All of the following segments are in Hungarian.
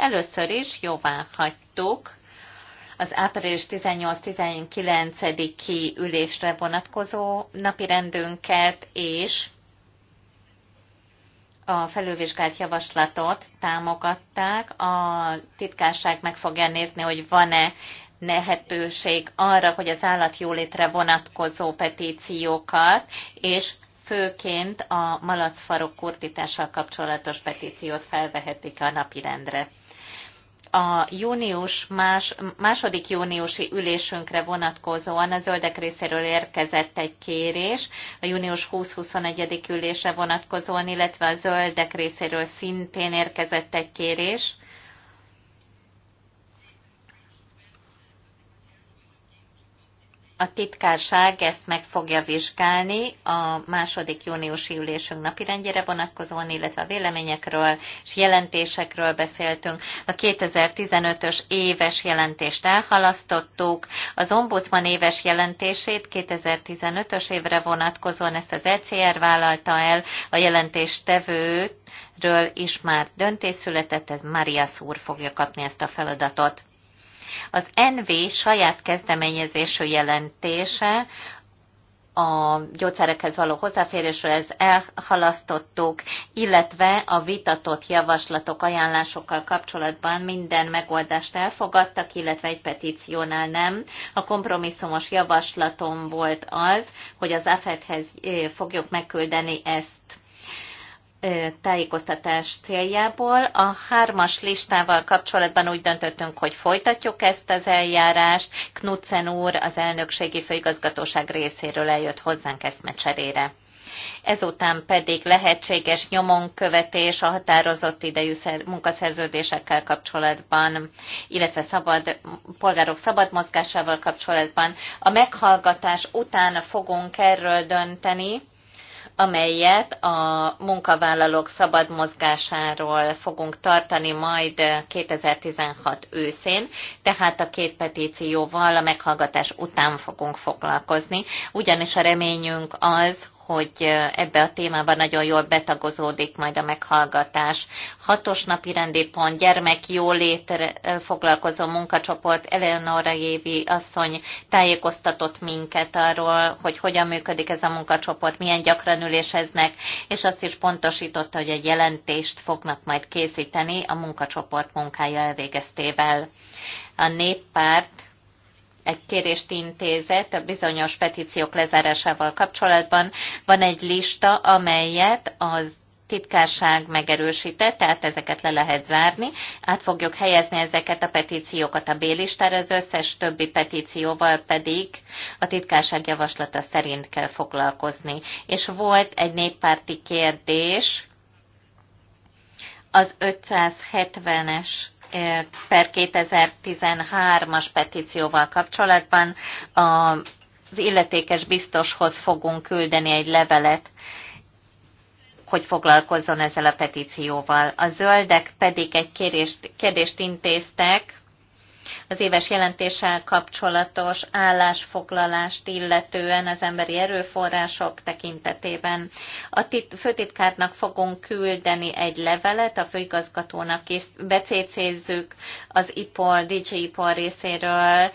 Először is jóvá hagytuk az április 18-19-i ülésre vonatkozó napirendünket és a felülvizsgált javaslatot támogatták. A titkárság meg fogja nézni, hogy van-e lehetőség arra, hogy az állatjólétre vonatkozó petíciókat és főként a malacfarok kurtítással kapcsolatos petíciót felvehetik a napirendre a június más, második júniusi ülésünkre vonatkozóan a zöldek részéről érkezett egy kérés, a június 20-21. ülésre vonatkozóan, illetve a zöldek részéről szintén érkezett egy kérés, A titkárság ezt meg fogja vizsgálni a második júniusi ülésünk napirendjére vonatkozóan, illetve a véleményekről és jelentésekről beszéltünk. A 2015-ös éves jelentést elhalasztottuk, az ombudsman éves jelentését 2015-ös évre vonatkozóan ezt az ECR vállalta el, a jelentéstevőről is már döntés született, ez Maria Szúr fogja kapni ezt a feladatot. Az NV saját kezdeményezésű jelentése a gyógyszerekhez való hozzáférésről, ez elhalasztottuk, illetve a vitatott javaslatok, ajánlásokkal kapcsolatban minden megoldást elfogadtak, illetve egy petíciónál nem. A kompromisszumos javaslatom volt az, hogy az AFED-hez eh, fogjuk megküldeni ezt tájékoztatás céljából. A hármas listával kapcsolatban úgy döntöttünk, hogy folytatjuk ezt az eljárást. Knudsen úr az elnökségi főigazgatóság részéről eljött hozzánk eszmecserére. Ezután pedig lehetséges nyomonkövetés a határozott idejű munkaszerződésekkel kapcsolatban, illetve szabad, polgárok szabad mozgásával kapcsolatban. A meghallgatás után fogunk erről dönteni, amelyet a munkavállalók szabad mozgásáról fogunk tartani majd 2016 őszén, tehát a két petícióval a meghallgatás után fogunk foglalkozni, ugyanis a reményünk az, hogy ebbe a témába nagyon jól betagozódik majd a meghallgatás. Hatos napi rendi pont, gyermek jólétre foglalkozó munkacsoport, Eleonora Évi asszony tájékoztatott minket arról, hogy hogyan működik ez a munkacsoport, milyen gyakran üléseznek, és azt is pontosította, hogy egy jelentést fognak majd készíteni a munkacsoport munkája elvégeztével. A néppárt egy kérést intézett a bizonyos petíciók lezárásával kapcsolatban. Van egy lista, amelyet az titkárság megerősített, tehát ezeket le lehet zárni. Át fogjuk helyezni ezeket a petíciókat a B-listára, az összes többi petícióval pedig a titkárság javaslata szerint kell foglalkozni. És volt egy néppárti kérdés, az 570-es per 2013-as petícióval kapcsolatban az illetékes biztoshoz fogunk küldeni egy levelet, hogy foglalkozzon ezzel a petícióval. A zöldek pedig egy kérést, kérdést intéztek az éves jelentéssel kapcsolatos állásfoglalást illetően az emberi erőforrások tekintetében. A tit- főtitkárnak fogunk küldeni egy levelet, a főigazgatónak is becécézzük az IPOL, DJ IPOL részéről,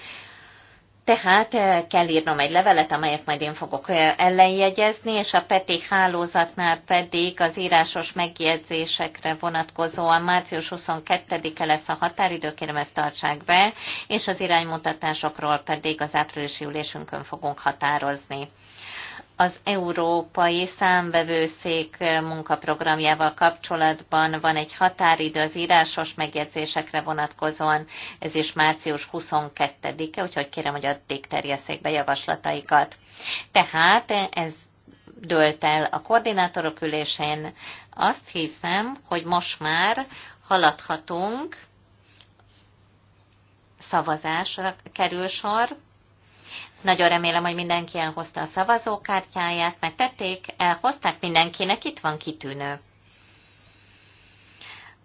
tehát eh, kell írnom egy levelet, amelyet majd én fogok eh, ellenjegyezni, és a PETI hálózatnál pedig az írásos megjegyzésekre vonatkozóan március 22-e lesz a határidő, kérem ezt tartsák be, és az iránymutatásokról pedig az április ülésünkön fogunk határozni az Európai Számvevőszék munkaprogramjával kapcsolatban van egy határidő az írásos megjegyzésekre vonatkozóan, ez is március 22-e, úgyhogy kérem, hogy addig terjeszék be javaslataikat. Tehát ez dőlt el a koordinátorok ülésén. Azt hiszem, hogy most már haladhatunk, szavazásra kerül sor, nagyon remélem, hogy mindenki elhozta a szavazókártyáját, mert tették, elhozták mindenkinek, itt van kitűnő.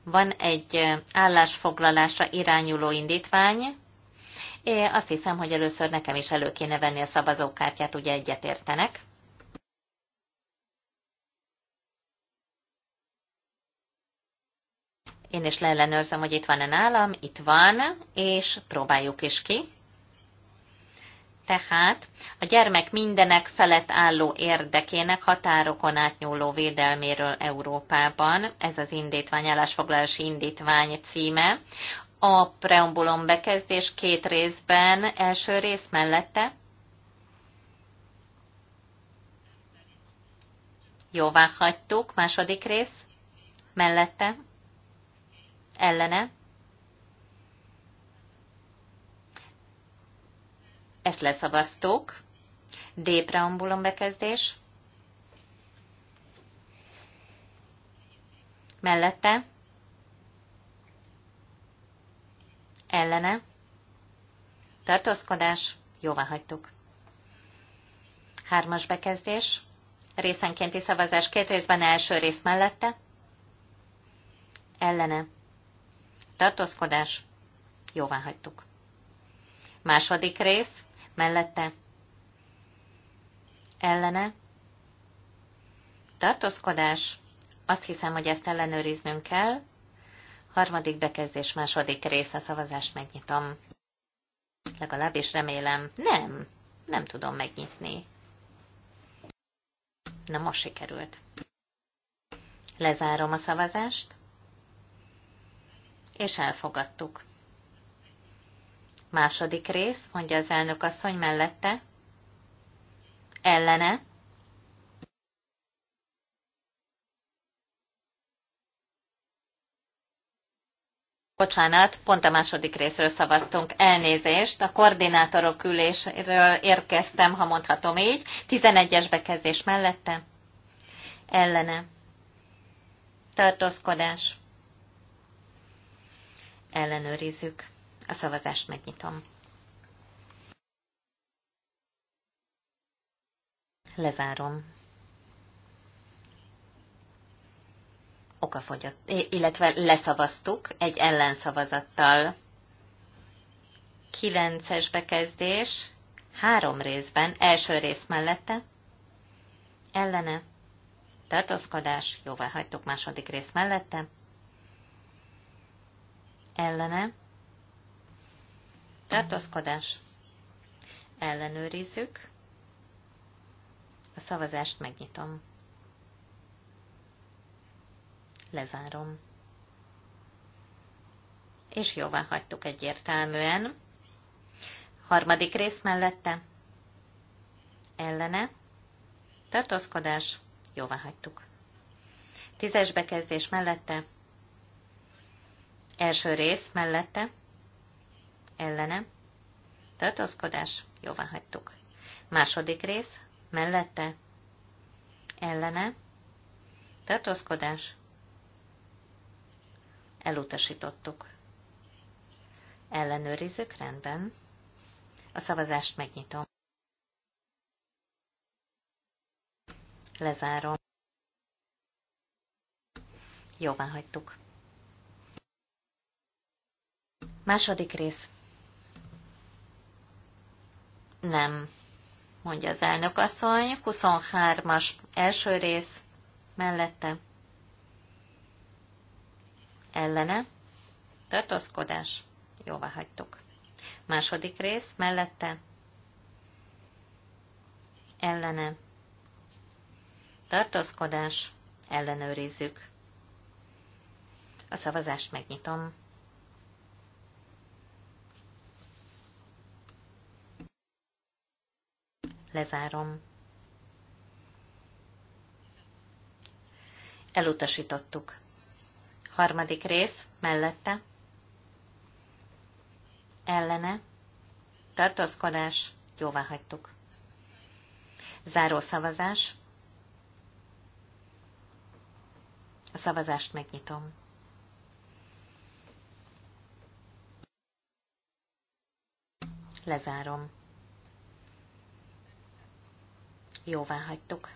Van egy állásfoglalásra irányuló indítvány. É, azt hiszem, hogy először nekem is elő kéne venni a szavazókártyát, ugye egyetértenek. Én is leellenőrzöm, hogy itt van-e nálam, itt van, és próbáljuk is ki tehát a gyermek mindenek felett álló érdekének határokon átnyúló védelméről Európában, ez az indítvány, állásfoglalási indítvány címe. A preambulum bekezdés két részben, első rész mellette. Jóvá hagytuk, második rész, mellette, ellene, Ezt leszavaztuk. D. Preambulum bekezdés. Mellette. Ellene. Tartózkodás. Jóvá hagytuk. Hármas bekezdés. Részenkénti szavazás két részben első rész mellette. Ellene. Tartózkodás. Jóvá hagytuk. Második rész mellette, ellene, tartózkodás, azt hiszem, hogy ezt ellenőriznünk kell, harmadik bekezdés, második része, szavazást megnyitom. Legalábbis remélem, nem, nem tudom megnyitni. Na most sikerült. Lezárom a szavazást, és elfogadtuk. Második rész, mondja az elnök asszony mellette. Ellene. Bocsánat, pont a második részről szavaztunk. Elnézést, a koordinátorok üléséről érkeztem, ha mondhatom így. 11-es bekezdés mellette. Ellene. Tartózkodás. Ellenőrizzük. A szavazást megnyitom. Lezárom. Okafogyott, illetve leszavaztuk egy ellenszavazattal. Kilences bekezdés, három részben, első rész mellette, ellene, tartózkodás, jóvá hagytuk második rész mellette, ellene, Tartózkodás. Ellenőrizzük. A szavazást megnyitom. Lezárom. És jóvá hagytuk egyértelműen. Harmadik rész mellette. Ellene. Tartózkodás. Jóvá hagytuk. Tízes bekezdés mellette. Első rész mellette ellene, tartózkodás, jóvá hagytuk. Második rész, mellette, ellene, tartózkodás, elutasítottuk. Ellenőrizzük rendben. A szavazást megnyitom. Lezárom. Jóvá hagytuk. Második rész. Nem, mondja az asszony, 23-as első rész mellette. Ellene. Tartózkodás. Jóvá hagytuk. Második rész mellette. Ellene. Tartózkodás. Ellenőrizzük. A szavazást megnyitom. Lezárom. Elutasítottuk. Harmadik rész, mellette. Ellene. Tartózkodás. Jóvá hagytuk. Záró szavazás. A szavazást megnyitom. Lezárom. Jóvá hagytuk.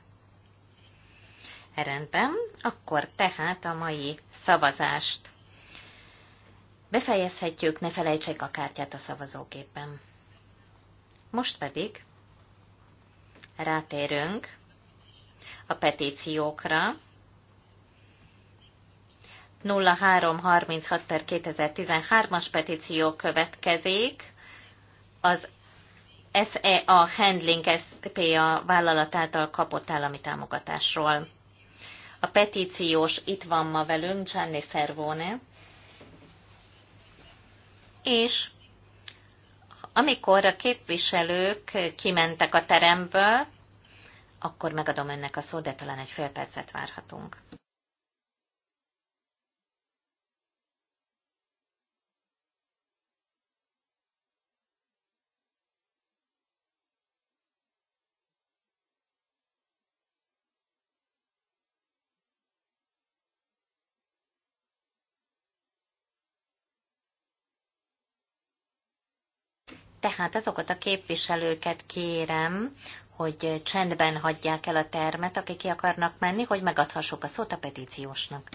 Rendben, akkor tehát a mai szavazást befejezhetjük, ne felejtsék a kártyát a szavazóképen. Most pedig rátérünk a petíciókra. 0336 per 2013-as petíció következik az SEA Handling SPA vállalat által kapott állami támogatásról. A petíciós itt van ma velünk, Gianni Servone, és amikor a képviselők kimentek a teremből, akkor megadom önnek a szót, de talán egy fél percet várhatunk. Tehát azokat a képviselőket kérem, hogy csendben hagyják el a termet, akik ki akarnak menni, hogy megadhassuk a szót a petíciósnak.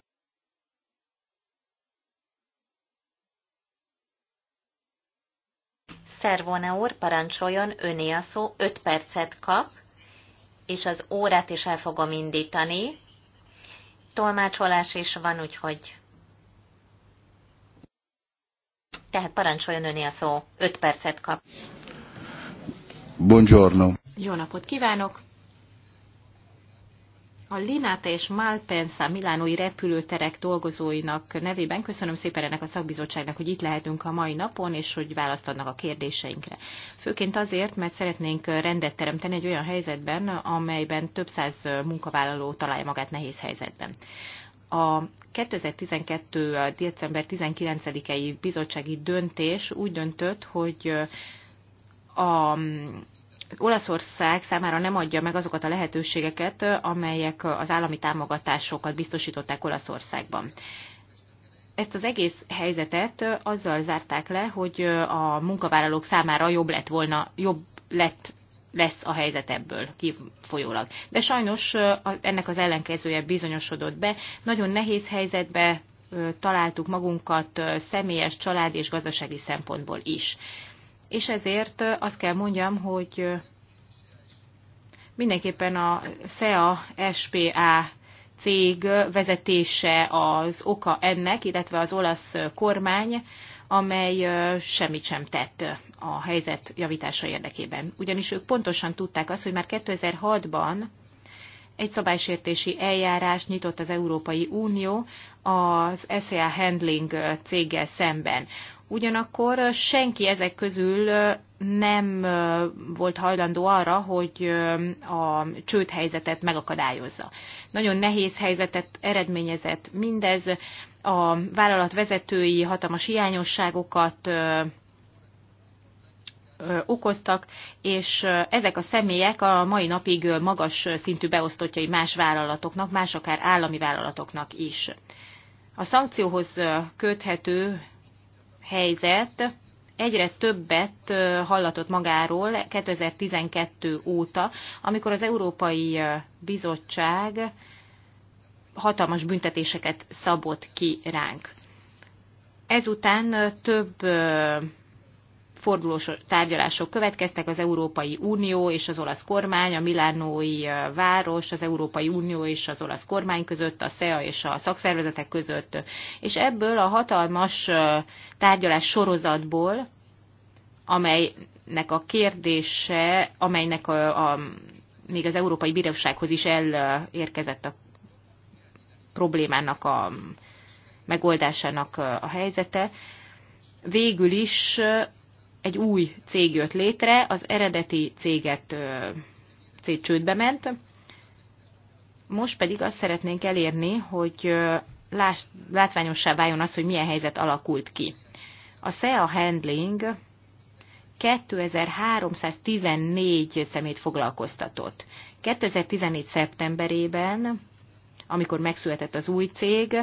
Szervóna úr, parancsoljon, öné a szó, 5 percet kap, és az órát is el fogom indítani. Tolmácsolás is van, úgyhogy tehát parancsoljon öné a szó, 5 percet kap. Buongiorno. Jó napot kívánok! A Linate és Malpensa milánói repülőterek dolgozóinak nevében köszönöm szépen ennek a szakbizottságnak, hogy itt lehetünk a mai napon, és hogy választ adnak a kérdéseinkre. Főként azért, mert szeretnénk rendet teremteni egy olyan helyzetben, amelyben több száz munkavállaló találja magát nehéz helyzetben a 2012. december 19-i bizottsági döntés úgy döntött, hogy a Olaszország számára nem adja meg azokat a lehetőségeket, amelyek az állami támogatásokat biztosították Olaszországban. Ezt az egész helyzetet azzal zárták le, hogy a munkavállalók számára jobb lett volna, jobb lett lesz a helyzet ebből kifolyólag. De sajnos ennek az ellenkezője bizonyosodott be. Nagyon nehéz helyzetbe találtuk magunkat személyes, család és gazdasági szempontból is. És ezért azt kell mondjam, hogy mindenképpen a SEA SPA cég vezetése az oka ennek, illetve az olasz kormány, amely semmit sem tett a helyzet javítása érdekében. Ugyanis ők pontosan tudták azt, hogy már 2006-ban egy szabálysértési eljárás nyitott az Európai Unió az SEA Handling céggel szemben. Ugyanakkor senki ezek közül nem volt hajlandó arra, hogy a csődhelyzetet megakadályozza. Nagyon nehéz helyzetet eredményezett mindez, a vállalat vezetői hatalmas hiányosságokat okoztak, és ezek a személyek a mai napig magas szintű beosztottjai más vállalatoknak, más akár állami vállalatoknak is. A szankcióhoz köthető helyzet egyre többet hallatott magáról 2012 óta, amikor az Európai Bizottság hatalmas büntetéseket szabott ki ránk. Ezután több fordulós tárgyalások következtek az Európai Unió és az olasz kormány, a Milánói város, az Európai Unió és az olasz kormány között, a SEA és a szakszervezetek között. És ebből a hatalmas tárgyalás sorozatból, amelynek a kérdése, amelynek a, a még az Európai Bírósághoz is elérkezett a problémának a megoldásának a helyzete. Végül is egy új cég jött létre, az eredeti céget cég csődbe ment, most pedig azt szeretnénk elérni, hogy látványossá váljon az, hogy milyen helyzet alakult ki. A SEA Handling 2314 szemét foglalkoztatott. 2014. szeptemberében amikor megszületett az új cég,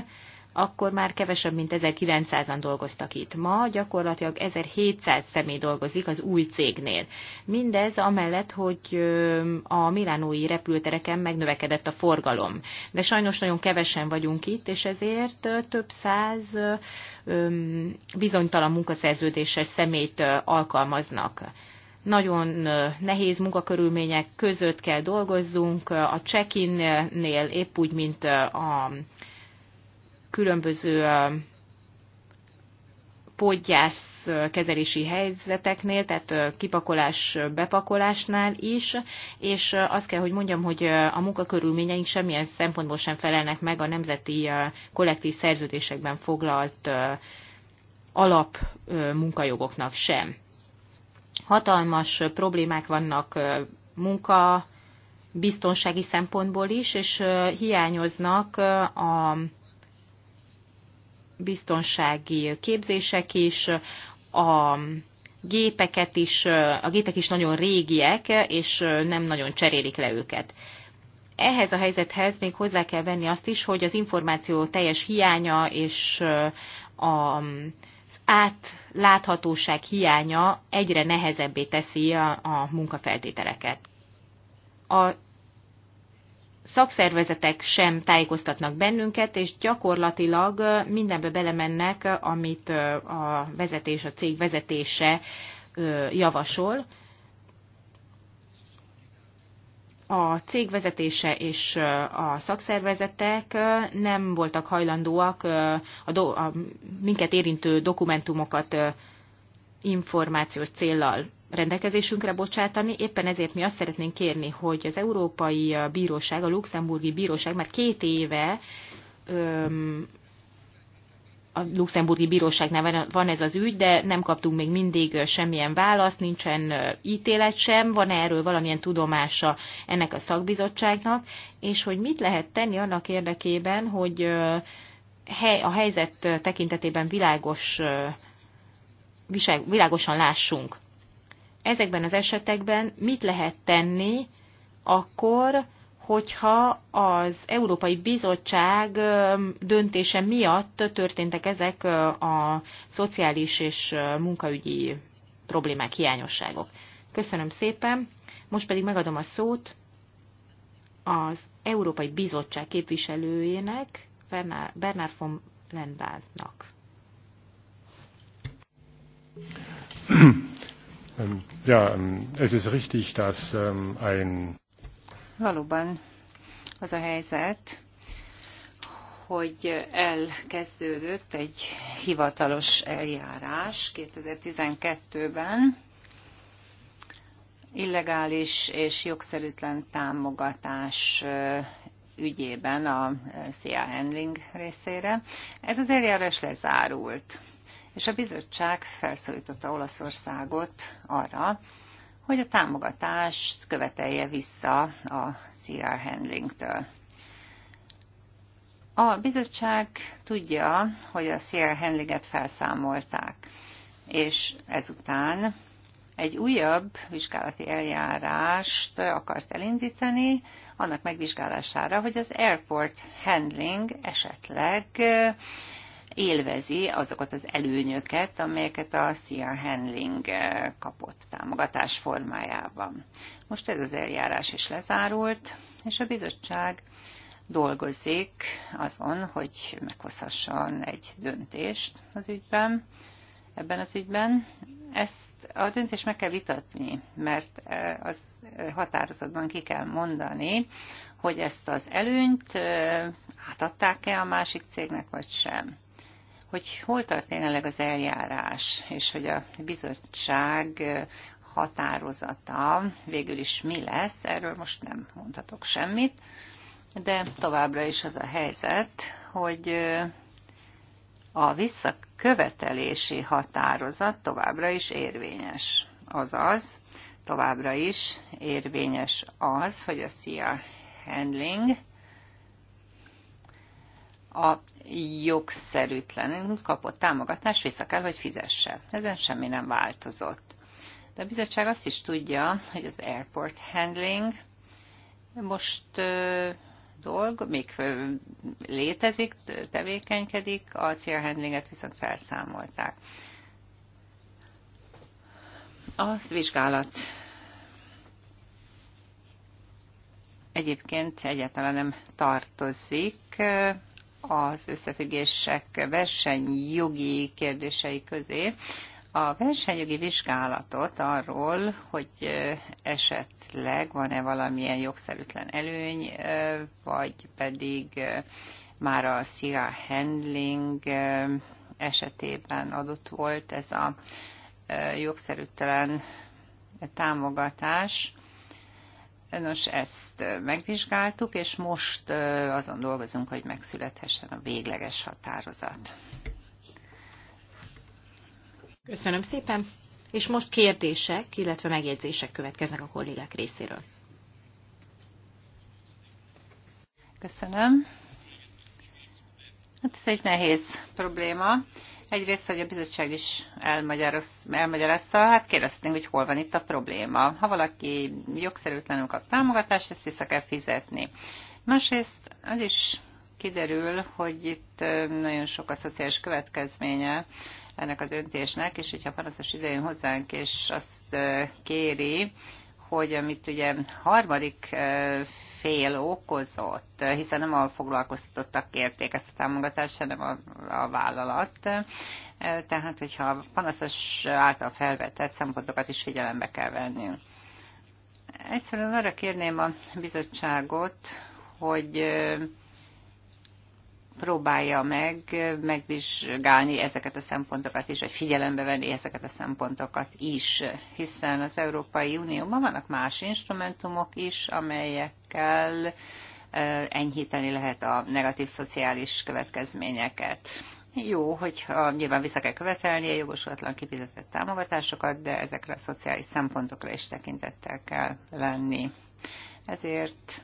akkor már kevesebb, mint 1900-an dolgoztak itt. Ma gyakorlatilag 1700 személy dolgozik az új cégnél. Mindez amellett, hogy a milánói repültereken megnövekedett a forgalom. De sajnos nagyon kevesen vagyunk itt, és ezért több száz bizonytalan munkaszerződéses szemét alkalmaznak nagyon nehéz munkakörülmények között kell dolgozzunk, a check-innél épp úgy, mint a különböző podgyász kezelési helyzeteknél, tehát kipakolás, bepakolásnál is, és azt kell, hogy mondjam, hogy a munkakörülményeink semmilyen szempontból sem felelnek meg a nemzeti kollektív szerződésekben foglalt alap munkajogoknak sem hatalmas problémák vannak munka, biztonsági szempontból is, és hiányoznak a biztonsági képzések is, a gépeket is, a gépek is nagyon régiek, és nem nagyon cserélik le őket. Ehhez a helyzethez még hozzá kell venni azt is, hogy az információ teljes hiánya és a átláthatóság hiánya egyre nehezebbé teszi a, a munkafeltételeket. A szakszervezetek sem tájékoztatnak bennünket, és gyakorlatilag mindenbe belemennek, amit a vezetés, a cég vezetése javasol, a cég vezetése és a szakszervezetek nem voltak hajlandóak a, do, a minket érintő dokumentumokat információs céllal rendelkezésünkre bocsátani. Éppen ezért mi azt szeretnénk kérni, hogy az Európai Bíróság, a Luxemburgi Bíróság már két éve öm, a luxemburgi bíróságnál van ez az ügy, de nem kaptunk még mindig semmilyen választ, nincsen ítélet sem, van -e erről valamilyen tudomása ennek a szakbizottságnak, és hogy mit lehet tenni annak érdekében, hogy a helyzet tekintetében világos, világosan lássunk. Ezekben az esetekben mit lehet tenni akkor, hogyha az Európai Bizottság döntése miatt történtek ezek a szociális és munkaügyi problémák, hiányosságok. Köszönöm szépen, most pedig megadom a szót az Európai Bizottság képviselőjének, Bernard von Lendvárnak. Ja, ähm, es ist richtig, dass ähm, ein Valóban az a helyzet, hogy elkezdődött egy hivatalos eljárás 2012-ben, illegális és jogszerűtlen támogatás ügyében a CIA Handling részére. Ez az eljárás lezárult, és a bizottság felszólította Olaszországot arra, hogy a támogatást követelje vissza a CR handlingtől. A bizottság tudja, hogy a CR handlinget felszámolták, és ezután egy újabb vizsgálati eljárást akart elindítani annak megvizsgálására, hogy az airport handling esetleg élvezi azokat az előnyöket, amelyeket a Sia Handling eh, kapott támogatás formájában. Most ez az eljárás is lezárult, és a bizottság dolgozik azon, hogy meghozhasson egy döntést az ügyben, ebben az ügyben. Ezt a döntést meg kell vitatni, mert eh, az határozatban ki kell mondani, hogy ezt az előnyt eh, átadták-e a másik cégnek, vagy sem hogy hol tart tényleg az eljárás, és hogy a bizottság határozata végül is mi lesz, erről most nem mondhatok semmit, de továbbra is az a helyzet, hogy a visszakövetelési határozat továbbra is érvényes. Azaz, továbbra is érvényes az, hogy a CIA handling a jogszerűtlenül kapott támogatást vissza kell, hogy fizesse. Ezen semmi nem változott. De a bizottság azt is tudja, hogy az airport handling most dolg, még létezik, tevékenykedik, a CR handlinget viszont felszámolták. Az vizsgálat egyébként egyáltalán nem tartozik az összefüggések versenyjogi kérdései közé a versenyjogi vizsgálatot arról, hogy esetleg van-e valamilyen jogszerűtlen előny, vagy pedig már a CIA Handling esetében adott volt ez a jogszerűtlen támogatás. Nos, ezt megvizsgáltuk, és most azon dolgozunk, hogy megszülethessen a végleges határozat. Köszönöm szépen, és most kérdések, illetve megjegyzések következnek a kollégák részéről. Köszönöm. Hát ez egy nehéz probléma. Egyrészt, hogy a bizottság is elmagyarázta, hát kérdeztünk, hogy hol van itt a probléma. Ha valaki jogszerűtlenül kap támogatást, ezt vissza kell fizetni. Másrészt az is kiderül, hogy itt nagyon sok a szociális következménye ennek a döntésnek, és hogyha panaszos idejön hozzánk, és azt kéri, hogy amit ugye harmadik fél okozott, hiszen nem a foglalkoztatottak kérték ezt a támogatást, hanem a, a vállalat. Tehát, hogyha a panaszos által felvetett szempontokat is figyelembe kell vennünk. Egyszerűen arra kérném a bizottságot, hogy próbálja meg megvizsgálni ezeket a szempontokat is, vagy figyelembe venni ezeket a szempontokat is, hiszen az Európai Unióban vannak más instrumentumok is, amelyekkel enyhíteni lehet a negatív szociális következményeket. Jó, hogyha nyilván vissza kell követelni a jogosulatlan kifizetett támogatásokat, de ezekre a szociális szempontokra is tekintettel kell lenni. Ezért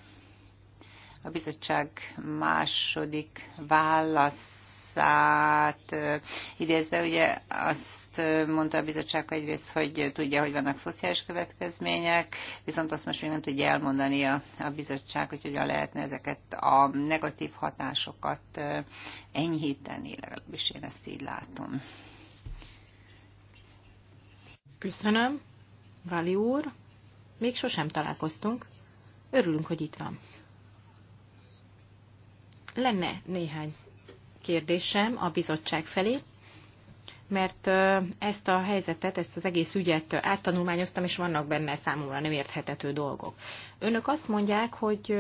a bizottság második válaszát idézve, ugye azt mondta a bizottság egyrészt, hogy tudja, hogy vannak szociális következmények, viszont azt most még nem tudja elmondani a, a bizottság, hogy hogyan lehetne ezeket a negatív hatásokat enyhíteni, legalábbis én ezt így látom. Köszönöm, Vali úr. Még sosem találkoztunk. Örülünk, hogy itt van. Lenne néhány kérdésem a bizottság felé, mert ezt a helyzetet, ezt az egész ügyet áttanulmányoztam, és vannak benne számomra nem érthetető dolgok. Önök azt mondják, hogy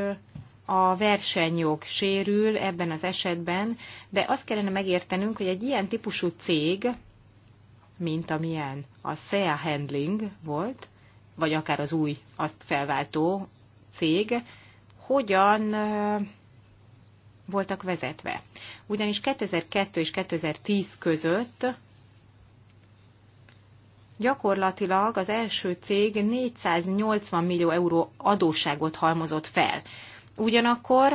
a versenyjog sérül ebben az esetben, de azt kellene megértenünk, hogy egy ilyen típusú cég, mint amilyen a SEA Handling volt, vagy akár az új azt felváltó cég, hogyan voltak vezetve. Ugyanis 2002 és 2010 között gyakorlatilag az első cég 480 millió euró adósságot halmozott fel. Ugyanakkor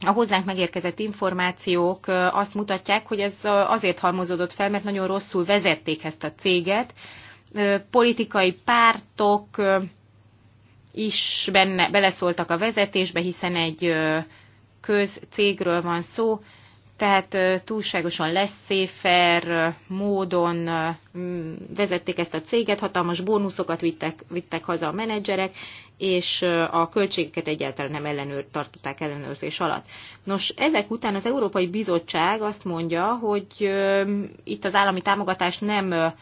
a hozzánk megérkezett információk azt mutatják, hogy ez azért halmozódott fel, mert nagyon rosszul vezették ezt a céget. Politikai pártok is benne, beleszóltak a vezetésbe, hiszen egy közcégről van szó, tehát túlságosan széfer módon vezették ezt a céget, hatalmas bónuszokat vittek, vittek haza a menedzserek, és a költségeket egyáltalán nem ellenőr, tartották ellenőrzés alatt. Nos, ezek után az Európai Bizottság azt mondja, hogy itt az állami támogatás nem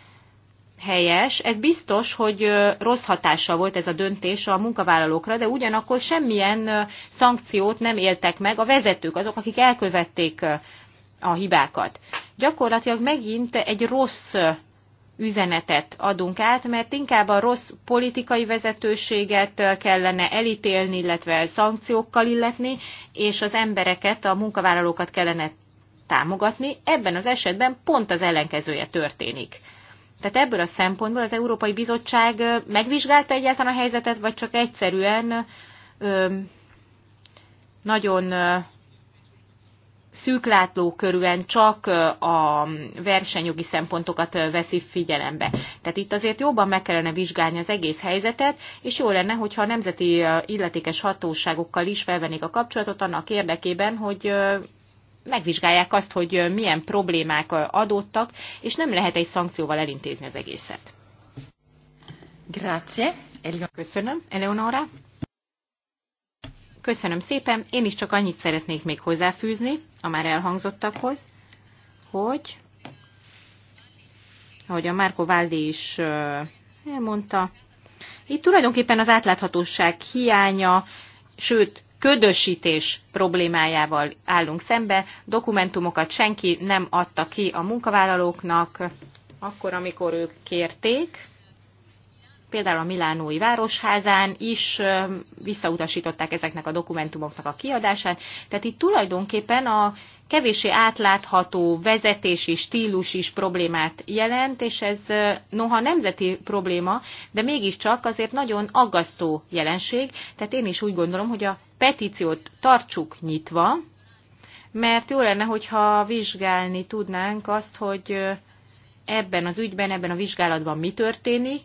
helyes. Ez biztos, hogy rossz hatással volt ez a döntés a munkavállalókra, de ugyanakkor semmilyen szankciót nem éltek meg a vezetők, azok, akik elkövették a hibákat. Gyakorlatilag megint egy rossz üzenetet adunk át, mert inkább a rossz politikai vezetőséget kellene elítélni, illetve szankciókkal illetni, és az embereket, a munkavállalókat kellene támogatni. Ebben az esetben pont az ellenkezője történik. Tehát ebből a szempontból az Európai Bizottság megvizsgálta egyáltalán a helyzetet, vagy csak egyszerűen ö, nagyon ö, körülön csak a versenyjogi szempontokat veszi figyelembe. Tehát itt azért jobban meg kellene vizsgálni az egész helyzetet, és jó lenne, hogyha a nemzeti illetékes hatóságokkal is felvennék a kapcsolatot annak érdekében, hogy megvizsgálják azt, hogy milyen problémák adódtak, és nem lehet egy szankcióval elintézni az egészet. Grazie. Köszönöm. Eleonora? Köszönöm szépen. Én is csak annyit szeretnék még hozzáfűzni a már elhangzottakhoz, hogy ahogy a Márko Valdi is elmondta, itt tulajdonképpen az átláthatóság hiánya, sőt, ködösítés problémájával állunk szembe. Dokumentumokat senki nem adta ki a munkavállalóknak, akkor, amikor ők kérték, például a Milánói Városházán is visszautasították ezeknek a dokumentumoknak a kiadását. Tehát itt tulajdonképpen a kevésé átlátható vezetési stílus is problémát jelent, és ez noha nemzeti probléma, de mégiscsak azért nagyon aggasztó jelenség. Tehát én is úgy gondolom, hogy a petíciót tartsuk nyitva, mert jó lenne, hogyha vizsgálni tudnánk azt, hogy ebben az ügyben, ebben a vizsgálatban mi történik,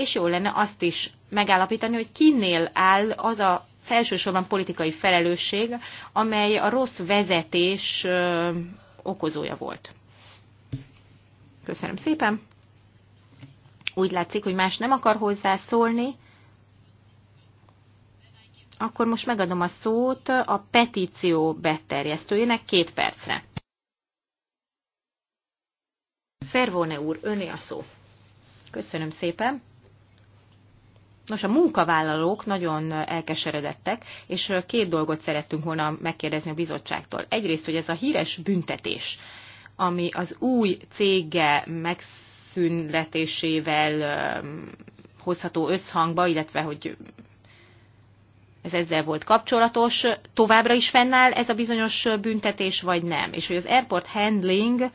és jó lenne azt is megállapítani, hogy kinél áll az a elsősorban politikai felelősség, amely a rossz vezetés okozója volt. Köszönöm szépen. Úgy látszik, hogy más nem akar hozzászólni. Akkor most megadom a szót a petíció beterjesztőjének két percre. Szervóne úr, öné a szó. Köszönöm szépen. Nos, a munkavállalók nagyon elkeseredettek, és két dolgot szerettünk volna megkérdezni a bizottságtól. Egyrészt, hogy ez a híres büntetés, ami az új cége megszűnletésével hozható összhangba, illetve hogy ez ezzel volt kapcsolatos, továbbra is fennáll ez a bizonyos büntetés, vagy nem? És hogy az airport handling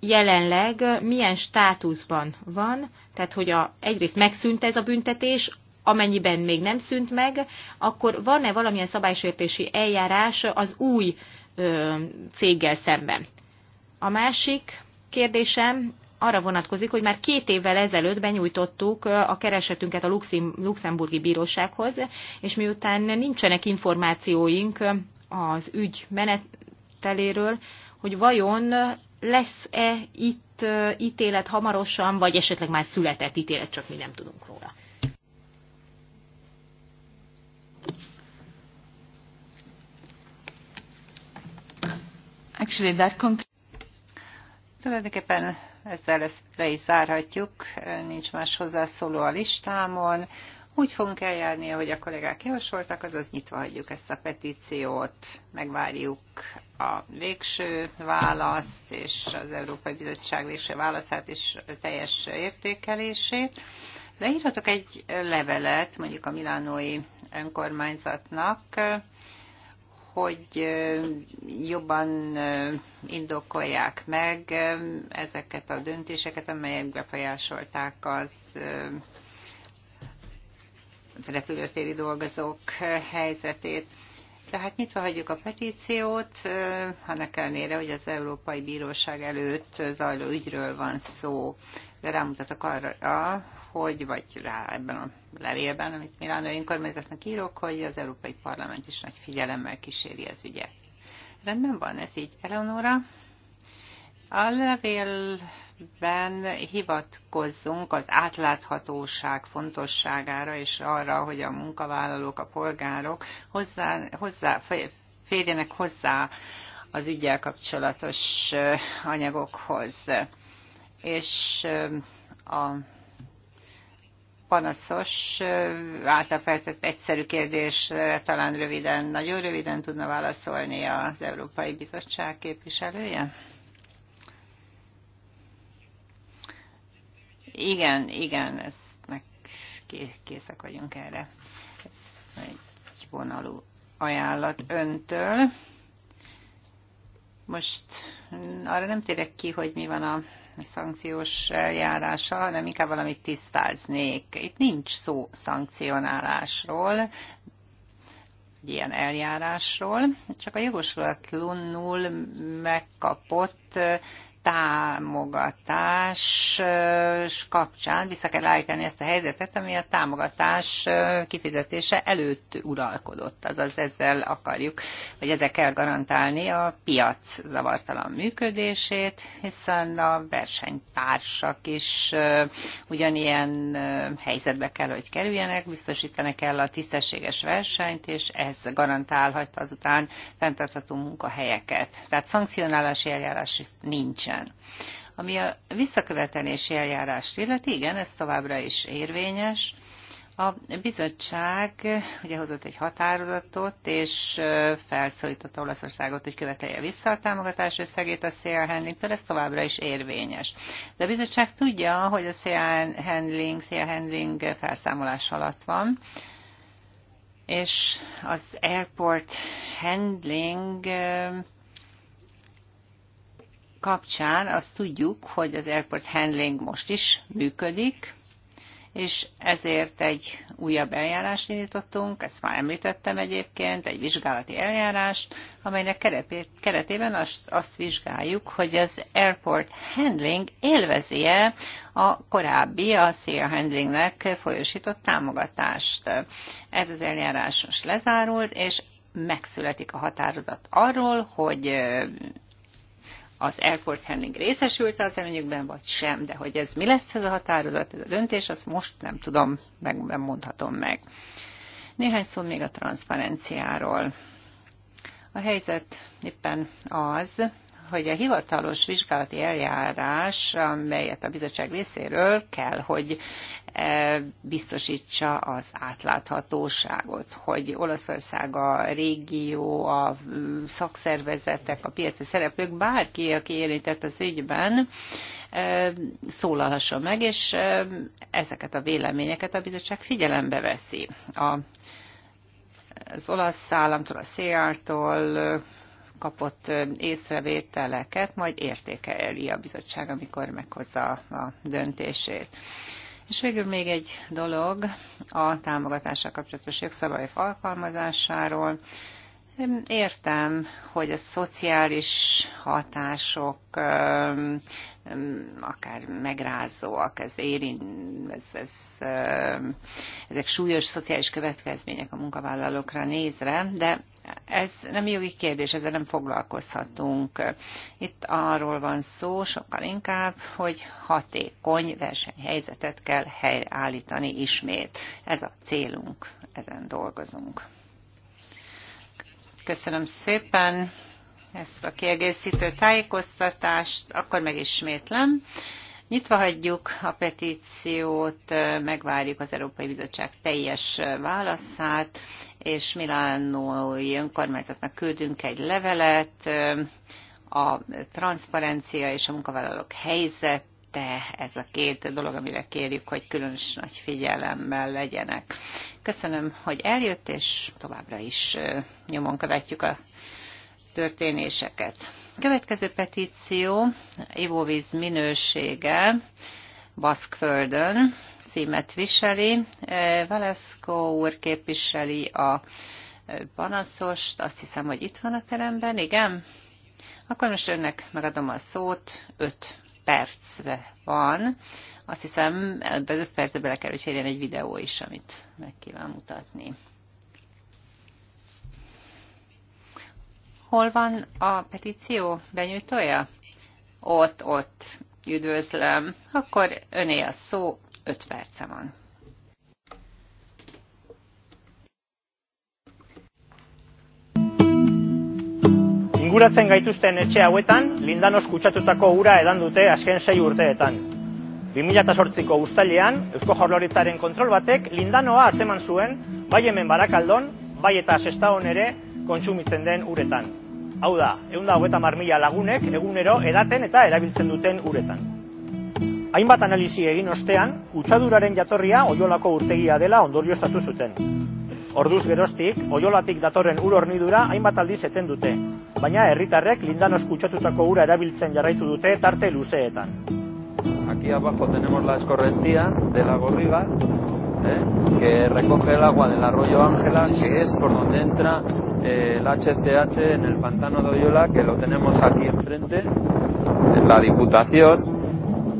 jelenleg milyen státuszban van, tehát, hogy a, egyrészt megszűnt ez a büntetés, amennyiben még nem szűnt meg, akkor van-e valamilyen szabálysértési eljárás az új ö, céggel szemben? A másik kérdésem arra vonatkozik, hogy már két évvel ezelőtt benyújtottuk a keresetünket a luxemburgi bírósághoz, és miután nincsenek információink az ügy meneteléről, hogy vajon lesz-e itt született ítélet hamarosan, vagy esetleg már született ítélet, csak mi nem tudunk róla. Actually, that concludes. Tulajdonképpen ezzel ezt le is zárhatjuk, nincs más hozzászóló a listámon. Úgy fogunk eljárni, ahogy a kollégák javasoltak, azaz nyitva hagyjuk ezt a petíciót, megvárjuk a végső választ és az Európai Bizottság végső válaszát és teljes értékelését. Leírhatok egy levelet mondjuk a milánói önkormányzatnak, hogy jobban indokolják meg ezeket a döntéseket, amelyek befolyásolták az repülőtéri dolgozók eh, helyzetét. Tehát nyitva hagyjuk a petíciót, eh, annak ellenére, hogy az Európai Bíróság előtt zajló ügyről van szó, de rámutatok arra, hogy, vagy rá ebben a levélben, amit Milánó önkormányzatnak írok, hogy az Európai Parlament is nagy figyelemmel kíséri az ügyet. Rendben van ez így, Eleonora? A levél tervezetben hivatkozzunk az átláthatóság fontosságára és arra, hogy a munkavállalók, a polgárok hozzá, hozzá férjenek hozzá az ügyel kapcsolatos anyagokhoz. És a panaszos által feltett egyszerű kérdésre talán röviden, nagyon röviden tudna válaszolni az Európai Bizottság képviselője? igen, igen, ezt meg készek vagyunk erre. Ez egy vonalú ajánlat öntől. Most arra nem térek ki, hogy mi van a szankciós eljárása, hanem inkább valamit tisztáznék. Itt nincs szó szankcionálásról, egy ilyen eljárásról, csak a lunnul megkapott támogatás kapcsán vissza kell állítani ezt a helyzetet, ami a támogatás kifizetése előtt uralkodott. Azaz ezzel akarjuk, vagy ezzel kell garantálni a piac zavartalan működését, hiszen a versenytársak is ugyanilyen helyzetbe kell, hogy kerüljenek, biztosítanak el a tisztességes versenyt, és ez garantálhat azután fenntartható munkahelyeket. Tehát szankcionálási eljárás nincsen alapján. Ami a visszakövetelési eljárást illeti, igen, ez továbbra is érvényes. A bizottság ugye hozott egy határozatot, és felszólította Olaszországot, hogy követelje vissza a támogatás összegét a CL Handlingtől, ez továbbra is érvényes. De a bizottság tudja, hogy a CL Handling, CL Handling felszámolás alatt van, és az airport handling kapcsán azt tudjuk, hogy az airport handling most is működik, és ezért egy újabb eljárást indítottunk, ezt már említettem egyébként, egy vizsgálati eljárást, amelynek keretében azt, azt vizsgáljuk, hogy az airport handling élvezi-e a korábbi, a CIA Handlingnek folyosított támogatást. Ez az eljárás most lezárult, és megszületik a határozat arról, hogy az airport handling részesült az előnyükben, vagy sem, de hogy ez mi lesz ez a határozat, ez a döntés, azt most nem tudom, meg nem mondhatom meg. Néhány szó még a transzparenciáról. A helyzet éppen az, hogy a hivatalos vizsgálati eljárás, amelyet a bizottság részéről kell, hogy e, biztosítsa az átláthatóságot, hogy Olaszország a régió, a szakszervezetek, a piaci szereplők, bárki, aki érintett az ügyben, e, szólalhasson meg, és e, ezeket a véleményeket a bizottság figyelembe veszi. A, az olasz államtól, a CR-tól, kapott észrevételeket majd értékeli a bizottság, amikor meghozza a döntését. És végül még egy dolog a támogatással kapcsolatos jogszabályok alkalmazásáról. Értem, hogy a szociális hatások akár megrázóak, ez érint, ez, ez, ezek súlyos szociális következmények a munkavállalókra nézve, de ez nem jogi kérdés, ezzel nem foglalkozhatunk. Itt arról van szó sokkal inkább, hogy hatékony versenyhelyzetet kell helyreállítani ismét. Ez a célunk, ezen dolgozunk. Köszönöm szépen ezt a kiegészítő tájékoztatást, akkor megismétlem. Nyitva hagyjuk a petíciót, megvárjuk az Európai Bizottság teljes válaszát, és Milánói önkormányzatnak küldünk egy levelet a transzparencia és a munkavállalók helyzet te ez a két dolog, amire kérjük, hogy különös nagy figyelemmel legyenek. Köszönöm, hogy eljött, és továbbra is nyomon követjük a történéseket. Következő petíció, ivóvíz minősége Baszkföldön címet viseli. Valeszko úr képviseli a panaszost, azt hiszem, hogy itt van a teremben, igen? Akkor most önnek megadom a szót öt percre van. Azt hiszem, ebbe az öt percbe bele kell, hogy férjen egy videó is, amit meg kíván mutatni. Hol van a petíció benyújtója? Ott, ott. Üdvözlöm. Akkor öné a szó, öt perce van. Inguratzen gaituzten etxe hauetan, lindanos kutsatutako ura edan dute azken sei urteetan. 2008ko ustalean, Eusko Jorloritzaren kontrol batek lindanoa atzeman zuen, bai hemen barakaldon, bai eta sestaon ere kontsumitzen den uretan. Hau da, eunda hogeta marmila lagunek egunero edaten eta erabiltzen duten uretan. Hainbat analizi egin ostean, kutsaduraren jatorria oiolako urtegia dela ondorio estatu zuten orduz geroztik oiolatik datorren ur hornidura hainbat aldiz eten dute baina herritarrek lindanos kutsatutako ura erabiltzen jarraitu dute tarte luzeetan Aquí abajo tenemos la escorrentía de la Gorriga ¿eh? que recoge el agua del arroyo Ángela, que es por donde entra eh, el HCH en el pantano de Oyola, que lo tenemos aquí enfrente, la Diputación,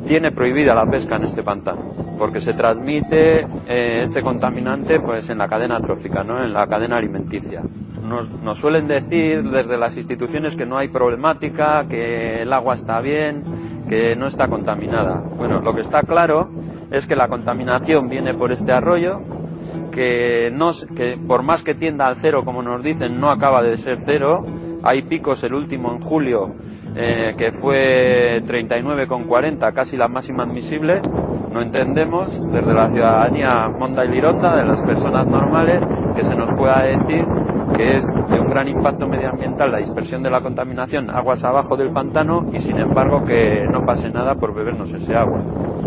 tiene prohibida la pesca en este pantano, porque se transmite eh, este contaminante pues en la cadena trófica, ¿no? en la cadena alimenticia. Nos, nos suelen decir desde las instituciones que no hay problemática, que el agua está bien, que no está contaminada. Bueno, lo que está claro es que la contaminación viene por este arroyo, que, no, que por más que tienda al cero, como nos dicen, no acaba de ser cero. Hay picos, el último en julio, eh, que fue 39,40, casi la máxima admisible, no entendemos desde la ciudadanía monda y lironda, de las personas normales, que se nos pueda decir que es de un gran impacto medioambiental la dispersión de la contaminación aguas abajo del pantano y sin embargo que no pase nada por bebernos ese agua.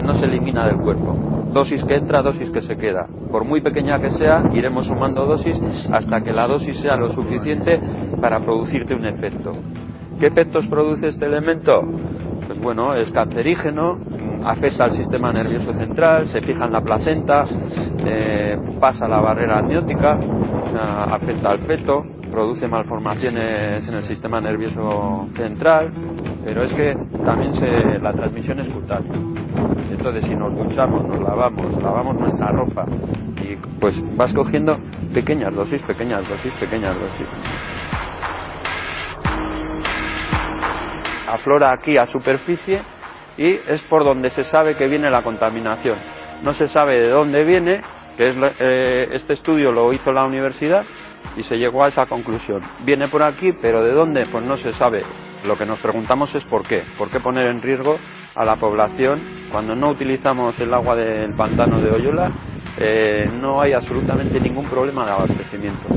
No se elimina del cuerpo. Dosis que entra, dosis que se queda. Por muy pequeña que sea, iremos sumando dosis hasta que la dosis sea lo suficiente para producirte un efecto. ¿Qué efectos produce este elemento? Pues bueno, es cancerígeno, afecta al sistema nervioso central, se fija en la placenta, eh, pasa la barrera amniótica, o sea, afecta al feto, produce malformaciones en el sistema nervioso central, pero es que también se, la transmisión es cutánea. Entonces, si nos duchamos, nos lavamos, lavamos nuestra ropa, y pues vas cogiendo pequeñas dosis, pequeñas dosis, pequeñas dosis. aflora aquí a superficie y es por donde se sabe que viene la contaminación. No se sabe de dónde viene, que es, eh, este estudio lo hizo la universidad y se llegó a esa conclusión. Viene por aquí, pero de dónde, pues no se sabe. Lo que nos preguntamos es por qué. ¿Por qué poner en riesgo a la población cuando no utilizamos el agua del pantano de Oyola? Eh, no hay absolutamente ningún problema de abastecimiento.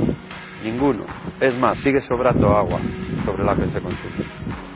Ninguno. Es más, sigue sobrando agua sobre la que se consume.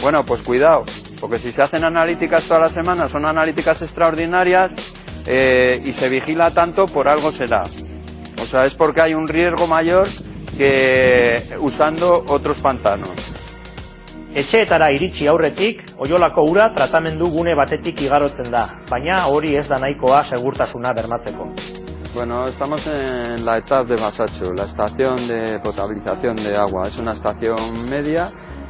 Bueno, pues cuidado, porque si se hacen analíticas todas las semanas, son analíticas extraordinarias eh, y se vigila tanto, por algo será. O sea, es porque hay un riesgo mayor que usando otros pantanos. Etxeetara iritsi aurretik, oiolako ura tratamendu gune batetik igarotzen da, baina hori ez da nahikoa segurtasuna bermatzeko. Bueno, estamos en la etapa de Basacho, la estación de potabilización de agua. Es una estación media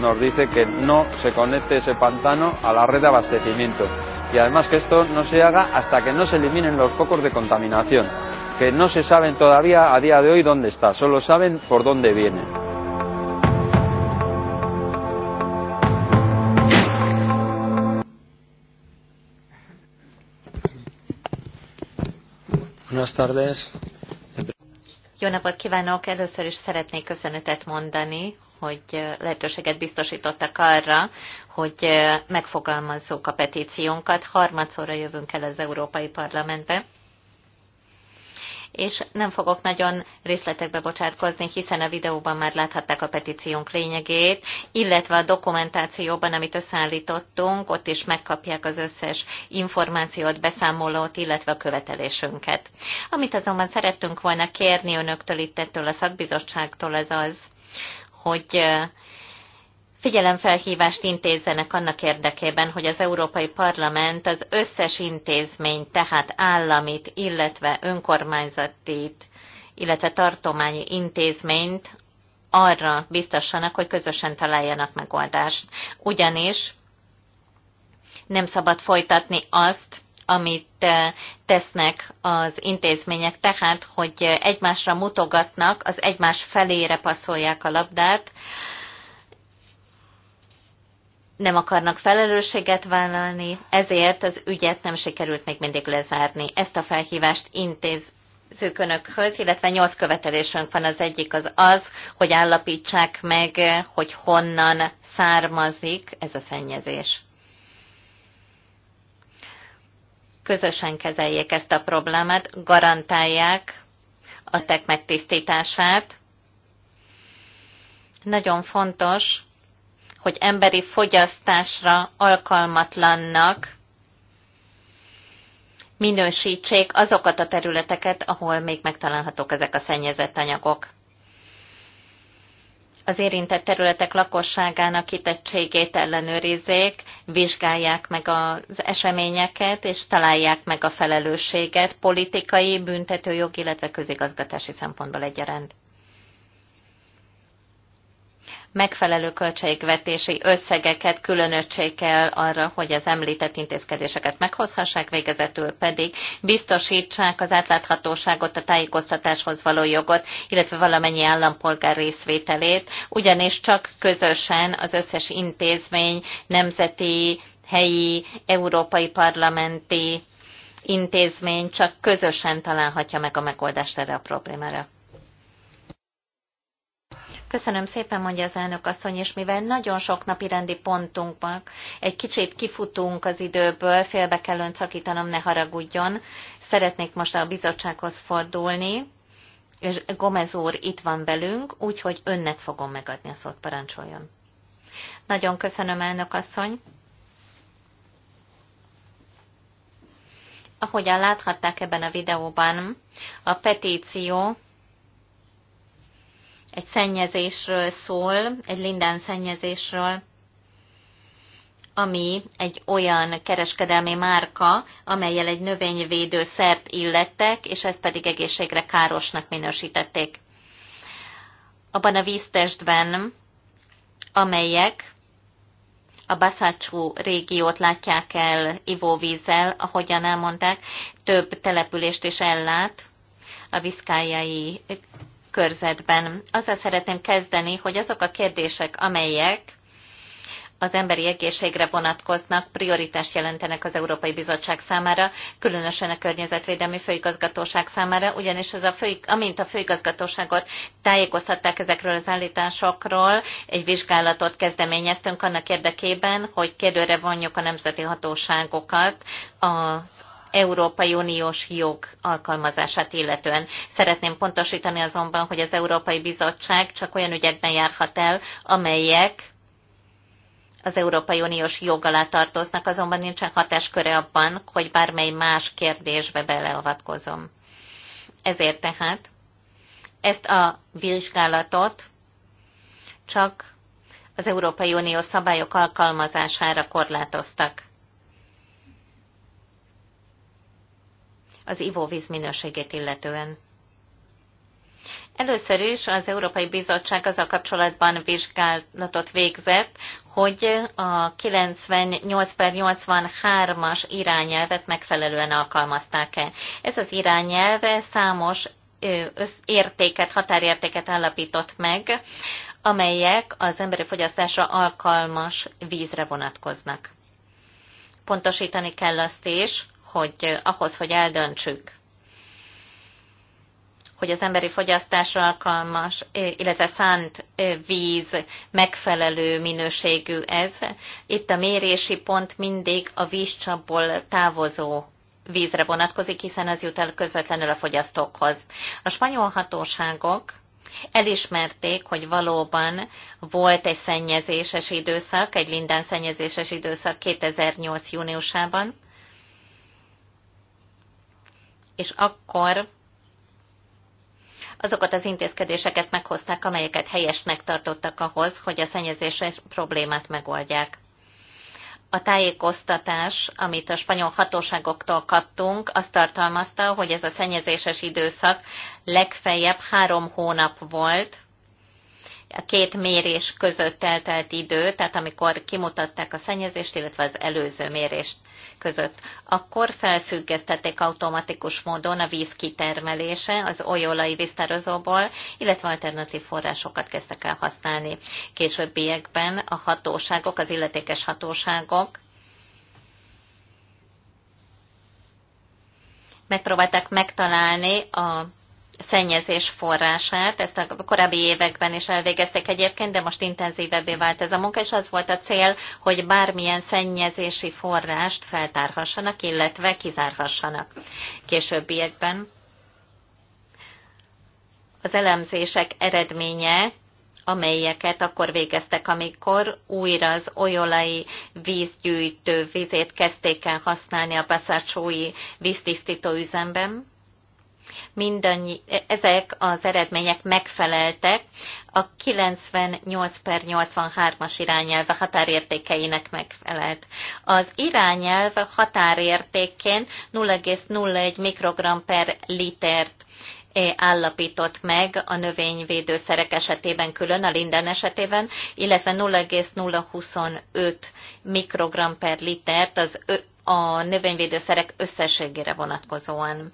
nos dice que no se conecte ese pantano a la red de abastecimiento y además que esto no se haga hasta que no se eliminen los focos de contaminación, que no se saben todavía a día de hoy dónde está, solo saben por dónde viene. Buenas tardes. Jó napot kívánok! Először is szeretnék köszönetet mondani, hogy lehetőséget biztosítottak arra, hogy megfogalmazzuk a petíciónkat. Harmadszorra jövünk el az Európai Parlamentbe és nem fogok nagyon részletekbe bocsátkozni, hiszen a videóban már láthatták a petíciónk lényegét, illetve a dokumentációban, amit összeállítottunk, ott is megkapják az összes információt, beszámolót, illetve a követelésünket. Amit azonban szerettünk volna kérni önöktől itt ettől a szakbizottságtól, az az, hogy figyelemfelhívást intézzenek annak érdekében, hogy az Európai Parlament az összes intézmény, tehát államit, illetve önkormányzatit, illetve tartományi intézményt arra biztassanak, hogy közösen találjanak megoldást. Ugyanis nem szabad folytatni azt, amit eh, tesznek az intézmények, tehát, hogy egymásra mutogatnak, az egymás felére passzolják a labdát, nem akarnak felelősséget vállalni, ezért az ügyet nem sikerült még mindig lezárni. Ezt a felhívást intéz, önökhöz, illetve nyolc követelésünk van. Az egyik az az, hogy állapítsák meg, hogy honnan származik ez a szennyezés. közösen kezeljék ezt a problémát, garantálják a tek megtisztítását. Nagyon fontos, hogy emberi fogyasztásra alkalmatlannak minősítsék azokat a területeket, ahol még megtalálhatók ezek a szennyezett anyagok az érintett területek lakosságának kitettségét ellenőrizzék, vizsgálják meg az eseményeket, és találják meg a felelősséget politikai, büntetőjog, illetve közigazgatási szempontból egyaránt megfelelő költségvetési összegeket különösség kell arra, hogy az említett intézkedéseket meghozhassák, végezetül pedig biztosítsák az átláthatóságot, a tájékoztatáshoz való jogot, illetve valamennyi állampolgár részvételét, ugyanis csak közösen az összes intézmény nemzeti helyi, európai parlamenti intézmény csak közösen találhatja meg a megoldást erre a problémára. Köszönöm szépen, mondja az elnök asszony, és mivel nagyon sok napi rendi pontunk van, egy kicsit kifutunk az időből, félbe kell ön szakítanom, ne haragudjon. Szeretnék most a bizottsághoz fordulni, és Gomez úr itt van velünk, úgyhogy önnek fogom megadni a szót, parancsoljon. Nagyon köszönöm, elnök asszony. Ahogyan láthatták ebben a videóban, a petíció egy szennyezésről szól, egy linden szennyezésről, ami egy olyan kereskedelmi márka, amelyel egy növényvédő szert illettek, és ezt pedig egészségre károsnak minősítették. Abban a víztestben, amelyek a Baszácsú régiót látják el ivóvízzel, ahogyan elmondták, több települést is ellát a viszkájai körzetben. Azzal szeretném kezdeni, hogy azok a kérdések, amelyek az emberi egészségre vonatkoznak, prioritást jelentenek az Európai Bizottság számára, különösen a Környezetvédelmi Főigazgatóság számára, ugyanis ez a fő, amint a főigazgatóságot tájékoztatták ezekről az állításokról, egy vizsgálatot kezdeményeztünk annak érdekében, hogy kérdőre vonjuk a nemzeti hatóságokat az Európai Uniós jog alkalmazását illetően. Szeretném pontosítani azonban, hogy az Európai Bizottság csak olyan ügyekben járhat el, amelyek az Európai Uniós jog alá tartoznak, azonban nincsen hatásköre abban, hogy bármely más kérdésbe beleavatkozom. Ezért tehát ezt a vizsgálatot csak az Európai Unió szabályok alkalmazására korlátoztak. az ivóvíz minőségét illetően. Először is az Európai Bizottság az a kapcsolatban vizsgálatot végzett, hogy a 98 per 83-as irányelvet megfelelően alkalmazták-e. Ez az irányelv számos értéket, határértéket állapított meg, amelyek az emberi fogyasztásra alkalmas vízre vonatkoznak. Pontosítani kell azt is, hogy eh, ahhoz, hogy eldöntsük, hogy az emberi fogyasztásra alkalmas, eh, illetve szánt eh, víz megfelelő minőségű ez. Itt a mérési pont mindig a vízcsapból távozó vízre vonatkozik, hiszen az jut el közvetlenül a fogyasztókhoz. A spanyol hatóságok elismerték, hogy valóban volt egy szennyezéses időszak, egy lindán szennyezéses időszak 2008. júniusában, és akkor azokat az intézkedéseket meghozták, amelyeket helyesnek tartottak ahhoz, hogy a szennyezéses problémát megoldják. A tájékoztatás, amit a spanyol hatóságoktól kaptunk, azt tartalmazta, hogy ez a szennyezéses időszak legfeljebb három hónap volt, a két mérés között eltelt idő, tehát amikor kimutatták a szennyezést, illetve az előző mérést között. Akkor felfüggesztették automatikus módon a víz kitermelése az olyolai víztározóból, illetve alternatív forrásokat kezdtek el használni. Későbbiekben a hatóságok, az illetékes hatóságok megpróbálták megtalálni a szennyezés forrását, ezt a korábbi években is elvégezték egyébként, de most intenzívebbé vált ez a munka, és az volt a cél, hogy bármilyen szennyezési forrást feltárhassanak, illetve kizárhassanak későbbiekben. Az elemzések eredménye amelyeket akkor végeztek, amikor újra az olyolai vízgyűjtő vizét kezdték el használni a beszácsói víztisztító üzemben mindannyi, e, ezek az eredmények megfeleltek a 98 per 83-as irányelve határértékeinek megfelelt. Az irányelv határértékén 0,01 mikrogram per litert e, állapított meg a növényvédőszerek esetében külön, a linden esetében, illetve 0,025 mikrogram per litert az, a növényvédőszerek összességére vonatkozóan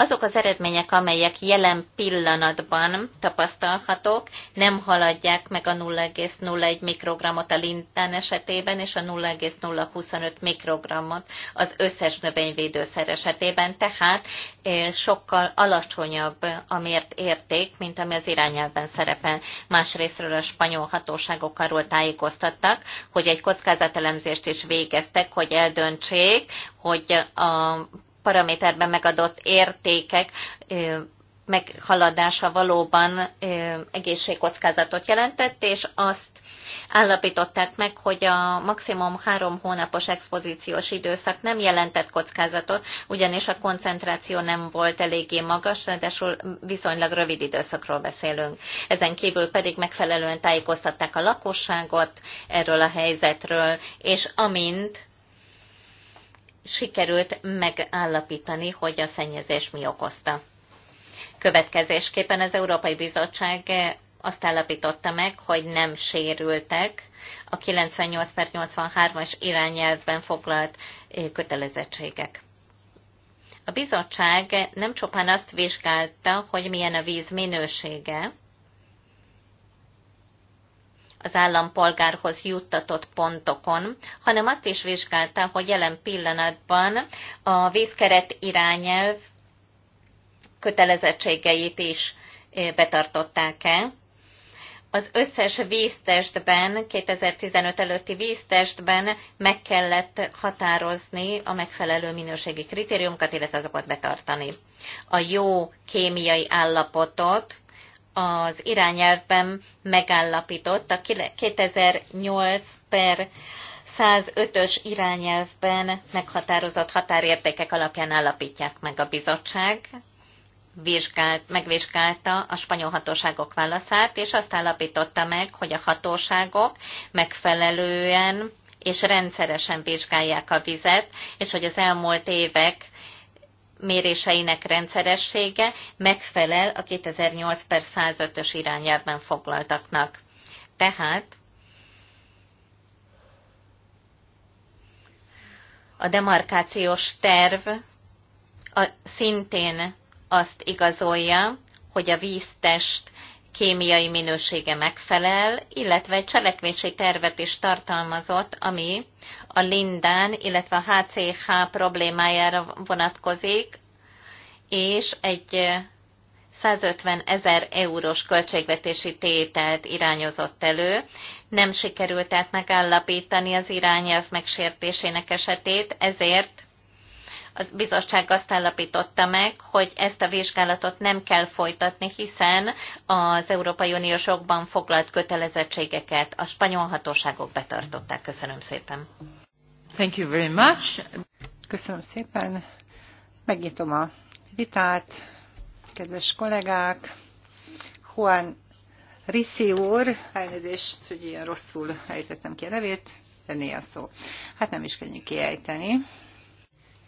azok az eredmények, amelyek jelen pillanatban tapasztalhatók, nem haladják meg a 0,01 mikrogramot a lintán esetében, és a 0,025 mikrogramot az összes növényvédőszer esetében, tehát eh, sokkal alacsonyabb a mért érték, mint ami az irányelven szerepel. Másrésztről a spanyol hatóságok arról tájékoztattak, hogy egy kockázatelemzést is végeztek, hogy eldöntsék, hogy a paraméterben megadott értékek meghaladása valóban egészségkockázatot jelentett, és azt állapították meg, hogy a maximum három hónapos expozíciós időszak nem jelentett kockázatot, ugyanis a koncentráció nem volt eléggé magas, ráadásul viszonylag rövid időszakról beszélünk. Ezen kívül pedig megfelelően tájékoztatták a lakosságot erről a helyzetről, és amint sikerült megállapítani, hogy a szennyezés mi okozta. Következésképpen az Európai Bizottság azt állapította meg, hogy nem sérültek a 98 per 83-as irányelvben foglalt eh, kötelezettségek. A bizottság nem csupán azt vizsgálta, hogy milyen a víz minősége, az állampolgárhoz juttatott pontokon, hanem azt is vizsgálta, hogy jelen pillanatban a vízkeret irányelv kötelezettségeit is betartották-e. Az összes víztestben, 2015 előtti víztestben meg kellett határozni a megfelelő minőségi kritériumokat, illetve azokat betartani. A jó kémiai állapotot az irányelvben megállapított, a 2008 per 105-ös irányelvben meghatározott határértékek alapján állapítják meg a bizottság, vizsgált, megvizsgálta a spanyol hatóságok válaszát, és azt állapította meg, hogy a hatóságok megfelelően és rendszeresen vizsgálják a vizet, és hogy az elmúlt évek méréseinek rendszeressége megfelel a 2008 per 105-ös irányelvben foglaltaknak. Tehát a demarkációs terv a, szintén azt igazolja, hogy a víztest kémiai minősége megfelel, illetve egy cselekvési tervet is tartalmazott, ami a Lindán, illetve a HCH problémájára vonatkozik, és egy 150 eh, ezer eurós költségvetési tételt irányozott elő. Nem sikerült tehát megállapítani az irányelv megsértésének esetét, ezért a bizottság azt állapította meg, hogy ezt a vizsgálatot nem kell folytatni, hiszen az Európai Uniós jogban foglalt kötelezettségeket a spanyol hatóságok betartották. Köszönöm szépen. Thank you very much. Köszönöm szépen. Megnyitom a vitát. Kedves kollégák, Juan Rissi úr, elnézést, hogy ilyen rosszul ejtettem ki a nevét, de a szó. Hát nem is könnyű kiejteni.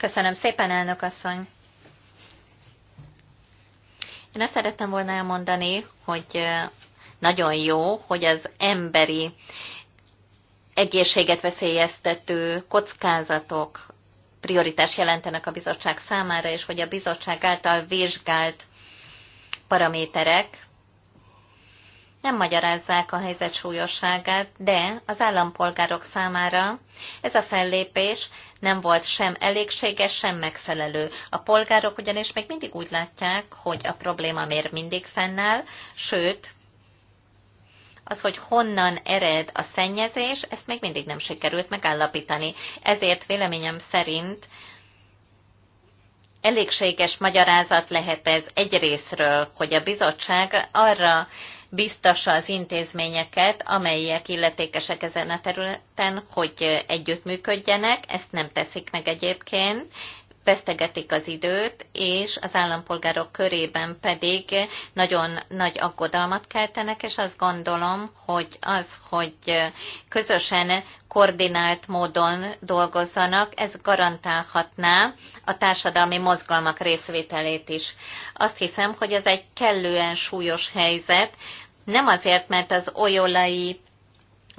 Köszönöm szépen, elnök asszony! Én azt szerettem volna elmondani, hogy nagyon jó, hogy az emberi egészséget veszélyeztető kockázatok prioritás jelentenek a bizottság számára, és hogy a bizottság által vizsgált paraméterek nem magyarázzák a helyzet súlyosságát, de az állampolgárok számára ez a fellépés nem volt sem elégséges, sem megfelelő. A polgárok ugyanis még mindig úgy látják, hogy a probléma miért mindig fennáll, sőt, az, hogy honnan ered a szennyezés, ezt még mindig nem sikerült megállapítani. Ezért véleményem szerint elégséges magyarázat lehet ez egy részről, hogy a bizottság arra biztassa az intézményeket, amelyek illetékesek ezen a területen, hogy együttműködjenek, ezt nem teszik meg egyébként, vesztegetik az időt, és az állampolgárok körében pedig nagyon nagy aggodalmat keltenek, és azt gondolom, hogy az, hogy közösen koordinált módon dolgozzanak, ez garantálhatná a társadalmi mozgalmak részvételét is. Azt hiszem, hogy ez egy kellően súlyos helyzet, nem azért, mert az olyolai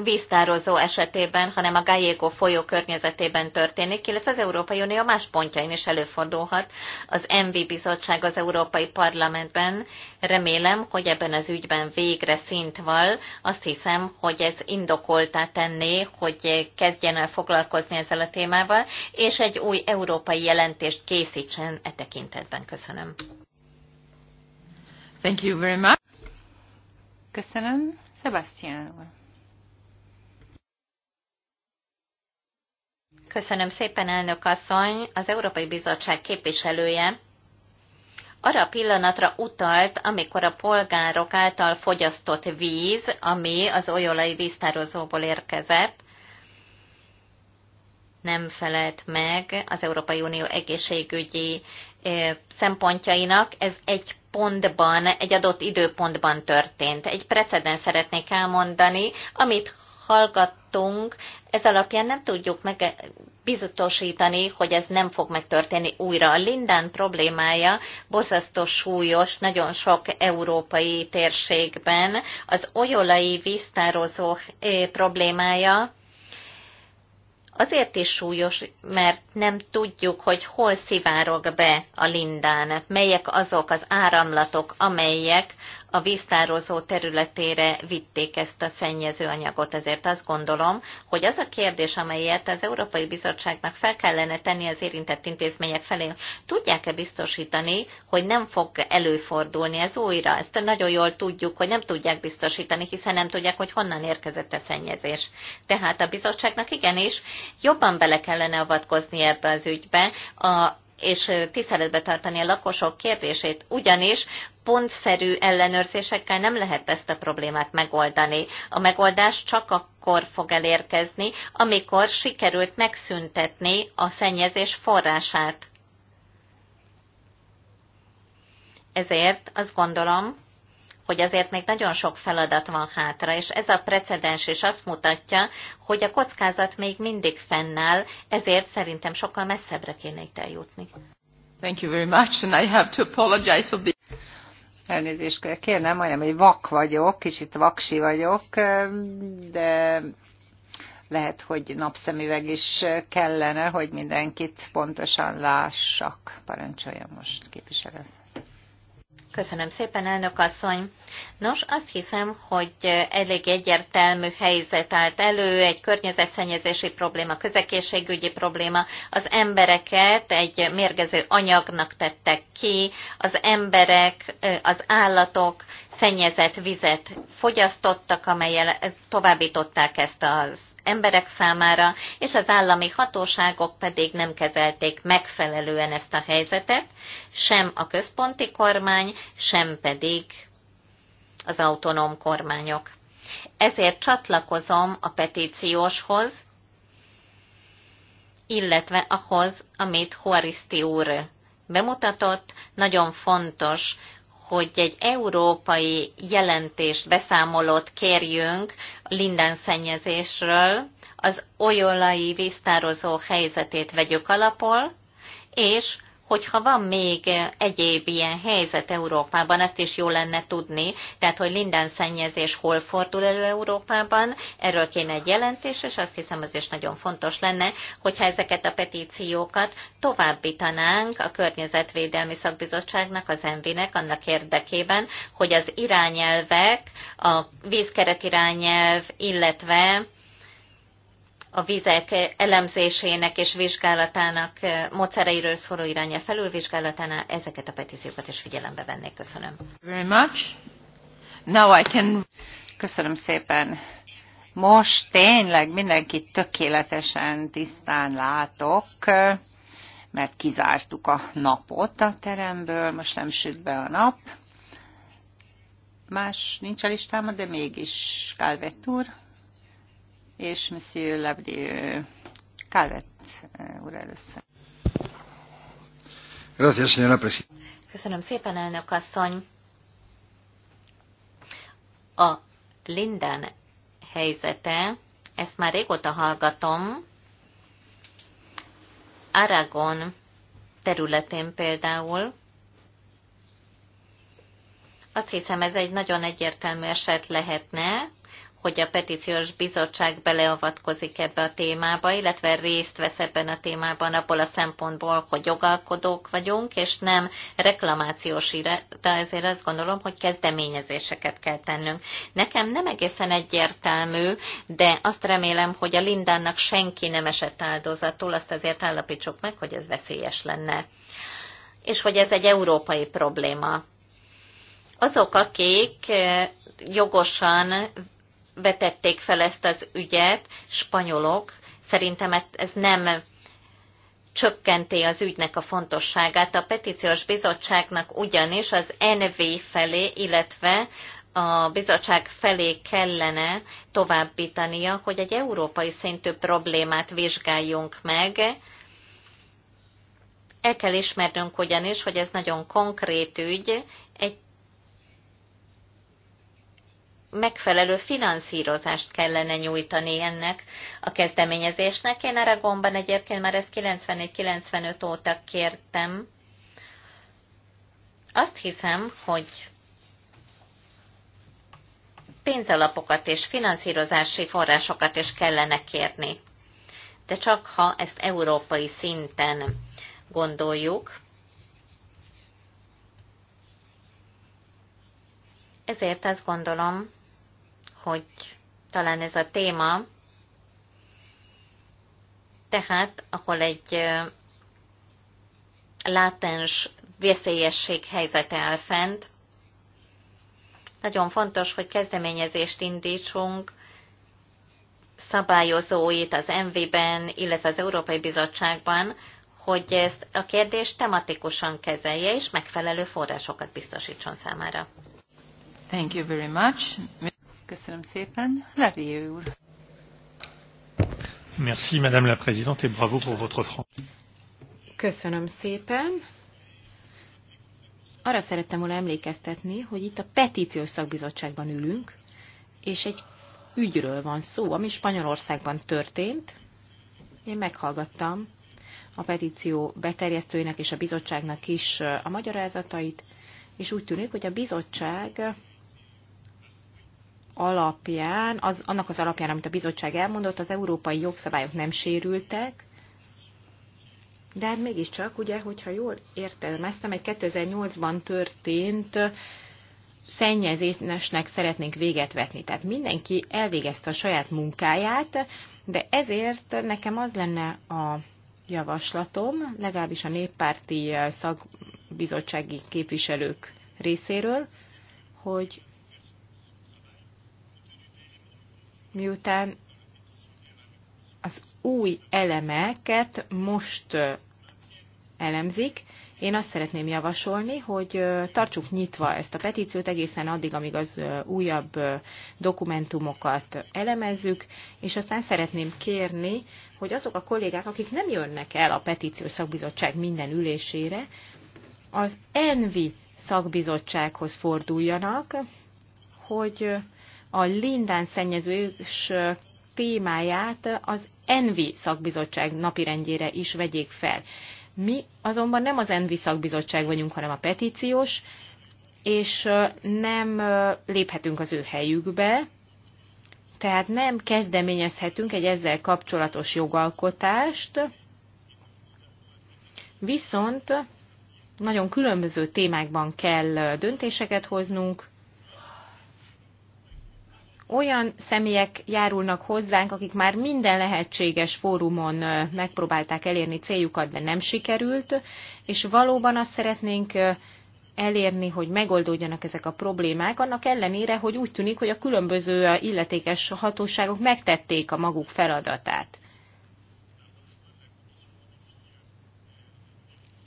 víztározó esetében, hanem a Gallego folyó környezetében történik, illetve az Európai Unió más pontjain is előfordulhat. Az MV Bizottság az Európai Parlamentben remélem, hogy ebben az ügyben végre szint van. Azt hiszem, hogy ez indokoltá tenné, hogy kezdjen el foglalkozni ezzel a témával, és egy új európai jelentést készítsen e tekintetben. Köszönöm. Thank you very much. Köszönöm. Sebastian úr. Köszönöm szépen, elnök asszony. Az Európai Bizottság képviselője arra a pillanatra utalt, amikor a polgárok által fogyasztott víz, ami az olyolai víztározóból érkezett, nem felelt meg az Európai Unió egészségügyi szempontjainak. Ez egy pontban, egy adott időpontban történt. Egy precedens szeretnék elmondani, amit hallgattunk, ez alapján nem tudjuk meg biztosítani, hogy ez nem fog megtörténni újra. A Lindán problémája borzasztó súlyos nagyon sok európai térségben. Az olyolai víztározó problémája azért is súlyos, mert nem tudjuk, hogy hol szivárog be a lindán, melyek azok az áramlatok, amelyek a víztározó területére vitték ezt a szennyező anyagot. Ezért azt gondolom, hogy az a kérdés, amelyet az Európai Bizottságnak fel kellene tenni az érintett intézmények felé, tudják-e biztosítani, hogy nem fog előfordulni ez újra? Ezt nagyon jól tudjuk, hogy nem tudják biztosítani, hiszen nem tudják, hogy honnan érkezett a szennyezés. Tehát a bizottságnak igenis jobban bele kellene avatkozni ebbe az ügybe. A és tiszteletbe tartani a lakosok kérdését, ugyanis pontszerű ellenőrzésekkel nem lehet ezt a problémát megoldani. A megoldás csak akkor fog elérkezni, amikor sikerült megszüntetni a szennyezés forrását. Ezért azt gondolom, hogy azért még nagyon sok feladat van hátra, és ez a precedens is azt mutatja, hogy a kockázat még mindig fennáll, ezért szerintem sokkal messzebbre kéne itt eljutni. Thank you very much, and I have to apologize for the... Elnézést kérnem, majdnem, hogy vak vagyok, kicsit vaksi vagyok, de lehet, hogy napszemüveg is kellene, hogy mindenkit pontosan lássak. Parancsoljon most képviselőt. Köszönöm szépen, elnök asszony. Nos, azt hiszem, hogy elég egyértelmű helyzet állt elő, egy környezetszennyezési probléma, közegészségügyi probléma. Az embereket egy mérgező anyagnak tettek ki, az emberek, az állatok szennyezett vizet fogyasztottak, amelyel továbbították ezt az emberek számára, és az állami hatóságok pedig nem kezelték megfelelően ezt a helyzetet, sem a központi kormány, sem pedig az autonóm kormányok. Ezért csatlakozom a petícióshoz, illetve ahhoz, amit Huariszti úr bemutatott, nagyon fontos, hogy egy európai jelentést, beszámolót kérjünk linden szennyezésről, az olyolai víztározó helyzetét vegyük alapol, és hogyha van még eh, egyéb ilyen helyzet Európában, ezt is jó lenne tudni, tehát hogy minden szennyezés hol fordul elő Európában, erről kéne egy jelentés, és azt hiszem az is nagyon fontos lenne, hogyha ezeket a petíciókat továbbítanánk a Környezetvédelmi Szakbizottságnak, az ENVI-nek annak érdekében, hogy az irányelvek, a vízkeret irányelv, illetve a vizek elemzésének és vizsgálatának módszereiről szóló irányel felülvizsgálatánál ezeket a petíciókat is figyelembe vennék. Köszönöm. Very much. Now I can... Köszönöm szépen. Most tényleg mindenkit tökéletesen tisztán látok, mert kizártuk a napot a teremből, most nem süt be a nap. Más nincs a listámon, de mégis Calvet úr és Monsieur Lavrieux. Calvet eh, úr először. Köszönöm szépen, elnök asszony. A Linden helyzete, ezt már régóta hallgatom, Aragon területén például, azt hiszem ez egy nagyon egyértelmű eset lehetne, hogy a petíciós bizottság beleavatkozik ebbe a témába, illetve részt vesz ebben a témában abból a szempontból, hogy jogalkodók vagyunk, és nem reklamációs de ezért azt gondolom, hogy kezdeményezéseket kell tennünk. Nekem nem egészen egyértelmű, de azt remélem, hogy a Lindának senki nem esett áldozatul, azt azért állapítsuk meg, hogy ez veszélyes lenne. És hogy ez egy európai probléma azok, akik jogosan vetették fel ezt az ügyet, spanyolok, szerintem ez nem csökkenti az ügynek a fontosságát. A petíciós bizottságnak ugyanis az NV felé, illetve a bizottság felé kellene továbbítania, hogy egy európai szintű problémát vizsgáljunk meg. El kell ismernünk ugyanis, hogy ez nagyon konkrét ügy, egy megfelelő finanszírozást kellene nyújtani ennek a kezdeményezésnek. Én Aragonban egyébként már ezt 94 95 óta kértem. Azt hiszem, hogy pénzalapokat és finanszírozási forrásokat is kellene kérni. De csak ha ezt európai szinten gondoljuk, ezért azt gondolom, hogy talán ez a téma, tehát ahol egy látens veszélyesség helyzete áll fent, nagyon fontos, hogy kezdeményezést indítsunk szabályozóit az MV-ben, illetve az Európai Bizottságban, hogy ezt a kérdést tematikusan kezelje és megfelelő forrásokat biztosítson számára. Thank you very much. Köszönöm szépen. Lerié úr. Merci, Madame la Présidente, et bravo pour votre franc. Köszönöm szépen. Arra szerettem volna emlékeztetni, hogy itt a petíciós szakbizottságban ülünk, és egy ügyről van szó, ami Spanyolországban történt. Én meghallgattam a petíció beterjesztőinek és a bizottságnak is a magyarázatait, és úgy tűnik, hogy a bizottság alapján, az, annak az alapján, amit a bizottság elmondott, az európai jogszabályok nem sérültek, de hát mégiscsak, ugye, hogyha jól értelmeztem, egy 2008-ban történt szennyezésnek szeretnénk véget vetni. Tehát mindenki elvégezte a saját munkáját, de ezért nekem az lenne a javaslatom, legalábbis a néppárti szakbizottsági képviselők részéről, hogy miután az új elemeket most elemzik, én azt szeretném javasolni, hogy tartsuk nyitva ezt a petíciót egészen addig, amíg az újabb dokumentumokat elemezzük, és aztán szeretném kérni, hogy azok a kollégák, akik nem jönnek el a petíciós szakbizottság minden ülésére, az ENVI szakbizottsághoz forduljanak, hogy a lindán szennyezős témáját az Envi szakbizottság napirendjére is vegyék fel. Mi azonban nem az Envi szakbizottság vagyunk, hanem a petíciós, és nem léphetünk az ő helyükbe, tehát nem kezdeményezhetünk egy ezzel kapcsolatos jogalkotást, viszont nagyon különböző témákban kell döntéseket hoznunk, olyan személyek járulnak hozzánk, akik már minden lehetséges fórumon megpróbálták elérni céljukat, de nem sikerült, és valóban azt szeretnénk elérni, hogy megoldódjanak ezek a problémák, annak ellenére, hogy úgy tűnik, hogy a különböző illetékes hatóságok megtették a maguk feladatát.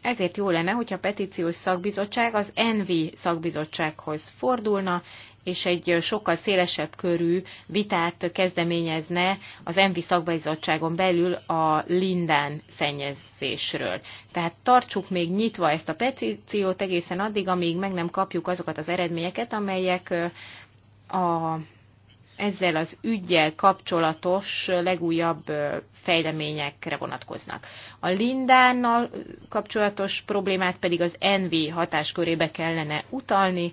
Ezért jó lenne, hogyha a petíciós szakbizottság az ENVI szakbizottsághoz fordulna, és egy sokkal szélesebb körű vitát kezdeményezne az ENVI szakbizottságon belül a lindán szennyezésről. Tehát tartsuk még nyitva ezt a petíciót egészen addig, amíg meg nem kapjuk azokat az eredményeket, amelyek a ezzel az ügyjel kapcsolatos legújabb fejleményekre vonatkoznak. A Lindánnal kapcsolatos problémát pedig az NV hatáskörébe kellene utalni,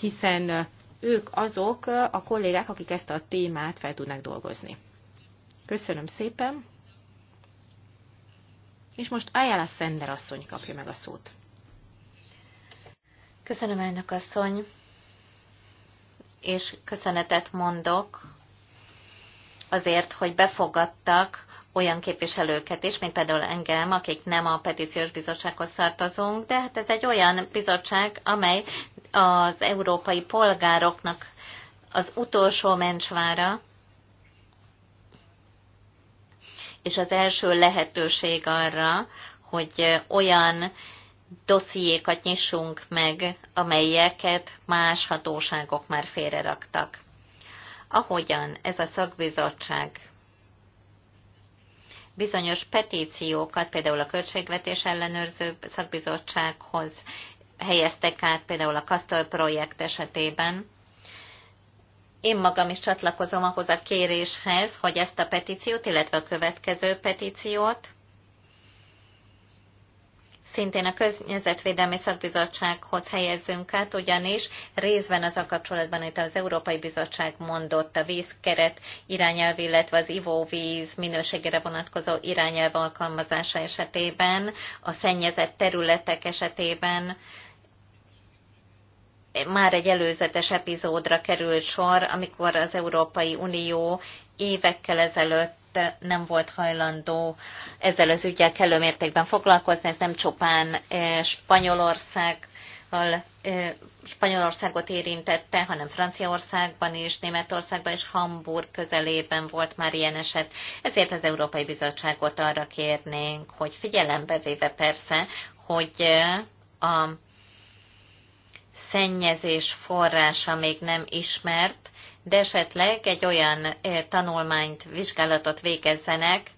hiszen ők azok a kollégák, akik ezt a témát fel tudnak dolgozni. Köszönöm szépen. És most Ayala Szender asszony kapja meg a szót. Köszönöm, elnök asszony, és köszönetet mondok azért, hogy befogadtak olyan képviselőket is, mint például engem, akik nem a petíciós bizottsághoz tartozunk, de hát ez egy olyan bizottság, amely az európai polgároknak az utolsó mencsvára, és az első lehetőség arra, hogy olyan dossziékat nyissunk meg, amelyeket más hatóságok már félreraktak. Ahogyan ez a szakbizottság bizonyos petíciókat, például a Költségvetés Ellenőrző Szakbizottsághoz helyeztek át, például a Kastor projekt esetében. Én magam is csatlakozom ahhoz a kéréshez, hogy ezt a petíciót, illetve a következő petíciót szintén a Környezetvédelmi Szakbizottsághoz helyezzünk át, ugyanis részben az a kapcsolatban, amit az Európai Bizottság mondott, a vízkeret irányelv, illetve az ivóvíz minőségére vonatkozó irányelv alkalmazása esetében, a szennyezett területek esetében, már egy előzetes epizódra került sor, amikor az Európai Unió évekkel ezelőtt nem volt hajlandó ezzel az ügyel kellő mértékben foglalkozni, ez nem csupán Spanyolország Spanyolországot érintette, hanem Franciaországban is, Németországban és Hamburg közelében volt már ilyen eset. Ezért az Európai Bizottságot arra kérnénk, hogy figyelembe véve persze, hogy a szennyezés forrása még nem ismert, de esetleg egy olyan tanulmányt, vizsgálatot végezzenek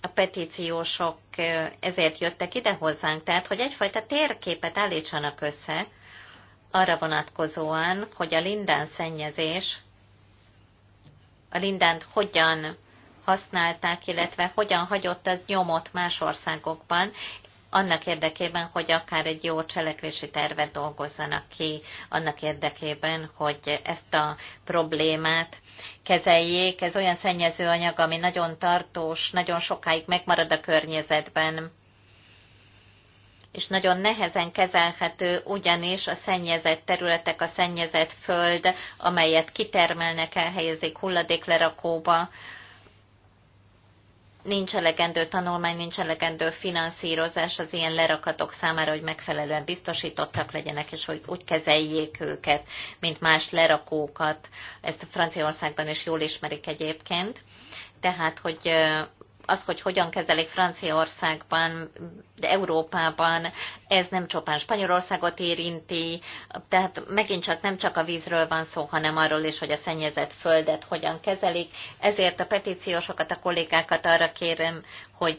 a petíciósok ezért jöttek ide hozzánk, tehát hogy egyfajta térképet állítsanak össze arra vonatkozóan, hogy a lindán szennyezés, a lindánt hogyan használták, illetve hogyan hagyott az nyomot más országokban, annak érdekében, hogy akár egy jó cselekvési tervet dolgozzanak ki, annak érdekében, hogy ezt a problémát kezeljék. Ez olyan anyag, ami nagyon tartós, nagyon sokáig megmarad a környezetben és nagyon nehezen kezelhető, ugyanis a szennyezett területek, a szennyezett föld, amelyet kitermelnek, elhelyezik hulladéklerakóba, nincs elegendő tanulmány, nincs elegendő finanszírozás az ilyen lerakatok számára, hogy megfelelően biztosítottak legyenek, és hogy úgy kezeljék őket, mint más lerakókat. Ezt a Franciaországban is jól ismerik egyébként. Tehát, hogy az, hogy hogyan kezelik Franciaországban, de Európában, ez nem csopán Spanyolországot érinti, tehát megint csak nem csak a vízről van szó, hanem arról is, hogy a szennyezett földet hogyan kezelik. Ezért a petíciósokat, a kollégákat arra kérem, hogy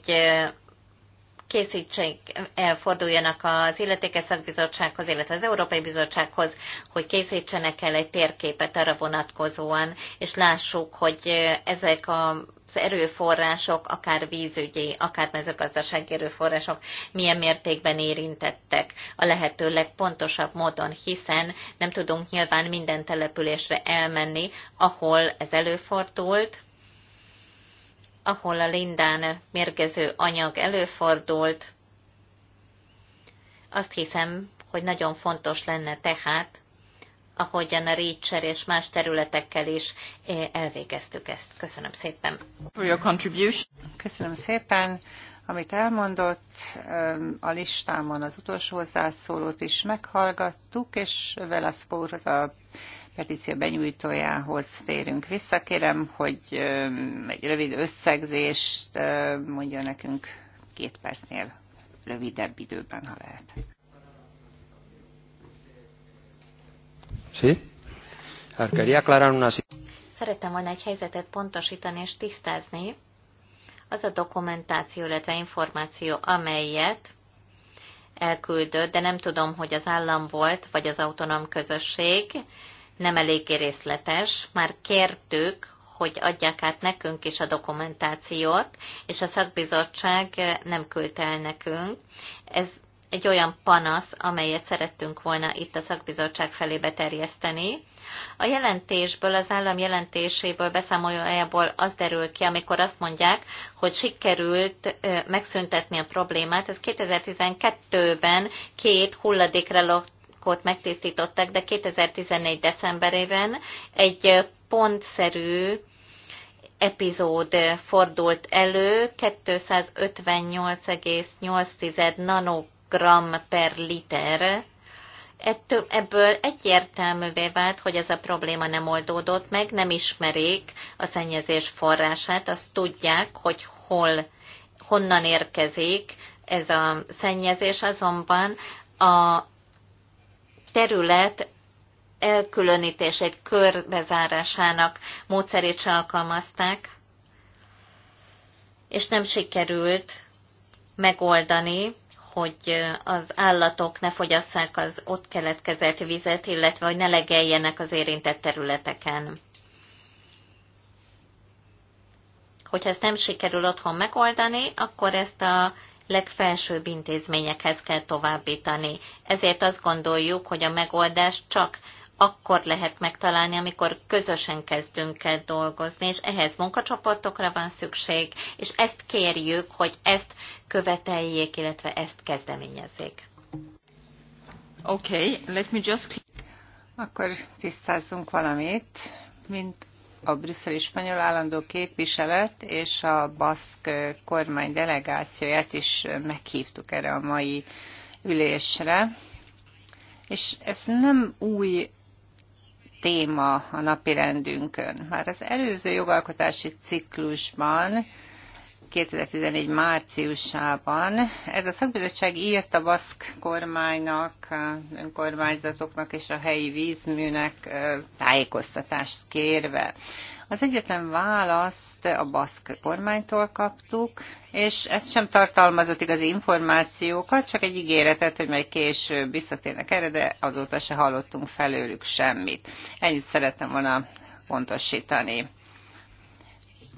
készítsék, elforduljanak az illetékes szakbizottsághoz, illetve az Európai Bizottsághoz, hogy készítsenek el egy térképet arra vonatkozóan, és lássuk, hogy ezek a az erőforrások, akár vízügyi, akár mezőgazdasági erőforrások milyen mértékben érintettek a lehető legpontosabb módon, hiszen nem tudunk nyilván minden településre elmenni, ahol ez előfordult, ahol a lindán mérgező anyag előfordult. Azt hiszem, hogy nagyon fontos lenne tehát, ahogyan a Récser és más területekkel is eh, elvégeztük ezt. Köszönöm szépen. Köszönöm szépen. Amit elmondott, a listámon az utolsó hozzászólót is meghallgattuk, és Velaszkó úr, a petíció benyújtójához térünk vissza. Kérem, hogy egy rövid összegzést mondja nekünk két percnél rövidebb időben, ha lehet. Sí? Szerettem volna egy helyzetet pontosítani és tisztázni. Az a dokumentáció, illetve információ, amelyet elküldött, de nem tudom, hogy az állam volt, vagy az autonóm közösség, nem eléggé részletes. Már kértük, hogy adják át nekünk is a dokumentációt, és a szakbizottság eh, nem küldte el nekünk. Ez egy olyan panasz, amelyet szerettünk volna itt a szakbizottság felé beterjeszteni. A jelentésből, az állam jelentéséből, beszámolójából az derül ki, amikor azt mondják, hogy sikerült eh, megszüntetni a problémát. Ez 2012-ben két hulladékra hulladékrelok bankot megtisztították, de 2014. decemberében egy pontszerű epizód fordult elő, 258,8 nanogram per liter. Ettől, ebből egyértelművé vált, hogy ez a probléma nem oldódott meg, nem ismerik a szennyezés forrását, azt tudják, hogy hol, honnan érkezik ez a szennyezés, azonban a terület elkülönítés egy körbezárásának módszerét se alkalmazták, és nem sikerült megoldani, hogy az állatok ne fogyasszák az ott keletkezett vizet, illetve hogy ne legeljenek az érintett területeken. Hogyha ezt nem sikerül otthon megoldani, akkor ezt a legfelsőbb intézményekhez kell továbbítani. Ezért azt gondoljuk, hogy a megoldást csak akkor lehet megtalálni, amikor közösen kezdünk el dolgozni, és ehhez munkacsoportokra van szükség, és ezt kérjük, hogy ezt követeljék, illetve ezt kezdeményezzék. Okay, let me just... Akkor tisztázzunk valamit. Mint a brüsszeli spanyol állandó képviselet és a baszk kormány delegációját is meghívtuk erre a mai ülésre. És ez nem új téma a napirendünkön. Már az előző jogalkotási ciklusban 2014 márciusában. Ez a szakbizottság írt a baszk kormánynak, önkormányzatoknak és a helyi vízműnek tájékoztatást kérve. Az egyetlen választ a baszk kormánytól kaptuk, és ez sem tartalmazott igazi információkat, csak egy ígéretet, hogy majd később visszatérnek erre, de azóta se hallottunk felőlük semmit. Ennyit szerettem volna pontosítani.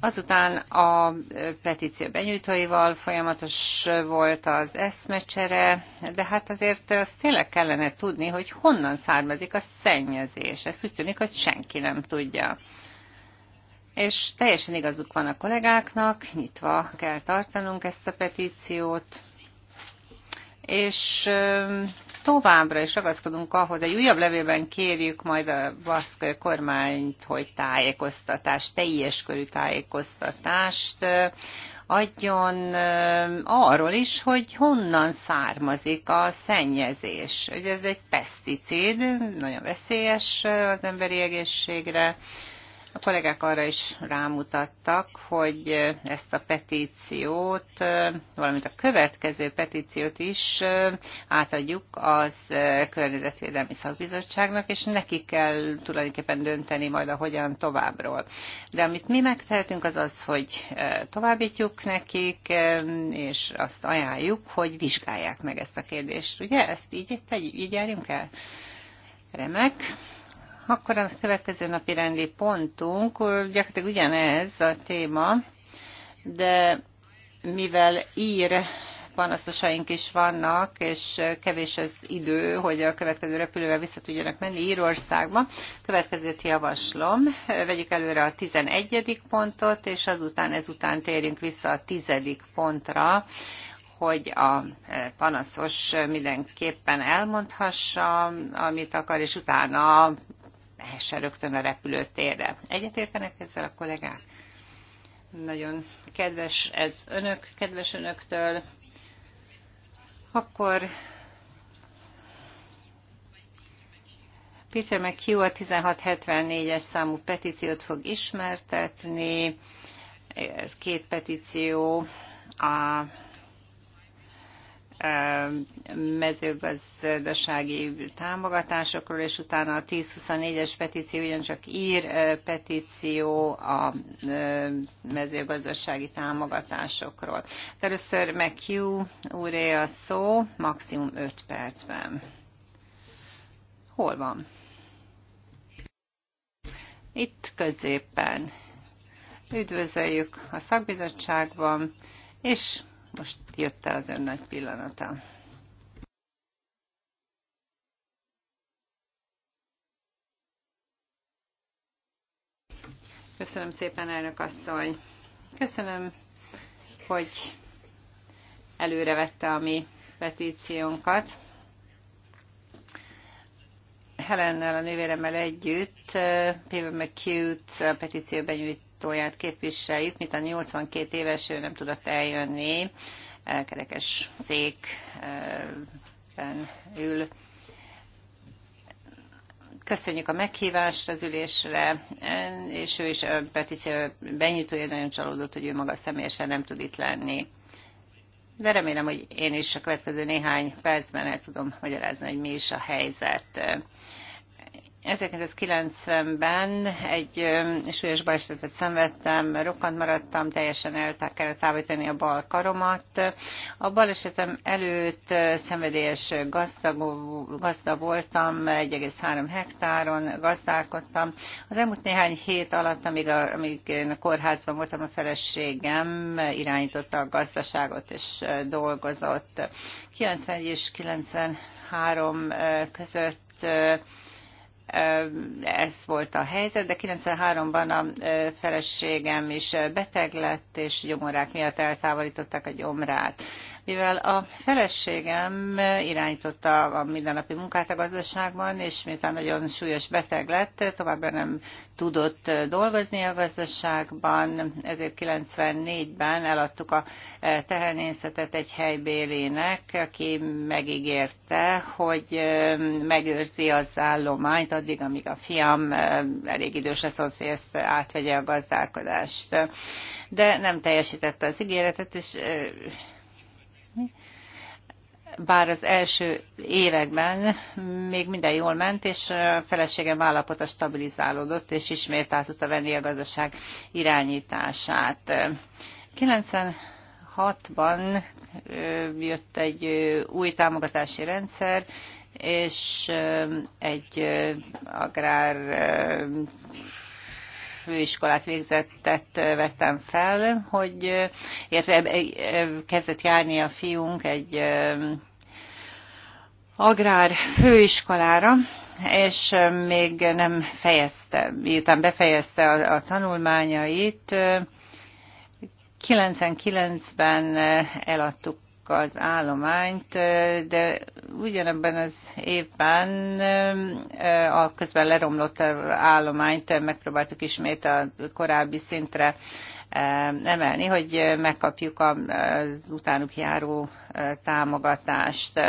Azután a petíció benyújtóival folyamatos volt az eszmecsere, de hát azért azt tényleg kellene tudni, hogy honnan származik a szennyezés. Ezt úgy tűnik, hogy senki nem tudja. És teljesen igazuk van a kollégáknak, nyitva kell tartanunk ezt a petíciót, és továbbra is ragaszkodunk ahhoz, egy újabb levélben kérjük majd a baszk kormányt, hogy tájékoztatást, teljes körű tájékoztatást adjon arról is, hogy honnan származik a szennyezés. Ugye ez egy peszticid, nagyon veszélyes az emberi egészségre, a kollégák arra is rámutattak, hogy ezt a petíciót, valamint a következő petíciót is átadjuk az Környezetvédelmi Szakbizottságnak, és neki kell tulajdonképpen dönteni majd a hogyan továbbról. De amit mi megtehetünk, az az, hogy továbbítjuk nekik, és azt ajánljuk, hogy vizsgálják meg ezt a kérdést. Ugye? Ezt így, így járjunk el? Remek. Akkor a következő napi rendi pontunk gyakorlatilag ugyanez a téma, de mivel ír panaszosaink is vannak, és kevés az idő, hogy a következő repülővel vissza tudjanak menni Írországba. Következőt javaslom, vegyük előre a 11. pontot, és azután ezután térjünk vissza a 10. pontra, hogy a e, panaszos mindenképpen elmondhassa, amit akar, és utána mehessen rögtön a repülőtérre. Egyetértenek ezzel a kollégák? Nagyon kedves ez önök, kedves önöktől. Akkor Peter McHugh a 1674-es számú petíciót fog ismertetni. Ez két petíció. A mezőgazdasági támogatásokról, és utána a 1024-es petíció, ugyancsak ír petíció a mezőgazdasági támogatásokról. Hát először McHugh úré a szó, maximum 5 percben. Hol van? Itt középen. Üdvözöljük a szakbizottságban, és most jött el az ön nagy pillanata. Köszönöm szépen, elnök asszony. Köszönöm, hogy előrevette a mi petíciónkat. Helennel, a nővéremmel együtt Paper McCute petíció benyújt frakcióját képviseljük, mint a 82 éves, ő nem tudott eljönni, e, kerekes székben ül. Köszönjük a meghívást az ülésre, e, és ő is e, a petíció benyújtója nagyon csalódott, hogy ő maga személyesen nem tud itt lenni. De remélem, hogy én is a következő néhány percben el tudom magyarázni, hogy mi is a helyzet. 1990-ben egy súlyos balesetet szenvedtem, rokkant maradtam, teljesen el kellett távolítani a bal karomat. A balesetem előtt szenvedélyes gazdag, gazda voltam, 1,3 hektáron gazdálkodtam. Az elmúlt néhány hét alatt, amíg, a, amíg én a kórházban voltam, a feleségem irányította a gazdaságot és dolgozott. 91 és 93 között ez volt a helyzet, de 93-ban a feleségem is beteg lett, és gyomorák miatt eltávolították a gyomrát mivel a feleségem irányította a mindennapi munkát a gazdaságban, és miután nagyon súlyos beteg lett, továbbra nem tudott dolgozni a gazdaságban, ezért 94-ben eladtuk a tehenészetet egy helybélének, aki megígérte, hogy megőrzi az állományt addig, amíg a fiam elég idős lesz hogy ezt átvegye a gazdálkodást. De nem teljesítette az ígéretet, és bár az első években még minden jól ment, és a feleségem állapota stabilizálódott, és ismét át tudta venni a gazdaság irányítását. 96-ban jött egy új támogatási rendszer, és egy agrár főiskolát végzettet vettem fel, hogy illetve kezdett járni a fiunk egy agrár főiskolára, és még nem fejezte, miután befejezte a, a tanulmányait, 99-ben eladtuk az állományt, de ugyanebben az évben a közben leromlott állományt megpróbáltuk ismét a korábbi szintre emelni, hogy megkapjuk az utánuk járó támogatást.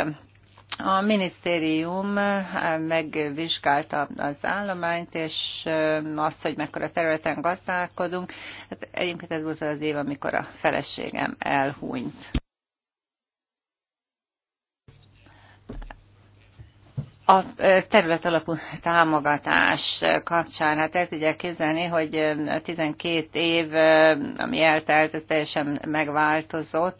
A minisztérium megvizsgálta az állományt, és azt, hogy mekkora területen gazdálkodunk. Hát egyébként ez volt az év, amikor a feleségem elhunyt. A e, területalapú támogatás kapcsán, hát el tudják képzelni, hogy 12 e, év, e, ami eltelt, ez teljesen megváltozott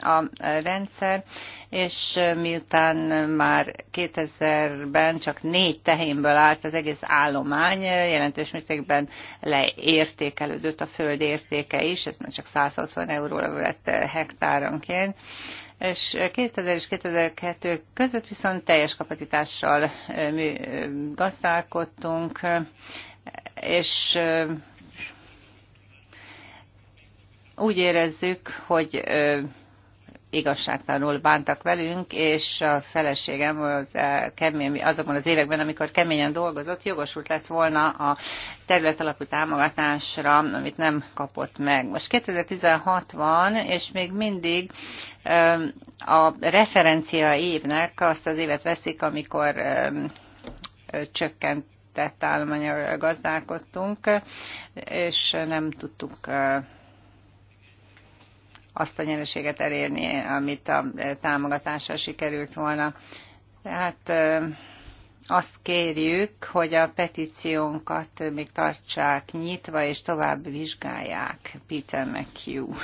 a rendszer, és miután már 2000-ben csak négy tehénből állt az egész állomány, jelentős mértékben leértékelődött a föld értéke is, ez már csak 160 euróra lett hektáronként, és 2000 és 2002 között viszont teljes kapacitással mi gazdálkodtunk, és úgy érezzük, hogy igazságtalanul bántak velünk, és a feleségem az, eh, azokban az években, amikor keményen dolgozott, jogosult lett volna a terület alapú támogatásra, amit nem kapott meg. Most 2016 van, és még mindig eh, a referencia évnek azt az évet veszik, amikor eh, csökkentett állományra gazdálkodtunk, és nem tudtuk azt a nyereséget elérni, amit a eh, támogatással sikerült volna. Tehát eh, azt kérjük, hogy a petíciónkat még tartsák nyitva, és tovább vizsgálják. Peter McHugh.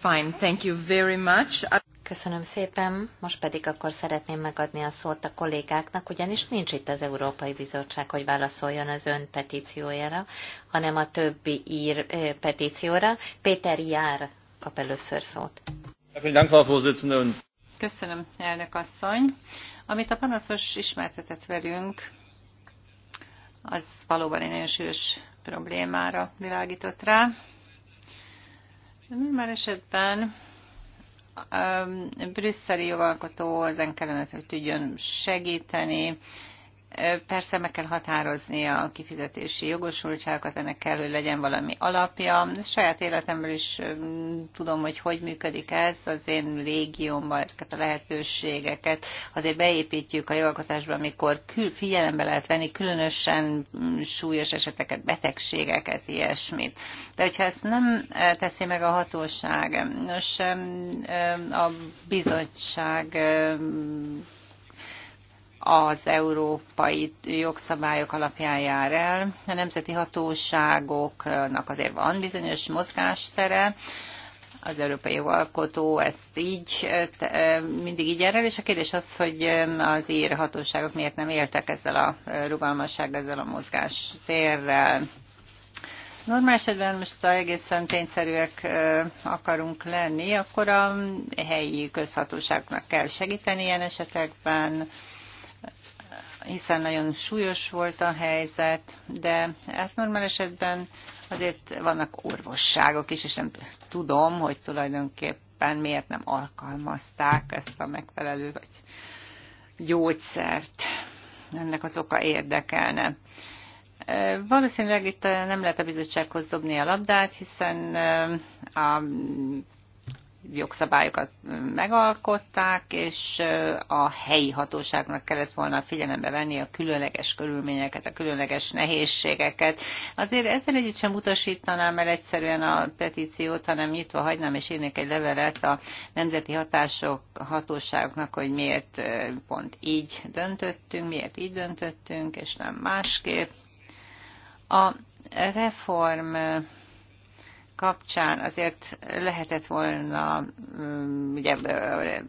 Fine, thank you very much. Köszönöm szépen. Most pedig akkor szeretném megadni a szót a kollégáknak, ugyanis nincs itt az Európai Bizottság, hogy válaszoljon az ön petíciójára, hanem a többi ír petícióra. Péter Jár kap először szót. Köszönöm, elnök asszony. Amit a panaszos ismertetett velünk, az valóban egy nagyon sűrűs problémára világított rá. Normál esetben brüsszeli jogalkotó ezen kellene, hogy tudjon segíteni, Persze meg kell határozni a kifizetési jogosultságokat, ennek kell, hogy legyen valami alapja. Saját életemből is tudom, hogy hogy működik ez, az én légiómban ezeket a lehetőségeket azért beépítjük a jogalkotásba, amikor kül figyelembe lehet venni különösen mm, súlyos eseteket, betegségeket, ilyesmit. De hogyha ezt nem e, teszi meg a hatóság, nos, a bizottság az európai jogszabályok alapján jár el. A nemzeti hatóságoknak azért van bizonyos mozgástere, az európai jogalkotó ezt így mindig így erre, el, és a kérdés az, hogy az ír hatóságok miért nem éltek ezzel a rugalmassággal, ezzel a mozgástérrel. Normál esetben most egészen tényszerűek akarunk lenni, akkor a helyi közhatóságnak kell segíteni ilyen esetekben, hiszen nagyon súlyos volt a helyzet, de hát normál esetben azért vannak orvosságok is, és nem tudom, hogy tulajdonképpen miért nem alkalmazták ezt a megfelelő vagy gyógyszert. Ennek az oka érdekelne. Valószínűleg itt nem lehet a bizottsághoz dobni a labdát, hiszen a jogszabályokat megalkották, és a helyi hatóságnak kellett volna figyelembe venni a különleges körülményeket, a különleges nehézségeket. Azért ezzel együtt sem utasítanám el egyszerűen a petíciót, hanem nyitva hagynám és írnék egy levelet a nemzeti hatások hatóságoknak, hogy miért pont így döntöttünk, miért így döntöttünk, és nem másképp. A reform kapcsán azért lehetett volna, mm, ugye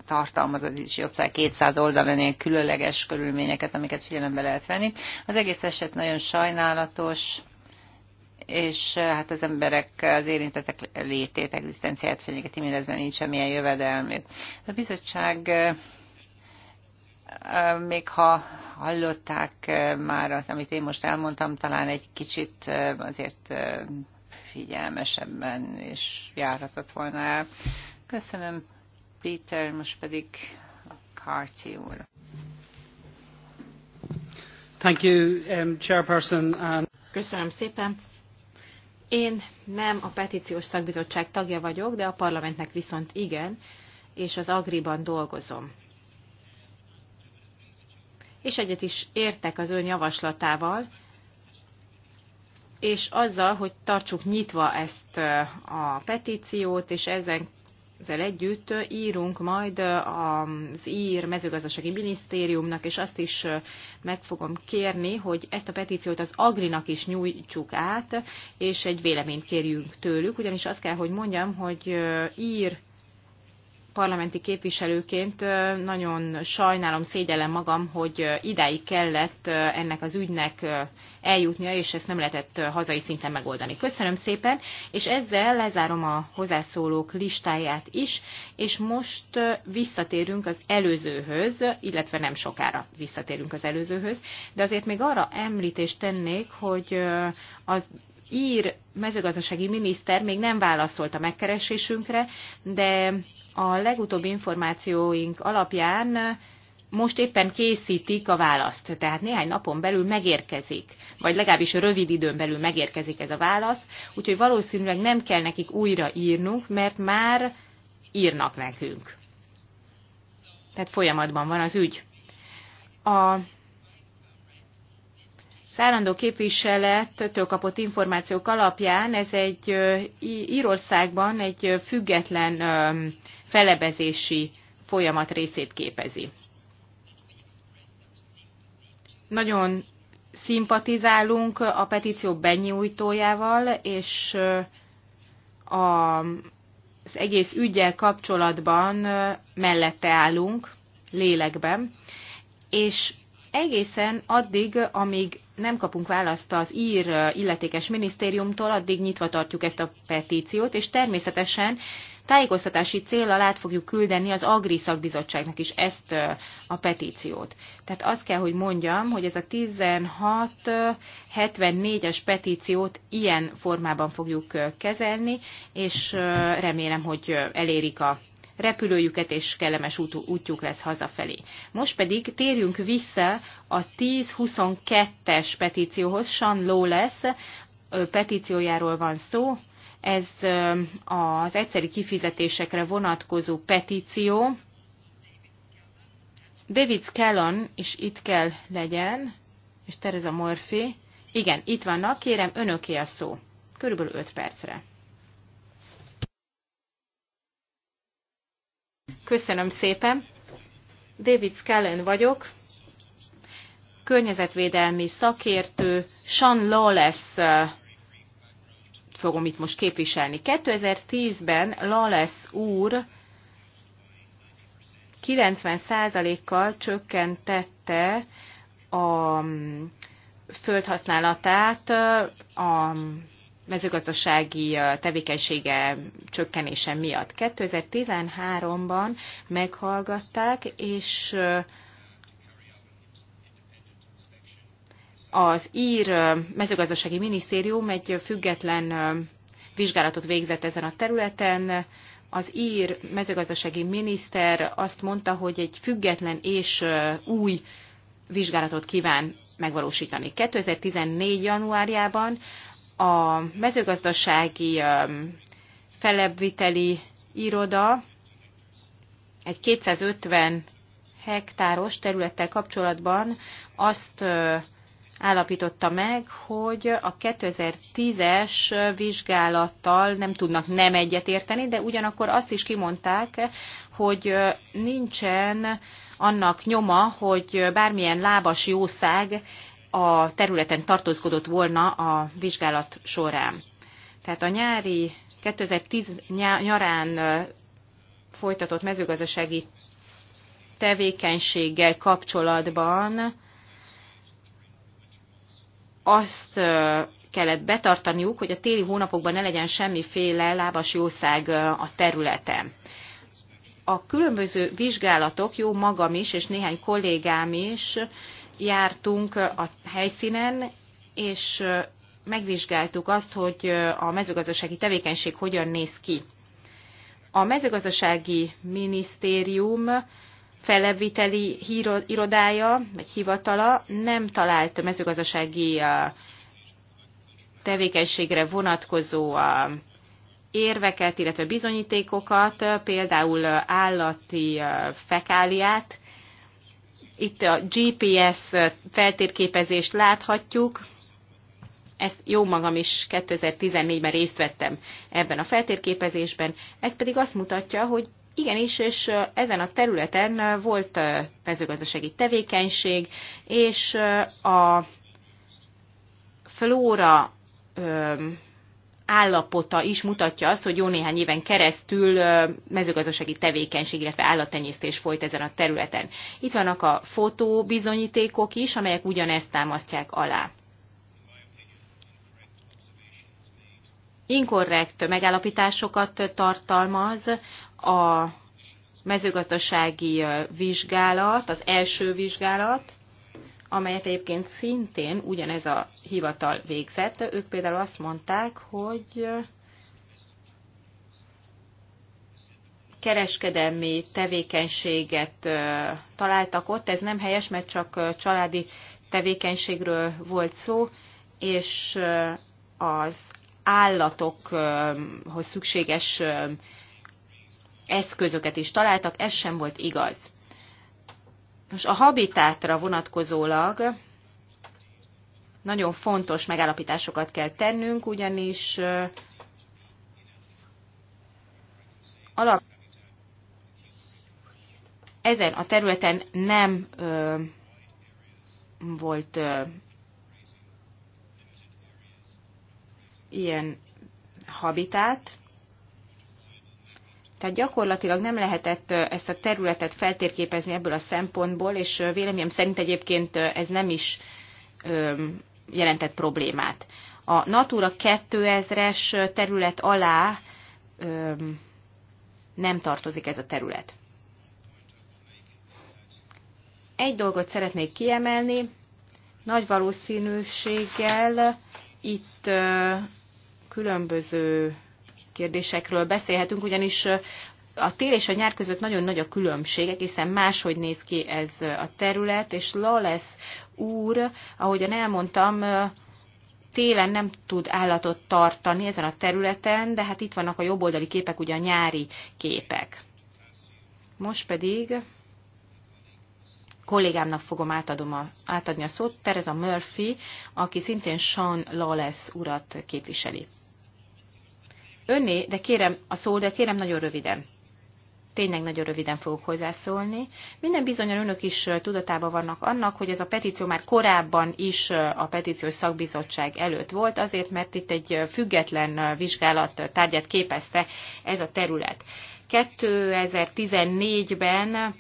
tartalmazott is jobb 200 oldalánél különleges körülményeket, amiket figyelembe lehet venni. Az egész eset nagyon sajnálatos, és hát az emberek, az érintettek létét, egzisztenciát fenyegeti, mindezben nincs semmilyen jövedelmük. A bizottság még ha hallották már azt, amit én most elmondtam, talán egy kicsit azért figyelmesebben és járhatott volna el. Köszönöm, Peter, most pedig Carty úr. Thank you, um, Chairperson. And... Köszönöm szépen. Én nem a petíciós szakbizottság tagja vagyok, de a parlamentnek viszont igen, és az Agriban dolgozom. És egyet is értek az ön javaslatával, és azzal, hogy tartsuk nyitva ezt a petíciót, és ezen ezzel együtt írunk majd az ír mezőgazdasági minisztériumnak, és azt is meg fogom kérni, hogy ezt a petíciót az Agrinak is nyújtsuk át, és egy véleményt kérjünk tőlük, ugyanis azt kell, hogy mondjam, hogy ír parlamenti képviselőként nagyon sajnálom, szégyellem magam, hogy ideig kellett ennek az ügynek eljutnia, és ezt nem lehetett hazai szinten megoldani. Köszönöm szépen, és ezzel lezárom a hozzászólók listáját is, és most visszatérünk az előzőhöz, illetve nem sokára visszatérünk az előzőhöz, de azért még arra említést tennék, hogy az ír mezőgazdasági miniszter még nem válaszolt a megkeresésünkre, de a legutóbbi információink alapján most éppen készítik a választ, tehát néhány napon belül megérkezik, vagy legalábbis rövid időn belül megérkezik ez a válasz, úgyhogy valószínűleg nem kell nekik újra írnunk, mert már írnak nekünk. Tehát folyamatban van az ügy. A az állandó képviselettől kapott információk alapján ez egy Írországban egy független felebezési folyamat részét képezi. Nagyon szimpatizálunk a petíció benyújtójával, és a, az egész ügyel kapcsolatban mellette állunk lélekben, és egészen addig, amíg nem kapunk választ az ír illetékes minisztériumtól, addig nyitva tartjuk ezt a petíciót, és természetesen tájékoztatási célra át fogjuk küldeni az Agri Szakbizottságnak is ezt a petíciót. Tehát azt kell, hogy mondjam, hogy ez a 1674-es petíciót ilyen formában fogjuk kezelni, és remélem, hogy elérik a repülőjüket, és kellemes út, útjuk lesz hazafelé. Most pedig térjünk vissza a 10-22-es petícióhoz, Sean Lawless petíciójáról van szó, ez az egyszeri kifizetésekre vonatkozó petíció. David Scallon is itt kell legyen, és Teresa Murphy. Igen, itt vannak, kérem, önöké a szó. Körülbelül 5 percre. Köszönöm szépen. David Scullen vagyok, környezetvédelmi szakértő, Sean Lawless fogom itt most képviselni. 2010-ben Lawless úr 90%-kal csökkentette a mm, földhasználatát a mezőgazdasági tevékenysége csökkenése miatt. 2013-ban meghallgatták, és az ír mezőgazdasági minisztérium egy független vizsgálatot végzett ezen a területen. Az ír mezőgazdasági miniszter azt mondta, hogy egy független és új vizsgálatot kíván megvalósítani. 2014. januárjában a mezőgazdasági felebviteli iroda egy 250 hektáros területtel kapcsolatban azt állapította meg, hogy a 2010-es vizsgálattal nem tudnak nem egyet érteni, de ugyanakkor azt is kimondták, hogy nincsen annak nyoma, hogy bármilyen lábas jószág a területen tartózkodott volna a vizsgálat során. Tehát a nyári 2010 nyarán folytatott mezőgazdasági tevékenységgel kapcsolatban azt kellett betartaniuk, hogy a téli hónapokban ne legyen semmiféle lábas jószág a területen. A különböző vizsgálatok, jó magam is, és néhány kollégám is jártunk a helyszínen, és megvizsgáltuk azt, hogy a mezőgazdasági tevékenység hogyan néz ki. A mezőgazdasági minisztérium feleviteli irodája, vagy hivatala nem talált mezőgazdasági tevékenységre vonatkozó érveket, illetve bizonyítékokat, például állati fekáliát, itt a GPS feltérképezést láthatjuk. Ezt jó magam is 2014-ben részt vettem ebben a feltérképezésben. Ez pedig azt mutatja, hogy igenis, és ezen a területen volt mezőgazdasági tevékenység, és a flóra állapota is mutatja azt, hogy jó néhány éven keresztül mezőgazdasági tevékenység, illetve állattenyésztés folyt ezen a területen. Itt vannak a fotóbizonyítékok is, amelyek ugyanezt támasztják alá. Inkorrekt megállapításokat tartalmaz a mezőgazdasági vizsgálat, az első vizsgálat, amelyet egyébként szintén ugyanez a hivatal végzett. Ők például azt mondták, hogy kereskedelmi tevékenységet találtak ott. Ez nem helyes, mert csak családi tevékenységről volt szó, és az állatokhoz szükséges eszközöket is találtak, ez sem volt igaz. Most a habitátra vonatkozólag nagyon fontos megállapításokat kell tennünk, ugyanis alap ezen a területen nem ö, volt ö, ilyen habitát, tehát gyakorlatilag nem lehetett ezt a területet feltérképezni ebből a szempontból, és véleményem szerint egyébként ez nem is jelentett problémát. A Natura 2000-es terület alá nem tartozik ez a terület. Egy dolgot szeretnék kiemelni, nagy valószínűséggel itt különböző kérdésekről beszélhetünk, ugyanis a tél és a nyár között nagyon nagy a különbség, egészen máshogy néz ki ez a terület, és Lales úr, ahogyan elmondtam, télen nem tud állatot tartani ezen a területen, de hát itt vannak a jobboldali képek, ugye a nyári képek. Most pedig kollégámnak fogom átadom a, átadni a szót, Tereza Murphy, aki szintén Sean Lawless urat képviseli. Önné, de kérem a szó, de kérem nagyon röviden. Tényleg nagyon röviden fogok hozzászólni. Minden bizonyal önök is tudatában vannak annak, hogy ez a petíció már korábban is a petíciós szakbizottság előtt volt, azért mert itt egy független vizsgálat tárgyát képezte ez a terület. 2014-ben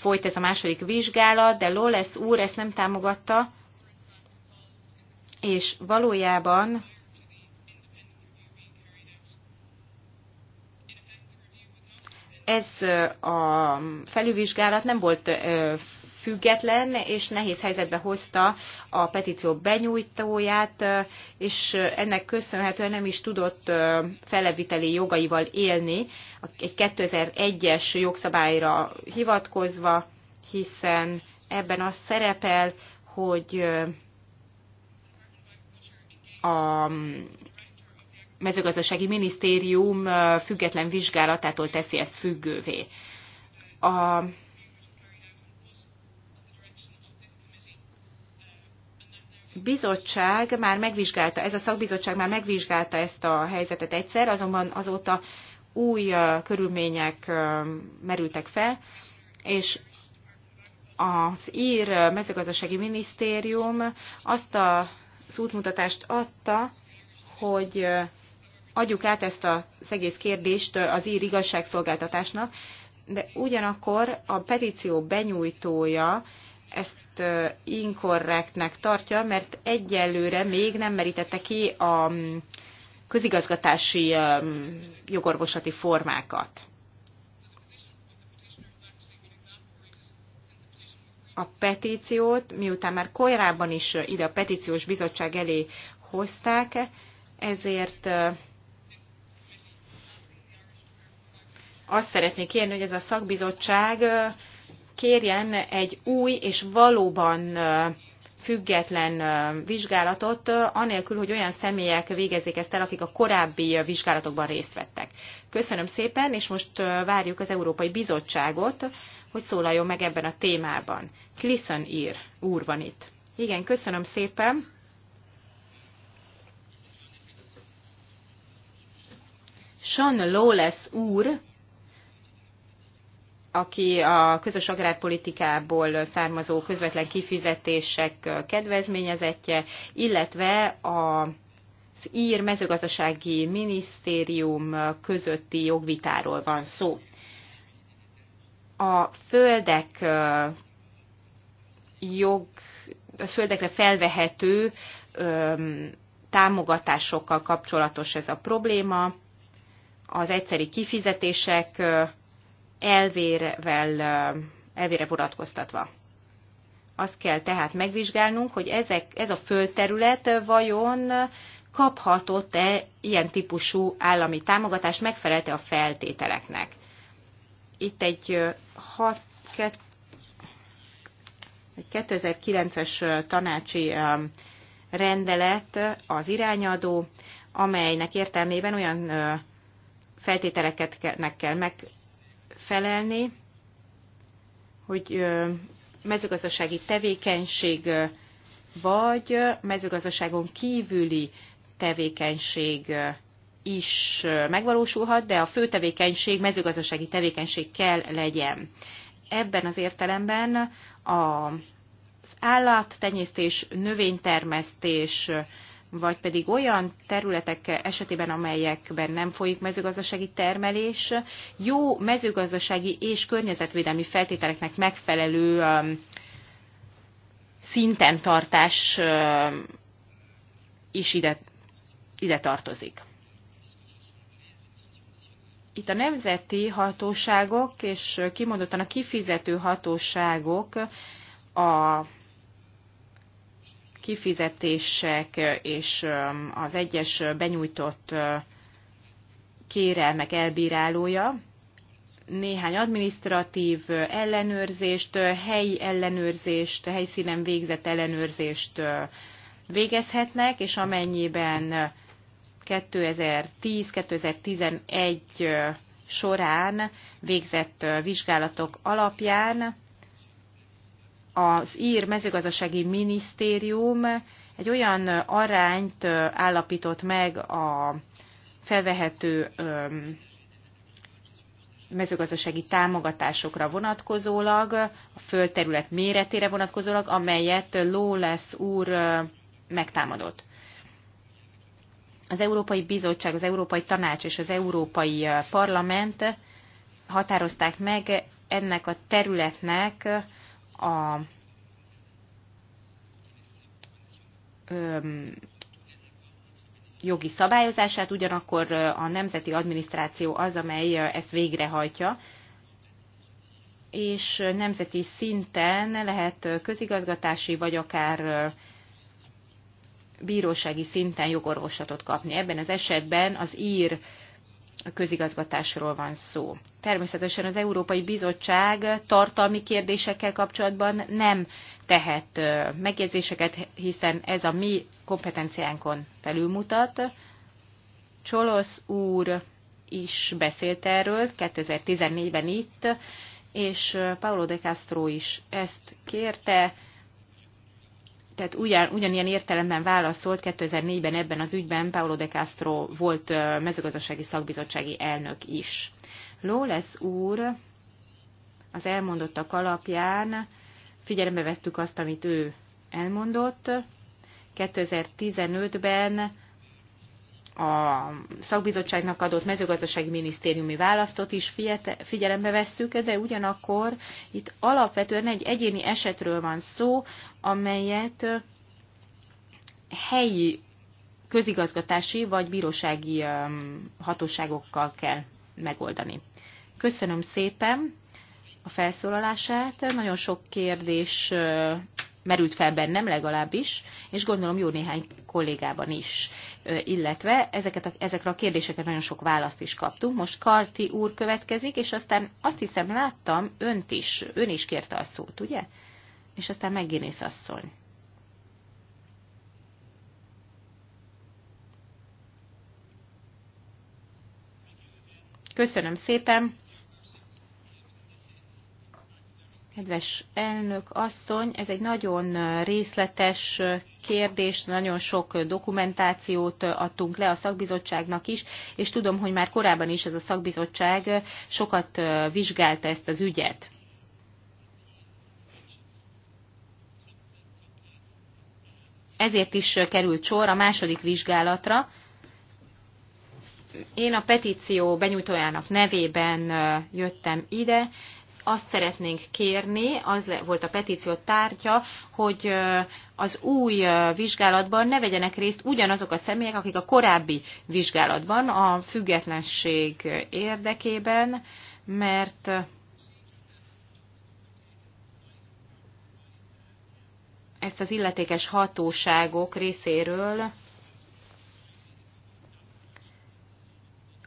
folyt ez a második vizsgálat, de Lawless úr ezt nem támogatta, és valójában ez a felülvizsgálat nem volt független, és nehéz helyzetbe hozta a petíció benyújtóját, és ennek köszönhetően nem is tudott feleviteli jogaival élni, egy 2001-es jogszabályra hivatkozva, hiszen ebben az szerepel, hogy a mezőgazdasági minisztérium független vizsgálatától teszi ezt függővé. A bizottság már megvizsgálta, ez a szakbizottság már megvizsgálta ezt a helyzetet egyszer, azonban azóta új körülmények merültek fel, és az ír mezőgazdasági minisztérium azt a az útmutatást adta, hogy adjuk át ezt az egész kérdést az ír igazságszolgáltatásnak, de ugyanakkor a petíció benyújtója ezt inkorrektnek tartja, mert egyelőre még nem merítette ki a mm, közigazgatási mm, jogorvosati formákat. A petíciót, miután már korábban is ide a petíciós bizottság elé hozták, ezért azt szeretnék kérni, hogy ez a szakbizottság kérjen egy új és valóban független vizsgálatot, anélkül, hogy olyan személyek végezzék ezt el, akik a korábbi vizsgálatokban részt vettek. Köszönöm szépen, és most várjuk az Európai Bizottságot, hogy szólaljon meg ebben a témában. Klissen ír, úr van itt. Igen, köszönöm szépen. Sean Lawless úr aki a közös agrárpolitikából származó közvetlen kifizetések kedvezményezetje, illetve a az ír mezőgazdasági minisztérium közötti jogvitáról van szó. A földek jog, a földekre felvehető támogatásokkal kapcsolatos ez a probléma, az egyszeri kifizetések elvérevel, elvére vonatkoztatva. Azt kell tehát megvizsgálnunk, hogy ezek, ez a földterület vajon kaphatott-e ilyen típusú állami támogatást, megfelelte a feltételeknek. Itt egy 2009-es tanácsi rendelet az irányadó, amelynek értelmében olyan feltételeket kell meg felelni, hogy mezőgazdasági tevékenység vagy mezőgazdaságon kívüli tevékenység is megvalósulhat, de a fő tevékenység mezőgazdasági tevékenység kell legyen. Ebben az értelemben az állattenyésztés, növénytermesztés, vagy pedig olyan területek esetében, amelyekben nem folyik mezőgazdasági termelés, jó mezőgazdasági és környezetvédelmi feltételeknek megfelelő um, szinten tartás um, is ide, ide tartozik. Itt a nemzeti hatóságok és kimondottan a kifizető hatóságok a kifizetések és az egyes benyújtott kérelmek elbírálója, néhány administratív ellenőrzést, helyi ellenőrzést, helyszínen végzett ellenőrzést végezhetnek, és amennyiben 2010-2011 során végzett vizsgálatok alapján az ír mezőgazdasági minisztérium egy olyan arányt állapított meg a felvehető mezőgazdasági támogatásokra vonatkozólag, a földterület méretére vonatkozólag, amelyet Lólesz úr megtámadott. Az Európai Bizottság, az Európai Tanács és az Európai Parlament határozták meg ennek a területnek a öm, jogi szabályozását, ugyanakkor a nemzeti adminisztráció az, amely ezt végrehajtja, és nemzeti szinten lehet közigazgatási vagy akár bírósági szinten jogorvoslatot kapni. Ebben az esetben az ír a közigazgatásról van szó. Természetesen az Európai Bizottság tartalmi kérdésekkel kapcsolatban nem tehet megjegyzéseket, hiszen ez a mi kompetenciánkon felülmutat. Csolosz úr is beszélt erről 2014-ben itt, és Paulo de Castro is ezt kérte, tehát ugyan, ugyanilyen értelemben válaszolt 2004-ben ebben az ügyben Paolo de Castro volt mezőgazdasági szakbizottsági elnök is. Lóles úr az elmondottak alapján figyelembe vettük azt, amit ő elmondott. 2015-ben a szakbizottságnak adott mezőgazdasági minisztériumi választot is figyelembe vesszük, de ugyanakkor itt alapvetően egy egyéni esetről van szó, amelyet helyi közigazgatási vagy bírósági hatóságokkal kell megoldani. Köszönöm szépen a felszólalását. Nagyon sok kérdés merült fel bennem legalábbis, és gondolom jó néhány kollégában is, illetve ezeket a, ezekre a kérdésekre nagyon sok választ is kaptunk. Most Karti úr következik, és aztán azt hiszem láttam önt is, ön is kérte a szót, ugye? És aztán megénész asszony. Köszönöm szépen! Kedves elnök asszony, ez egy nagyon részletes kérdés, nagyon sok dokumentációt adtunk le a szakbizottságnak is, és tudom, hogy már korábban is ez a szakbizottság sokat vizsgálta ezt az ügyet. Ezért is került sor a második vizsgálatra. Én a petíció benyújtójának nevében jöttem ide, azt szeretnénk kérni, az volt a petíció tárgya, hogy az új vizsgálatban ne vegyenek részt ugyanazok a személyek, akik a korábbi vizsgálatban a függetlenség érdekében, mert ezt az illetékes hatóságok részéről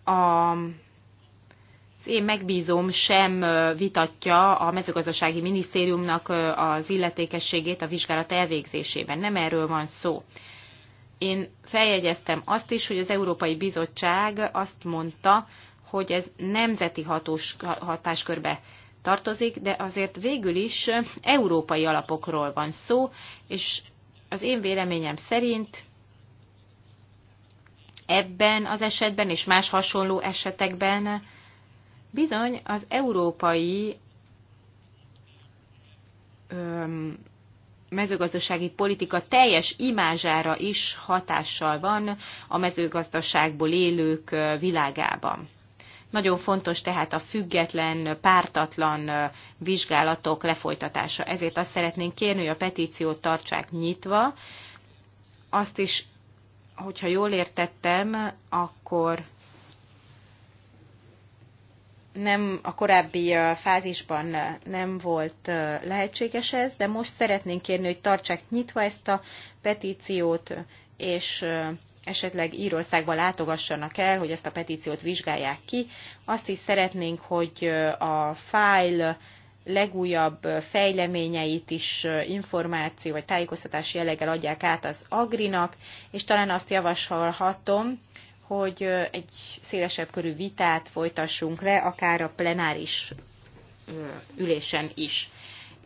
a én megbízom sem vitatja a mezőgazdasági minisztériumnak az illetékességét a vizsgálat elvégzésében. Nem erről van szó. Én feljegyeztem azt is, hogy az Európai Bizottság azt mondta, hogy ez nemzeti hatós, hatáskörbe tartozik, de azért végül is európai alapokról van szó, és az én véleményem szerint ebben az esetben és más hasonló esetekben Bizony az európai öm, mezőgazdasági politika teljes imázsára is hatással van a mezőgazdaságból élők világában. Nagyon fontos tehát a független, pártatlan vizsgálatok lefolytatása. Ezért azt szeretnénk kérni, hogy a petíciót tartsák nyitva. Azt is, hogyha jól értettem, akkor nem a korábbi fázisban nem volt lehetséges ez, de most szeretnénk kérni, hogy tartsák nyitva ezt a petíciót, és esetleg Írországba látogassanak el, hogy ezt a petíciót vizsgálják ki. Azt is szeretnénk, hogy a fájl legújabb fejleményeit is információ vagy tájékoztatási jelleggel adják át az Agrinak, és talán azt javasolhatom, hogy egy szélesebb körű vitát folytassunk le, akár a plenáris ülésen is.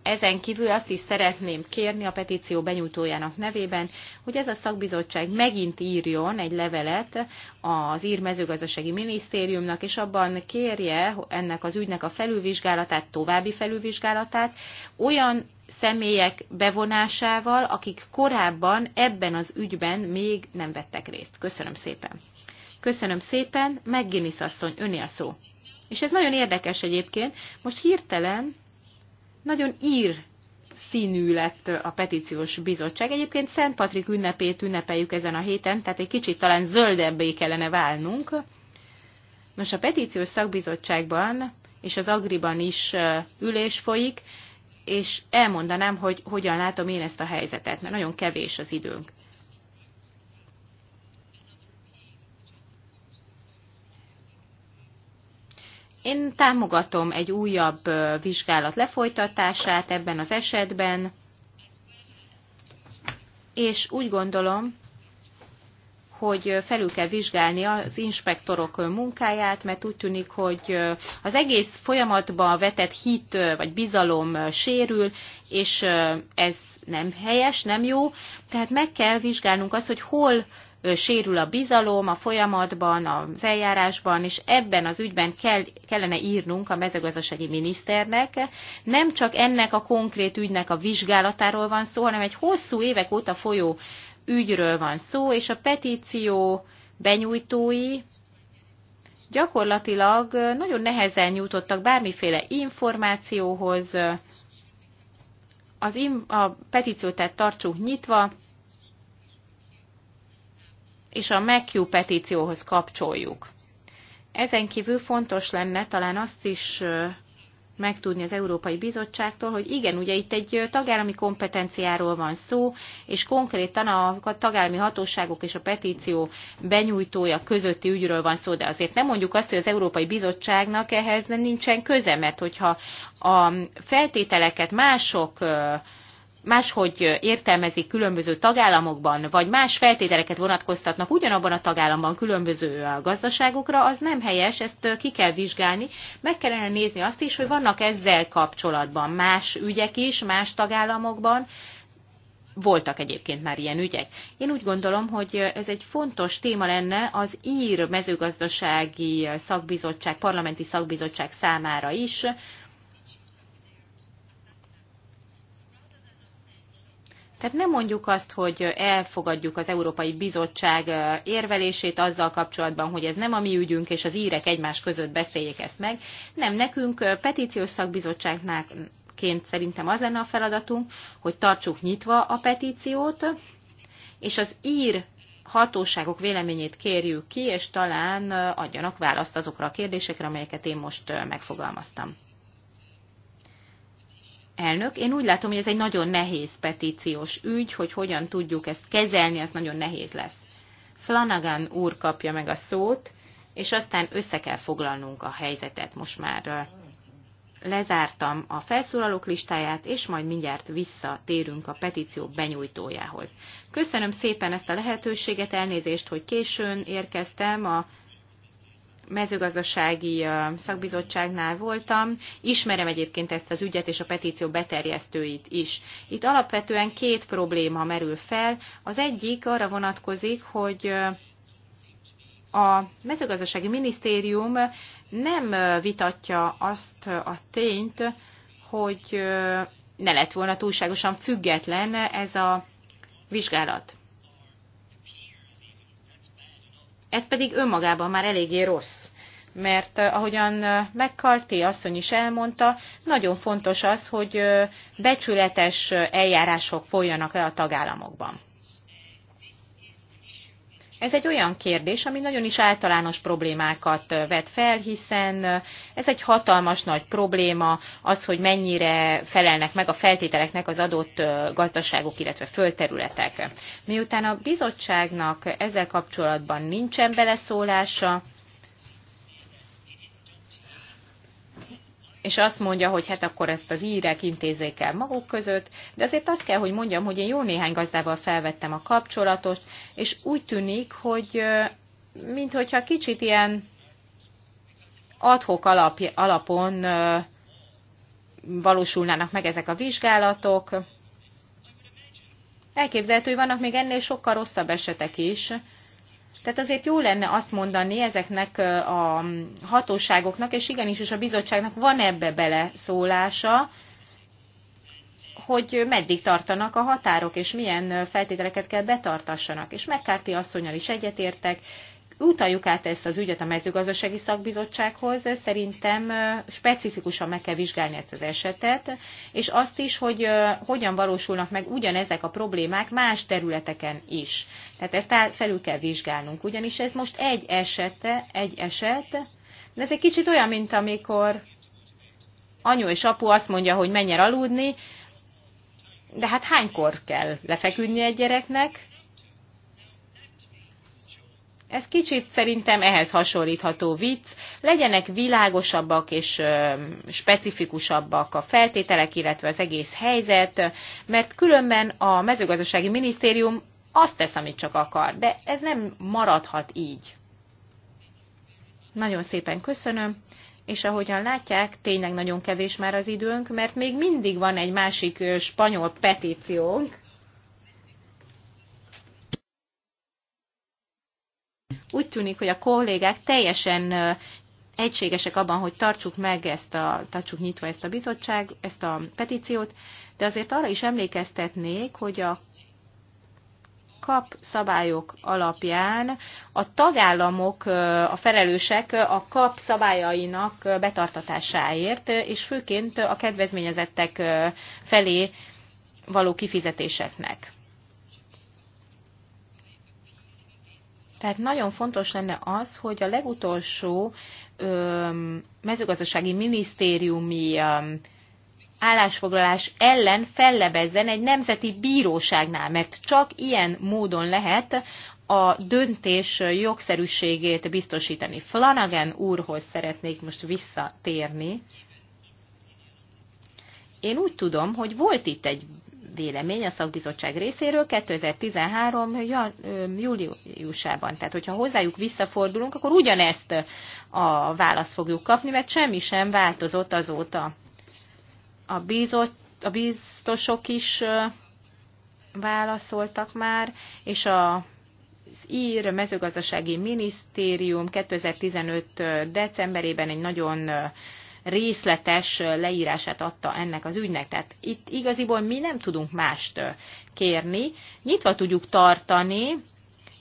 Ezen kívül azt is szeretném kérni a petíció benyújtójának nevében, hogy ez a szakbizottság megint írjon egy levelet az ír mezőgazdasági minisztériumnak, és abban kérje ennek az ügynek a felülvizsgálatát, további felülvizsgálatát olyan személyek bevonásával, akik korábban ebben az ügyben még nem vettek részt. Köszönöm szépen! Köszönöm szépen, Megginis asszony, öné a szó. És ez nagyon érdekes egyébként, most hirtelen nagyon ír színű lett a petíciós bizottság. Egyébként Szent Patrik ünnepét ünnepeljük ezen a héten, tehát egy kicsit talán zöldebbé kellene válnunk. most a petíciós szakbizottságban és az Agriban is ülés folyik, és elmondanám, hogy hogyan látom én ezt a helyzetet, mert nagyon kevés az időnk. Én támogatom egy újabb vizsgálat lefolytatását ebben az esetben, és úgy gondolom, hogy felül kell vizsgálni az inspektorok munkáját, mert úgy tűnik, hogy az egész folyamatban vetett hit vagy bizalom sérül, és ez nem helyes, nem jó, tehát meg kell vizsgálnunk azt, hogy hol sérül a bizalom a folyamatban, az eljárásban, és ebben az ügyben kell, kellene írnunk a mezőgazdasági miniszternek. Nem csak ennek a konkrét ügynek a vizsgálatáról van szó, hanem egy hosszú évek óta folyó ügyről van szó, és a petíció benyújtói gyakorlatilag nagyon nehezen nyújtottak bármiféle információhoz, az im a petíciót tehát tartsuk nyitva, és a MacQ petícióhoz kapcsoljuk. Ezen kívül fontos lenne talán azt is megtudni az Európai Bizottságtól, hogy igen, ugye itt egy tagállami kompetenciáról van szó, és konkrétan a tagállami hatóságok és a petíció benyújtója közötti ügyről van szó, de azért nem mondjuk azt, hogy az Európai Bizottságnak ehhez nincsen köze, mert hogyha a feltételeket mások máshogy értelmezik különböző tagállamokban, vagy más feltételeket vonatkoztatnak ugyanabban a tagállamban különböző gazdaságokra, az nem helyes, ezt ki kell vizsgálni. Meg kellene nézni azt is, hogy vannak ezzel kapcsolatban más ügyek is, más tagállamokban, voltak egyébként már ilyen ügyek. Én úgy gondolom, hogy ez egy fontos téma lenne az ír mezőgazdasági szakbizottság, parlamenti szakbizottság számára is, Tehát nem mondjuk azt, hogy elfogadjuk az Európai Bizottság érvelését azzal kapcsolatban, hogy ez nem a mi ügyünk, és az írek egymás között beszéljék ezt meg. Nem, nekünk petíciós ként szerintem az lenne a feladatunk, hogy tartsuk nyitva a petíciót, és az ír hatóságok véleményét kérjük ki, és talán adjanak választ azokra a kérdésekre, amelyeket én most megfogalmaztam. Elnök, én úgy látom, hogy ez egy nagyon nehéz petíciós ügy, hogy hogyan tudjuk ezt kezelni, ez nagyon nehéz lesz. Flanagan úr kapja meg a szót, és aztán össze kell foglalnunk a helyzetet most már. Lezártam a felszólalók listáját, és majd mindjárt visszatérünk a petíció benyújtójához. Köszönöm szépen ezt a lehetőséget, elnézést, hogy későn érkeztem a mezőgazdasági szakbizottságnál voltam, ismerem egyébként ezt az ügyet és a petíció beterjesztőit is. Itt alapvetően két probléma merül fel. Az egyik arra vonatkozik, hogy a mezőgazdasági minisztérium nem vitatja azt a tényt, hogy ne lett volna túlságosan független ez a vizsgálat. Ez pedig önmagában már eléggé rossz. Mert eh, ahogyan eh, McCarthy asszony is elmondta, nagyon fontos az, hogy eh, becsületes eljárások folyjanak le a tagállamokban. Ez egy olyan kérdés, ami nagyon is általános problémákat vet fel, hiszen ez egy hatalmas nagy probléma, az, hogy mennyire felelnek meg a feltételeknek az adott gazdaságok, illetve földterületek. Miután a bizottságnak ezzel kapcsolatban nincsen beleszólása, és azt mondja, hogy hát akkor ezt az írek intézzék el maguk között, de azért azt kell, hogy mondjam, hogy én jó néhány gazdával felvettem a kapcsolatost, és úgy tűnik, hogy minthogyha kicsit ilyen adhok alap, alapon valósulnának meg ezek a vizsgálatok. Elképzelhető, hogy vannak még ennél sokkal rosszabb esetek is, tehát azért jó lenne azt mondani ezeknek a hatóságoknak, és igenis is a bizottságnak van ebbe beleszólása, hogy meddig tartanak a határok, és milyen feltételeket kell betartassanak. És McCarthy asszonyal is egyetértek, utaljuk át ezt az ügyet a mezőgazdasági szakbizottsághoz, szerintem specifikusan meg kell vizsgálni ezt az esetet, és azt is, hogy hogyan valósulnak meg ugyanezek a problémák más területeken is. Tehát ezt felül kell vizsgálnunk, ugyanis ez most egy eset, egy eset, de ez egy kicsit olyan, mint amikor anyu és apu azt mondja, hogy menjen aludni, de hát hánykor kell lefeküdni egy gyereknek, ez kicsit szerintem ehhez hasonlítható vicc. Legyenek világosabbak és ö, specifikusabbak a feltételek, illetve az egész helyzet, mert különben a mezőgazdasági minisztérium azt tesz, amit csak akar, de ez nem maradhat így. Nagyon szépen köszönöm, és ahogyan látják, tényleg nagyon kevés már az időnk, mert még mindig van egy másik spanyol petíciónk, Úgy tűnik, hogy a kollégák teljesen egységesek abban, hogy tartsuk meg ezt a, tartsuk nyitva ezt a bizottság, ezt a petíciót, de azért arra is emlékeztetnék, hogy a kap szabályok alapján a tagállamok a felelősek a kap szabályainak betartatásáért, és főként a kedvezményezettek felé való kifizetéseknek. Tehát nagyon fontos lenne az, hogy a legutolsó mezőgazdasági minisztériumi állásfoglalás ellen fellebezzen egy nemzeti bíróságnál, mert csak ilyen módon lehet a döntés jogszerűségét biztosítani. Flanagan úrhoz szeretnék most visszatérni. Én úgy tudom, hogy volt itt egy vélemény a szakbizottság részéről 2013. júliusában. Tehát, hogyha hozzájuk visszafordulunk, akkor ugyanezt a választ fogjuk kapni, mert semmi sem változott azóta. A, bizot, a biztosok is válaszoltak már, és a az ír mezőgazdasági minisztérium 2015. decemberében egy nagyon részletes leírását adta ennek az ügynek. Tehát itt igaziból mi nem tudunk mást kérni. Nyitva tudjuk tartani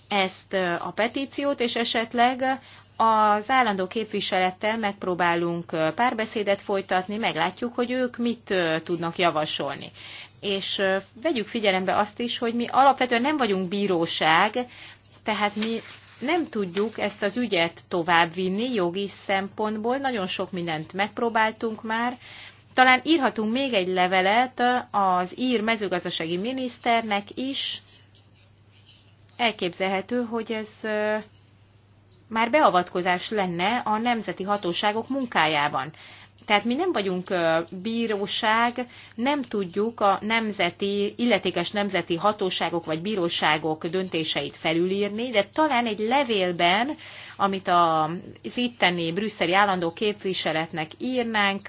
ezt a petíciót, és esetleg az állandó képviselettel megpróbálunk párbeszédet folytatni, meglátjuk, hogy ők mit tudnak javasolni. És vegyük figyelembe azt is, hogy mi alapvetően nem vagyunk bíróság, tehát mi nem tudjuk ezt az ügyet továbbvinni jogi szempontból. Nagyon sok mindent megpróbáltunk már. Talán írhatunk még egy levelet az ír mezőgazdasági miniszternek is. Elképzelhető, hogy ez már beavatkozás lenne a nemzeti hatóságok munkájában. Tehát mi nem vagyunk bíróság, nem tudjuk a nemzeti, illetékes nemzeti hatóságok vagy bíróságok döntéseit felülírni, de talán egy levélben, amit az itteni brüsszeli állandó képviseletnek írnánk,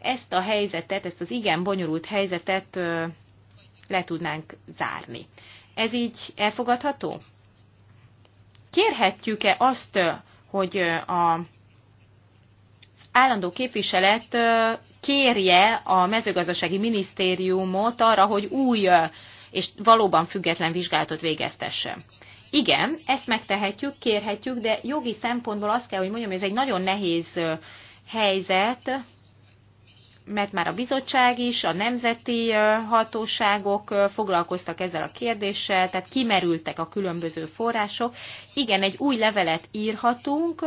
ezt a helyzetet, ezt az igen bonyolult helyzetet le tudnánk zárni. Ez így elfogadható? Kérhetjük-e azt, hogy a állandó képviselet kérje a mezőgazdasági minisztériumot arra, hogy új és valóban független vizsgálatot végeztesse. Igen, ezt megtehetjük, kérhetjük, de jogi szempontból azt kell, hogy mondjam, hogy ez egy nagyon nehéz helyzet, mert már a bizottság is, a nemzeti hatóságok foglalkoztak ezzel a kérdéssel, tehát kimerültek a különböző források. Igen, egy új levelet írhatunk,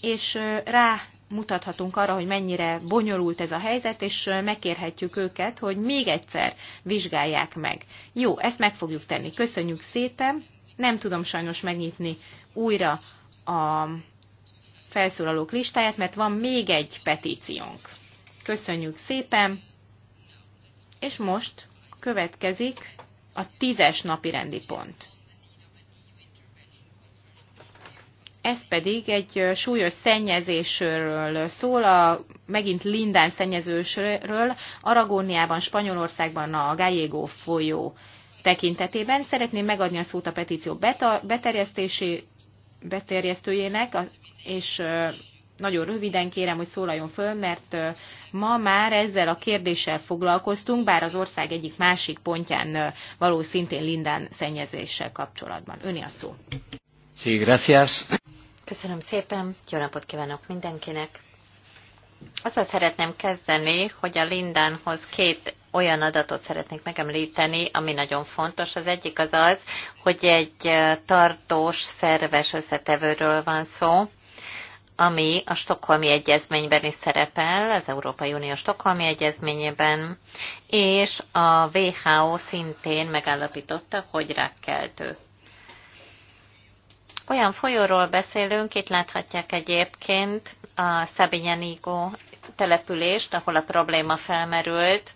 és rá mutathatunk arra, hogy mennyire bonyolult ez a helyzet, és megkérhetjük őket, hogy még egyszer vizsgálják meg. Jó, ezt meg fogjuk tenni. Köszönjük szépen. Nem tudom sajnos megnyitni újra a felszólalók listáját, mert van még egy petíciónk. Köszönjük szépen. És most következik a tízes napi rendi pont. Ez pedig egy súlyos szennyezésről szól, a, megint Lindán szennyezősről, Aragóniában, Spanyolországban a Gallego folyó tekintetében. Szeretném megadni a szót a petíció beterjesztési, beterjesztőjének, és nagyon röviden kérem, hogy szólaljon föl, mert ma már ezzel a kérdéssel foglalkoztunk, bár az ország egyik másik pontján való szintén Lindán szennyezéssel kapcsolatban. Öni a szó. Sí, gracias. Köszönöm szépen, jó napot kívánok mindenkinek! Azzal szeretném kezdeni, hogy a Lindánhoz két olyan adatot szeretnék megemlíteni, ami nagyon fontos. Az egyik az az, hogy egy tartós, szerves összetevőről van szó, ami a Stockholmi Egyezményben is szerepel, az Európai Unió Stockholmi Egyezményében, és a WHO szintén megállapította, hogy rákkeltő. Olyan folyóról beszélünk, itt láthatják egyébként a Szabinyanígó települést, ahol a probléma felmerült.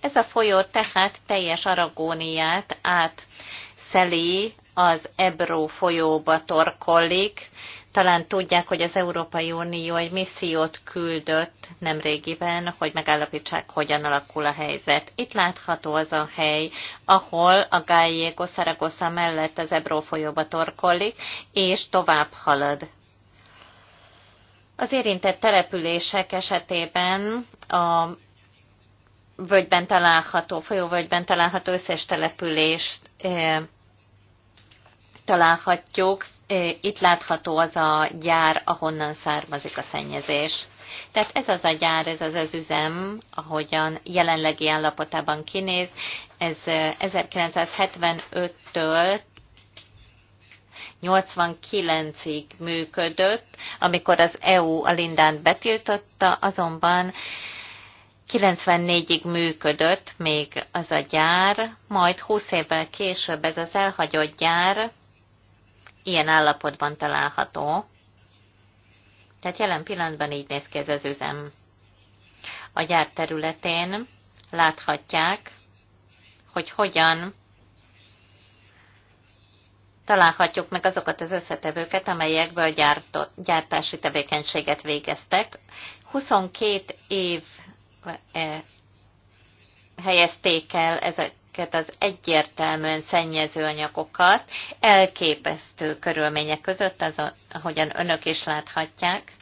Ez a folyó tehát teljes Aragóniát átszeli az Ebro folyóba torkollik, talán tudják, hogy az Európai Unió egy missziót küldött nemrégiben, hogy megállapítsák, hogyan alakul a helyzet. Itt látható az a hely, ahol a Gallego Szaragossa mellett az Ebró folyóba torkollik, és tovább halad. Az érintett települések esetében a völgyben található, folyóvölgyben található összes települést eh, találhatjuk, itt látható az a gyár, ahonnan származik a szennyezés. Tehát ez az a gyár, ez az az üzem, ahogyan jelenlegi állapotában kinéz, ez 1975-től 89-ig működött, amikor az EU a Lindánt betiltotta, azonban 94-ig működött még az a gyár, majd 20 évvel később ez az elhagyott gyár ilyen állapotban található. Tehát jelen pillanatban így néz ki ez az üzem. A gyár területén láthatják, hogy hogyan találhatjuk meg azokat az összetevőket, amelyekből gyártott, gyártási tevékenységet végeztek. 22 év eh, helyezték el ezek ezeket az egyértelműen szennyező anyagokat elképesztő körülmények között, az, ahogyan önök is láthatják,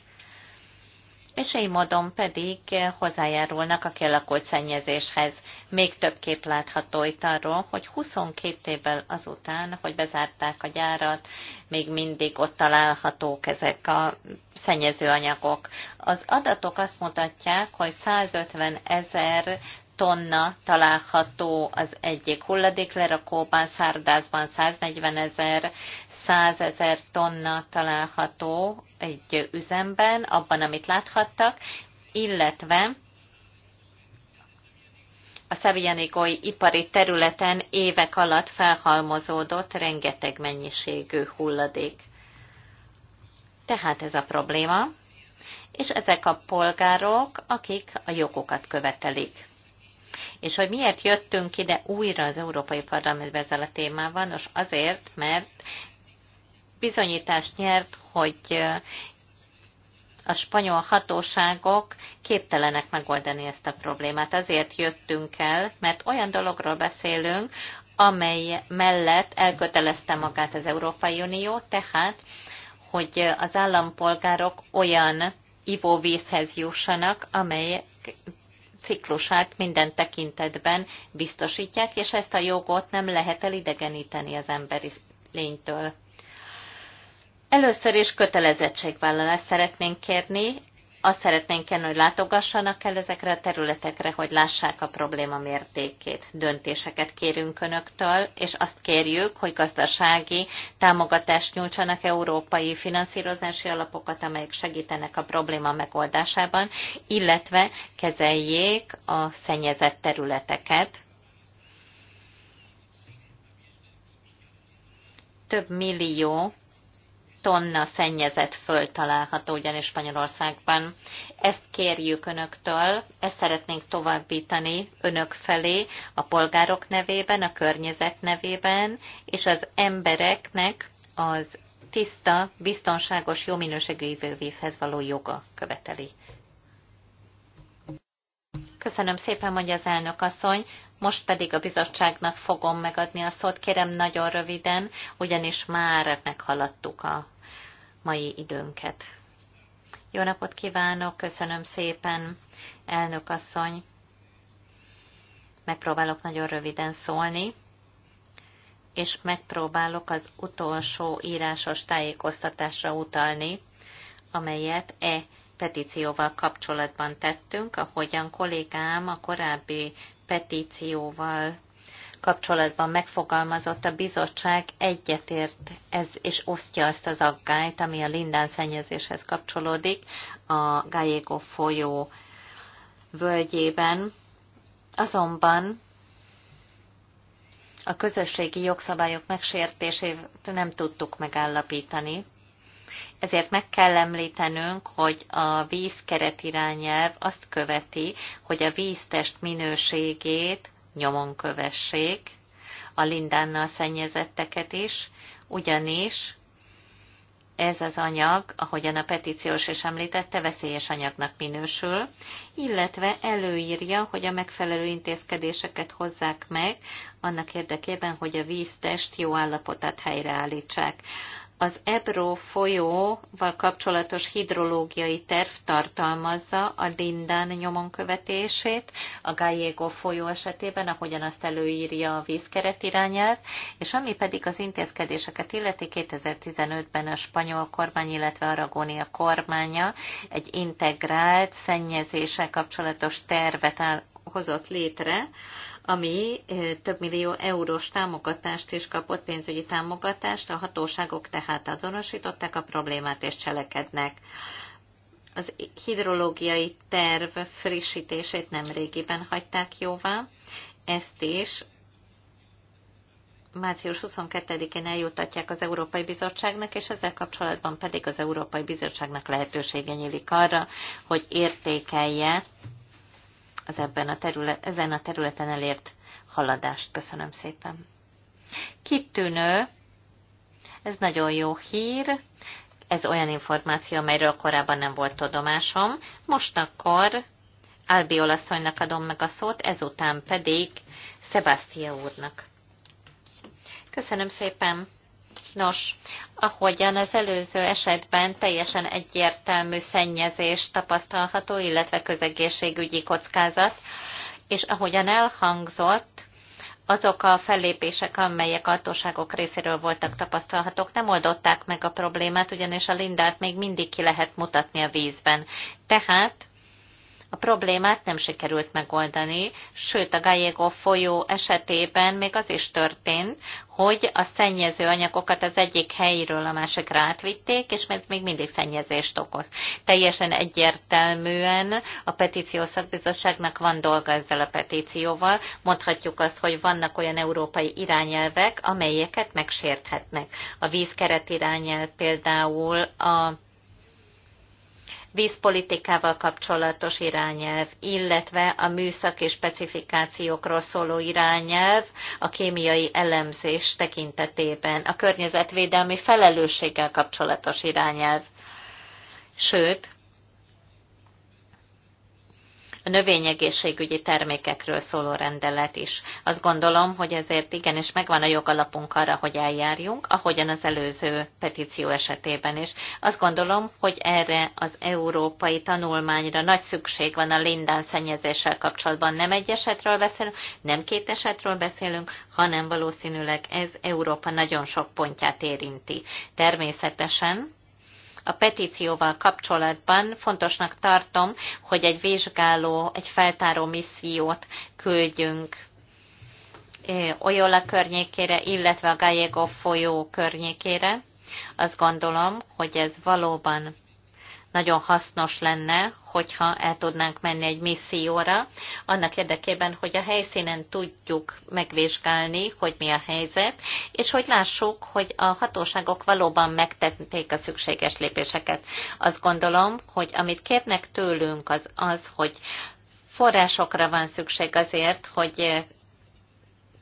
és így módon pedig hozzájárulnak a kialakult szennyezéshez. Még több kép látható itt arról, hogy 22 évvel azután, hogy bezárták a gyárat, még mindig ott találhatók ezek a szennyezőanyagok. Az adatok azt mutatják, hogy 150 ezer tonna található az egyik hulladéklerakóban, Szárdázban 140 ezer, 100 ezer tonna található egy üzemben, abban, amit láthattak, illetve a Szevijanigói ipari területen évek alatt felhalmozódott rengeteg mennyiségű hulladék. Tehát ez a probléma, és ezek a polgárok, akik a jogokat követelik. És hogy miért jöttünk ide újra az Európai Parlamentbe ezzel a témával? Nos, azért, mert bizonyítást nyert, hogy a spanyol hatóságok képtelenek megoldani ezt a problémát. Azért jöttünk el, mert olyan dologról beszélünk, amely mellett elkötelezte magát az Európai Unió, tehát, hogy az állampolgárok olyan ivóvízhez jussanak, amelyek ciklusát minden tekintetben biztosítják, és ezt a jogot nem lehet elidegeníteni az emberi lénytől. Először is kötelezettségvállalást szeretnénk kérni, azt szeretnénk kérni, hogy látogassanak el ezekre a területekre, hogy lássák a probléma mértékét. Döntéseket kérünk önöktől, és azt kérjük, hogy gazdasági támogatást nyújtsanak európai finanszírozási alapokat, amelyek segítenek a probléma megoldásában, illetve kezeljék a szennyezett területeket, több millió tonna szennyezett föld található ugyanis Spanyolországban. Ezt kérjük önöktől, ezt szeretnénk továbbítani önök felé a polgárok nevében, a környezet nevében, és az embereknek az tiszta, biztonságos, jó minőségű ivővízhez való joga követeli. Köszönöm szépen, mondja az elnök asszony. Most pedig a bizottságnak fogom megadni a szót. Kérem nagyon röviden, ugyanis már meghaladtuk a mai időnket. Jó napot kívánok, köszönöm szépen, elnök asszony. Megpróbálok nagyon röviden szólni, és megpróbálok az utolsó írásos tájékoztatásra utalni, amelyet e petícióval kapcsolatban tettünk, ahogyan kollégám a korábbi petícióval kapcsolatban megfogalmazott, a bizottság egyetért ez, és osztja azt az aggályt, ami a lindán szennyezéshez kapcsolódik a Gallego folyó völgyében. Azonban a közösségi jogszabályok megsértését nem tudtuk megállapítani, ezért meg kell említenünk, hogy a vízkeret azt követi, hogy a víztest minőségét nyomon kövessék a lindánnal szennyezetteket is, ugyanis ez az anyag, ahogyan a petíciós is említette, veszélyes anyagnak minősül, illetve előírja, hogy a megfelelő intézkedéseket hozzák meg annak érdekében, hogy a víztest jó állapotát helyreállítsák az Ebro folyóval kapcsolatos hidrológiai terv tartalmazza a Lindán nyomon követését, a Gallego folyó esetében, ahogyan azt előírja a vízkeret irányelv, és ami pedig az intézkedéseket illeti 2015-ben a spanyol kormány, illetve a Aragónia kormánya egy integrált szennyezése kapcsolatos tervet áll, hozott létre, ami több millió eurós támogatást is kapott, pénzügyi támogatást, a hatóságok tehát azonosították a problémát és cselekednek. Az hidrológiai terv frissítését nem régiben hagyták jóvá, ezt is március 22-én eljutatják az Európai Bizottságnak, és ezzel kapcsolatban pedig az Európai Bizottságnak lehetősége nyílik arra, hogy értékelje az ebben a terület, ezen a területen elért haladást. Köszönöm szépen. Kitűnő, ez nagyon jó hír, ez olyan információ, amelyről korábban nem volt tudomásom. Most akkor Albi olaszonynak adom meg a szót, ezután pedig Sebastia úrnak. Köszönöm szépen! Nos, ahogyan az előző esetben teljesen egyértelmű szennyezés tapasztalható, illetve közegészségügyi kockázat, és ahogyan elhangzott, azok a fellépések, amelyek hatóságok részéről voltak tapasztalhatók, nem oldották meg a problémát, ugyanis a lindát még mindig ki lehet mutatni a vízben. Tehát a problémát nem sikerült megoldani, sőt a Gallego folyó esetében még az is történt, hogy a szennyező anyagokat az egyik helyről a másikra átvitték, és mert még mindig szennyezést okoz. Teljesen egyértelműen a petíció szakbizottságnak van dolga ezzel a petícióval. Mondhatjuk azt, hogy vannak olyan európai irányelvek, amelyeket megsérthetnek. A vízkeret irányelv például a vízpolitikával kapcsolatos irányelv, illetve a műszaki specifikációkról szóló irányelv a kémiai elemzés tekintetében, a környezetvédelmi felelősséggel kapcsolatos irányelv. Sőt, a növényegészségügyi termékekről szóló rendelet is. Azt gondolom, hogy ezért igenis megvan a jogalapunk arra, hogy eljárjunk, ahogyan az előző petíció esetében is. Azt gondolom, hogy erre az európai tanulmányra nagy szükség van a lindán szennyezéssel kapcsolatban. Nem egy esetről beszélünk, nem két esetről beszélünk, hanem valószínűleg ez Európa nagyon sok pontját érinti. Természetesen a petícióval kapcsolatban fontosnak tartom, hogy egy vizsgáló, egy feltáró missziót küldjünk Oyola környékére, illetve a Gallego folyó környékére. Azt gondolom, hogy ez valóban nagyon hasznos lenne, hogyha el tudnánk menni egy misszióra, annak érdekében, hogy a helyszínen tudjuk megvizsgálni, hogy mi a helyzet, és hogy lássuk, hogy a hatóságok valóban megtették a szükséges lépéseket. Azt gondolom, hogy amit kérnek tőlünk az az, hogy forrásokra van szükség azért, hogy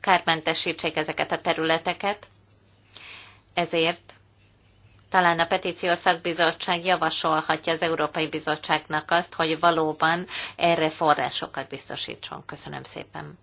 kármentesítsék ezeket a területeket, ezért talán a petíció szakbizottság javasolhatja az Európai Bizottságnak azt, hogy valóban erre forrásokat biztosítson. Köszönöm szépen.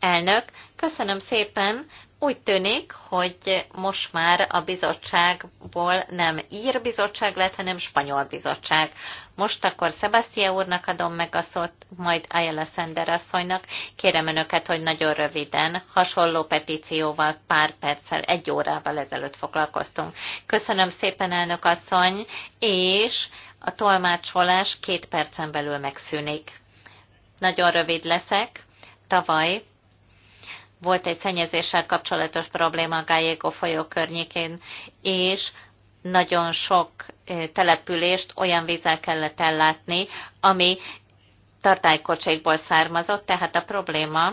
Elnök, köszönöm szépen. Úgy tűnik, hogy most már a bizottságból nem ír bizottság lett, hanem spanyol bizottság. Most akkor Szebasztia úrnak adom meg a szót, majd Ayala Szender asszonynak. Kérem önöket, hogy nagyon röviden, hasonló petícióval pár perccel, egy órával ezelőtt foglalkoztunk. Köszönöm szépen, elnök asszony, és a tolmácsolás két percen belül megszűnik. Nagyon rövid leszek. Tavaly volt egy szennyezéssel kapcsolatos probléma a Gallego folyó környékén, és nagyon sok települést olyan vízzel kellett ellátni, ami tartálykocsékból származott, tehát a probléma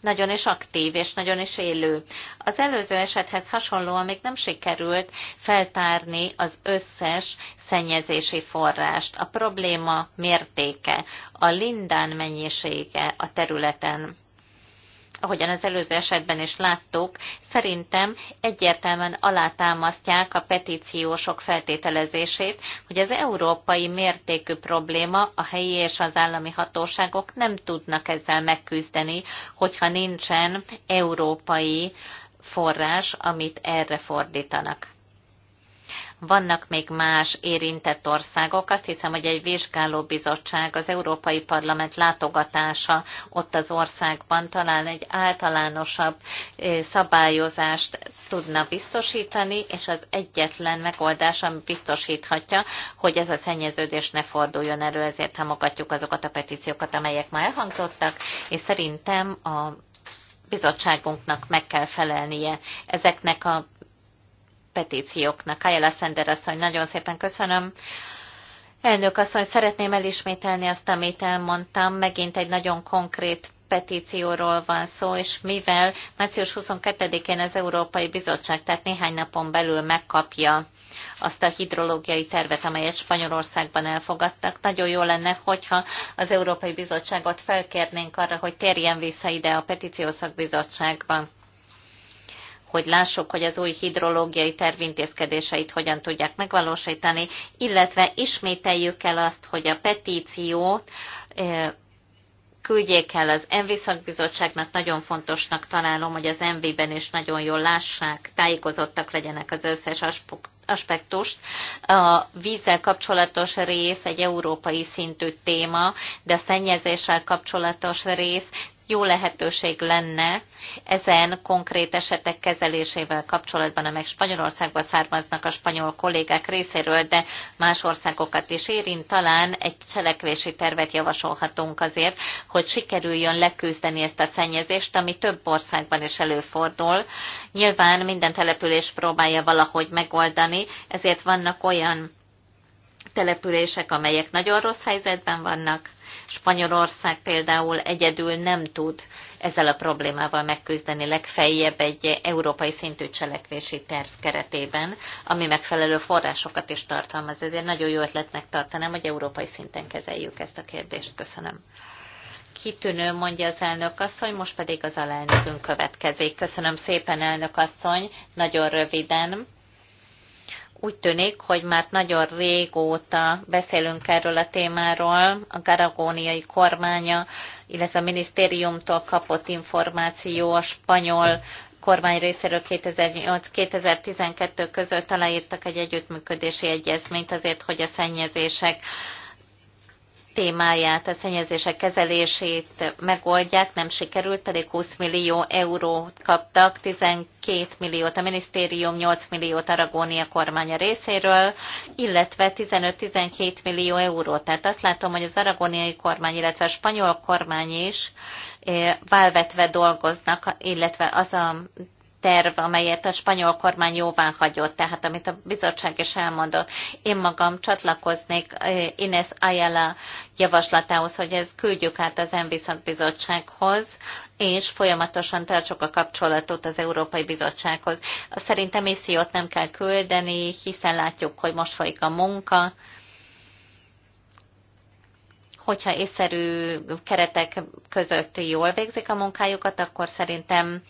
nagyon is aktív és nagyon is élő. Az előző esethez hasonlóan még nem sikerült feltárni az összes szennyezési forrást, a probléma mértéke, a lindán mennyisége a területen ahogyan az előző esetben is láttuk, szerintem egyértelműen alátámasztják a petíciósok feltételezését, hogy az európai mértékű probléma a helyi és az állami hatóságok nem tudnak ezzel megküzdeni, hogyha nincsen európai forrás, amit erre fordítanak. Vannak még más érintett országok. Azt hiszem, hogy egy vizsgálóbizottság, az Európai Parlament látogatása ott az országban talán egy általánosabb szabályozást tudna biztosítani, és az egyetlen megoldás, ami biztosíthatja, hogy ez a szennyeződés ne forduljon elő, ezért támogatjuk azokat a petíciókat, amelyek már elhangzottak, és szerintem a bizottságunknak meg kell felelnie ezeknek a petícióknak. Kajala Szender asszony, nagyon szépen köszönöm. Elnök asszony, szeretném elismételni azt, amit elmondtam. Megint egy nagyon konkrét petícióról van szó, és mivel március 22-én az Európai Bizottság, tehát néhány napon belül megkapja azt a hidrológiai tervet, amelyet Spanyolországban elfogadtak. Nagyon jó lenne, hogyha az Európai Bizottságot felkérnénk arra, hogy térjen vissza ide a petíciószakbizottságban hogy lássuk, hogy az új hidrológiai tervintézkedéseit hogyan tudják megvalósítani, illetve ismételjük el azt, hogy a petíciót küldjék el az MV szakbizottságnak, nagyon fontosnak találom, hogy az MV-ben is nagyon jól lássák, tájékozottak legyenek az összes aspektust. A vízzel kapcsolatos rész egy európai szintű téma, de a szennyezéssel kapcsolatos rész jó lehetőség lenne ezen konkrét esetek kezelésével kapcsolatban, amelyek Spanyolországba származnak a spanyol kollégák részéről, de más országokat is érint, talán egy cselekvési tervet javasolhatunk azért, hogy sikerüljön leküzdeni ezt a szennyezést, ami több országban is előfordul. Nyilván minden település próbálja valahogy megoldani, ezért vannak olyan települések, amelyek nagyon rossz helyzetben vannak, Spanyolország például egyedül nem tud ezzel a problémával megküzdeni legfeljebb egy európai szintű cselekvési terv keretében, ami megfelelő forrásokat is tartalmaz. Ezért nagyon jó ötletnek tartanám, hogy európai szinten kezeljük ezt a kérdést. Köszönöm. Kitűnő, mondja az elnök asszony, most pedig az alelnökünk következik. Köszönöm szépen, elnök asszony, nagyon röviden. Úgy tűnik, hogy már nagyon régóta beszélünk erről a témáról. A garagóniai kormánya, illetve a minisztériumtól kapott információ a spanyol kormány részéről 2008-2012 között aláírtak egy együttműködési egyezményt azért, hogy a szennyezések témáját, a szennyezések kezelését megoldják, nem sikerült, pedig 20 millió eurót kaptak, 12 milliót a minisztérium, 8 milliót Aragónia kormánya részéről, illetve 15-17 millió eurót. Tehát azt látom, hogy az aragóniai kormány, illetve a spanyol kormány is eh, válvetve dolgoznak, illetve az a terv, amelyet a spanyol kormány jóvá hagyott, tehát amit a bizottság is elmondott. Én magam csatlakoznék Ines Ayala javaslatához, hogy ezt küldjük át az Enviszak Bizottsághoz, és folyamatosan tartsuk a kapcsolatot az Európai Bizottsághoz. Szerintem missziót nem kell küldeni, hiszen látjuk, hogy most folyik a munka, hogyha észszerű keretek között jól végzik a munkájukat, akkor szerintem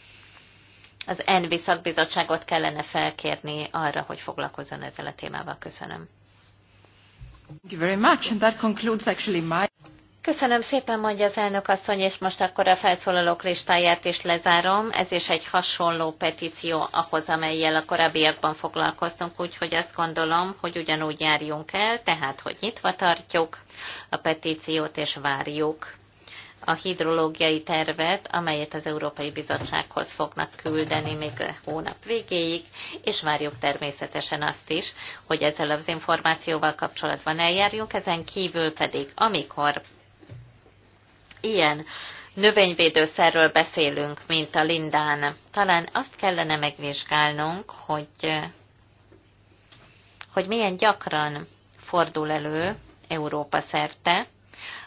az ENVI szakbizottságot kellene felkérni arra, hogy foglalkozzon ezzel a témával. Köszönöm. Thank you very much, and that concludes actually my... Köszönöm szépen, mondja az elnök asszony, és most akkor a felszólalók listáját is lezárom. Ez is egy hasonló petíció ahhoz, amelyel a korábbiakban foglalkoztunk, úgyhogy azt gondolom, hogy ugyanúgy járjunk el, tehát hogy nyitva tartjuk a petíciót és várjuk a hidrológiai tervet, amelyet az Európai Bizottsághoz fognak küldeni még a hónap végéig, és várjuk természetesen azt is, hogy ezzel az információval kapcsolatban eljárjunk, ezen kívül pedig, amikor ilyen növényvédőszerről beszélünk, mint a lindán, talán azt kellene megvizsgálnunk, hogy, hogy milyen gyakran fordul elő Európa szerte,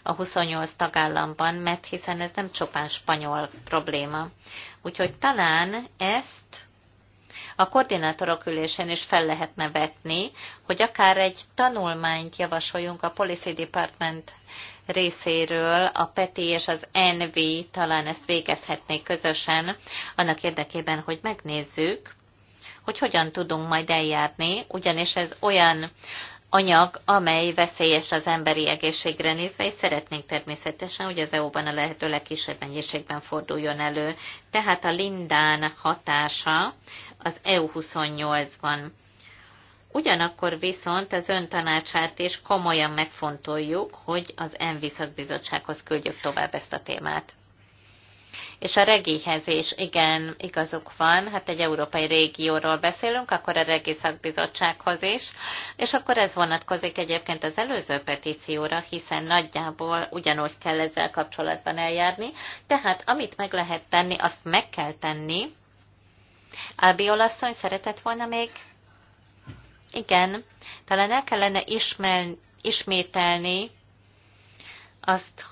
a 28 tagállamban, mert hiszen ez nem csopán spanyol probléma. Úgyhogy talán ezt a koordinátorok ülésén is fel lehetne vetni, hogy akár egy tanulmányt javasoljunk a Policy Department részéről, a PETI és az NV talán ezt végezhetnék közösen, annak érdekében, hogy megnézzük, hogy hogyan tudunk majd eljárni, ugyanis ez olyan anyag, amely veszélyes az emberi egészségre nézve, és szeretnénk természetesen, hogy az EU-ban a lehető legkisebb mennyiségben forduljon elő. Tehát a lindán hatása az EU28-ban. Ugyanakkor viszont az ön tanácsát is komolyan megfontoljuk, hogy az ENVI szakbizottsághoz küldjük tovább ezt a témát. És a regihez is, igen, igazuk van, hát egy európai régióról beszélünk, akkor a regi szakbizottsághoz is, és akkor ez vonatkozik egyébként az előző petícióra, hiszen nagyjából ugyanúgy kell ezzel kapcsolatban eljárni, tehát amit meg lehet tenni, azt meg kell tenni. Albiol olaszony szeretett volna még? Igen, talán el kellene ismel, ismételni azt,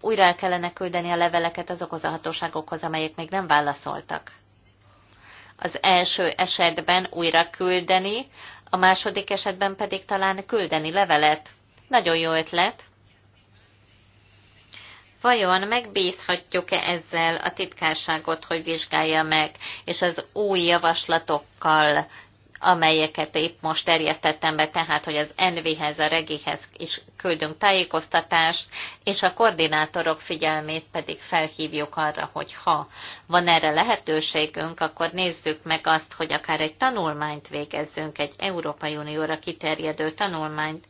újra el kellene küldeni a leveleket azokhoz a hatóságokhoz, amelyek még nem válaszoltak. Az első esetben újra küldeni, a második esetben pedig talán küldeni levelet. Nagyon jó ötlet. Vajon megbízhatjuk-e ezzel a titkárságot, hogy vizsgálja meg, és az új javaslatokkal amelyeket épp most terjesztettem be, tehát, hogy az NV-hez, a regihez is küldünk tájékoztatást, és a koordinátorok figyelmét pedig felhívjuk arra, hogy ha van erre lehetőségünk, akkor nézzük meg azt, hogy akár egy tanulmányt végezzünk, egy Európai Unióra kiterjedő tanulmányt,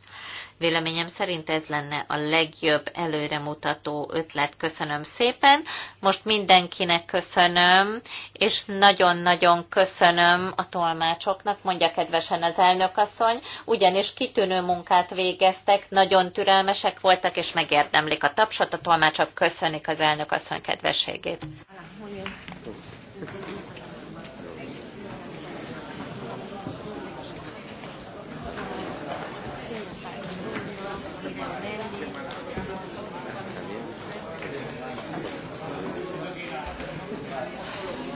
Véleményem szerint ez lenne a legjobb előremutató ötlet. Köszönöm szépen. Most mindenkinek köszönöm, és nagyon-nagyon köszönöm a tolmácsoknak, mondja kedvesen az elnökasszony, ugyanis kitűnő munkát végeztek, nagyon türelmesek voltak, és megérdemlik a tapsot. A tolmácsok köszönik az elnökasszony kedvességét.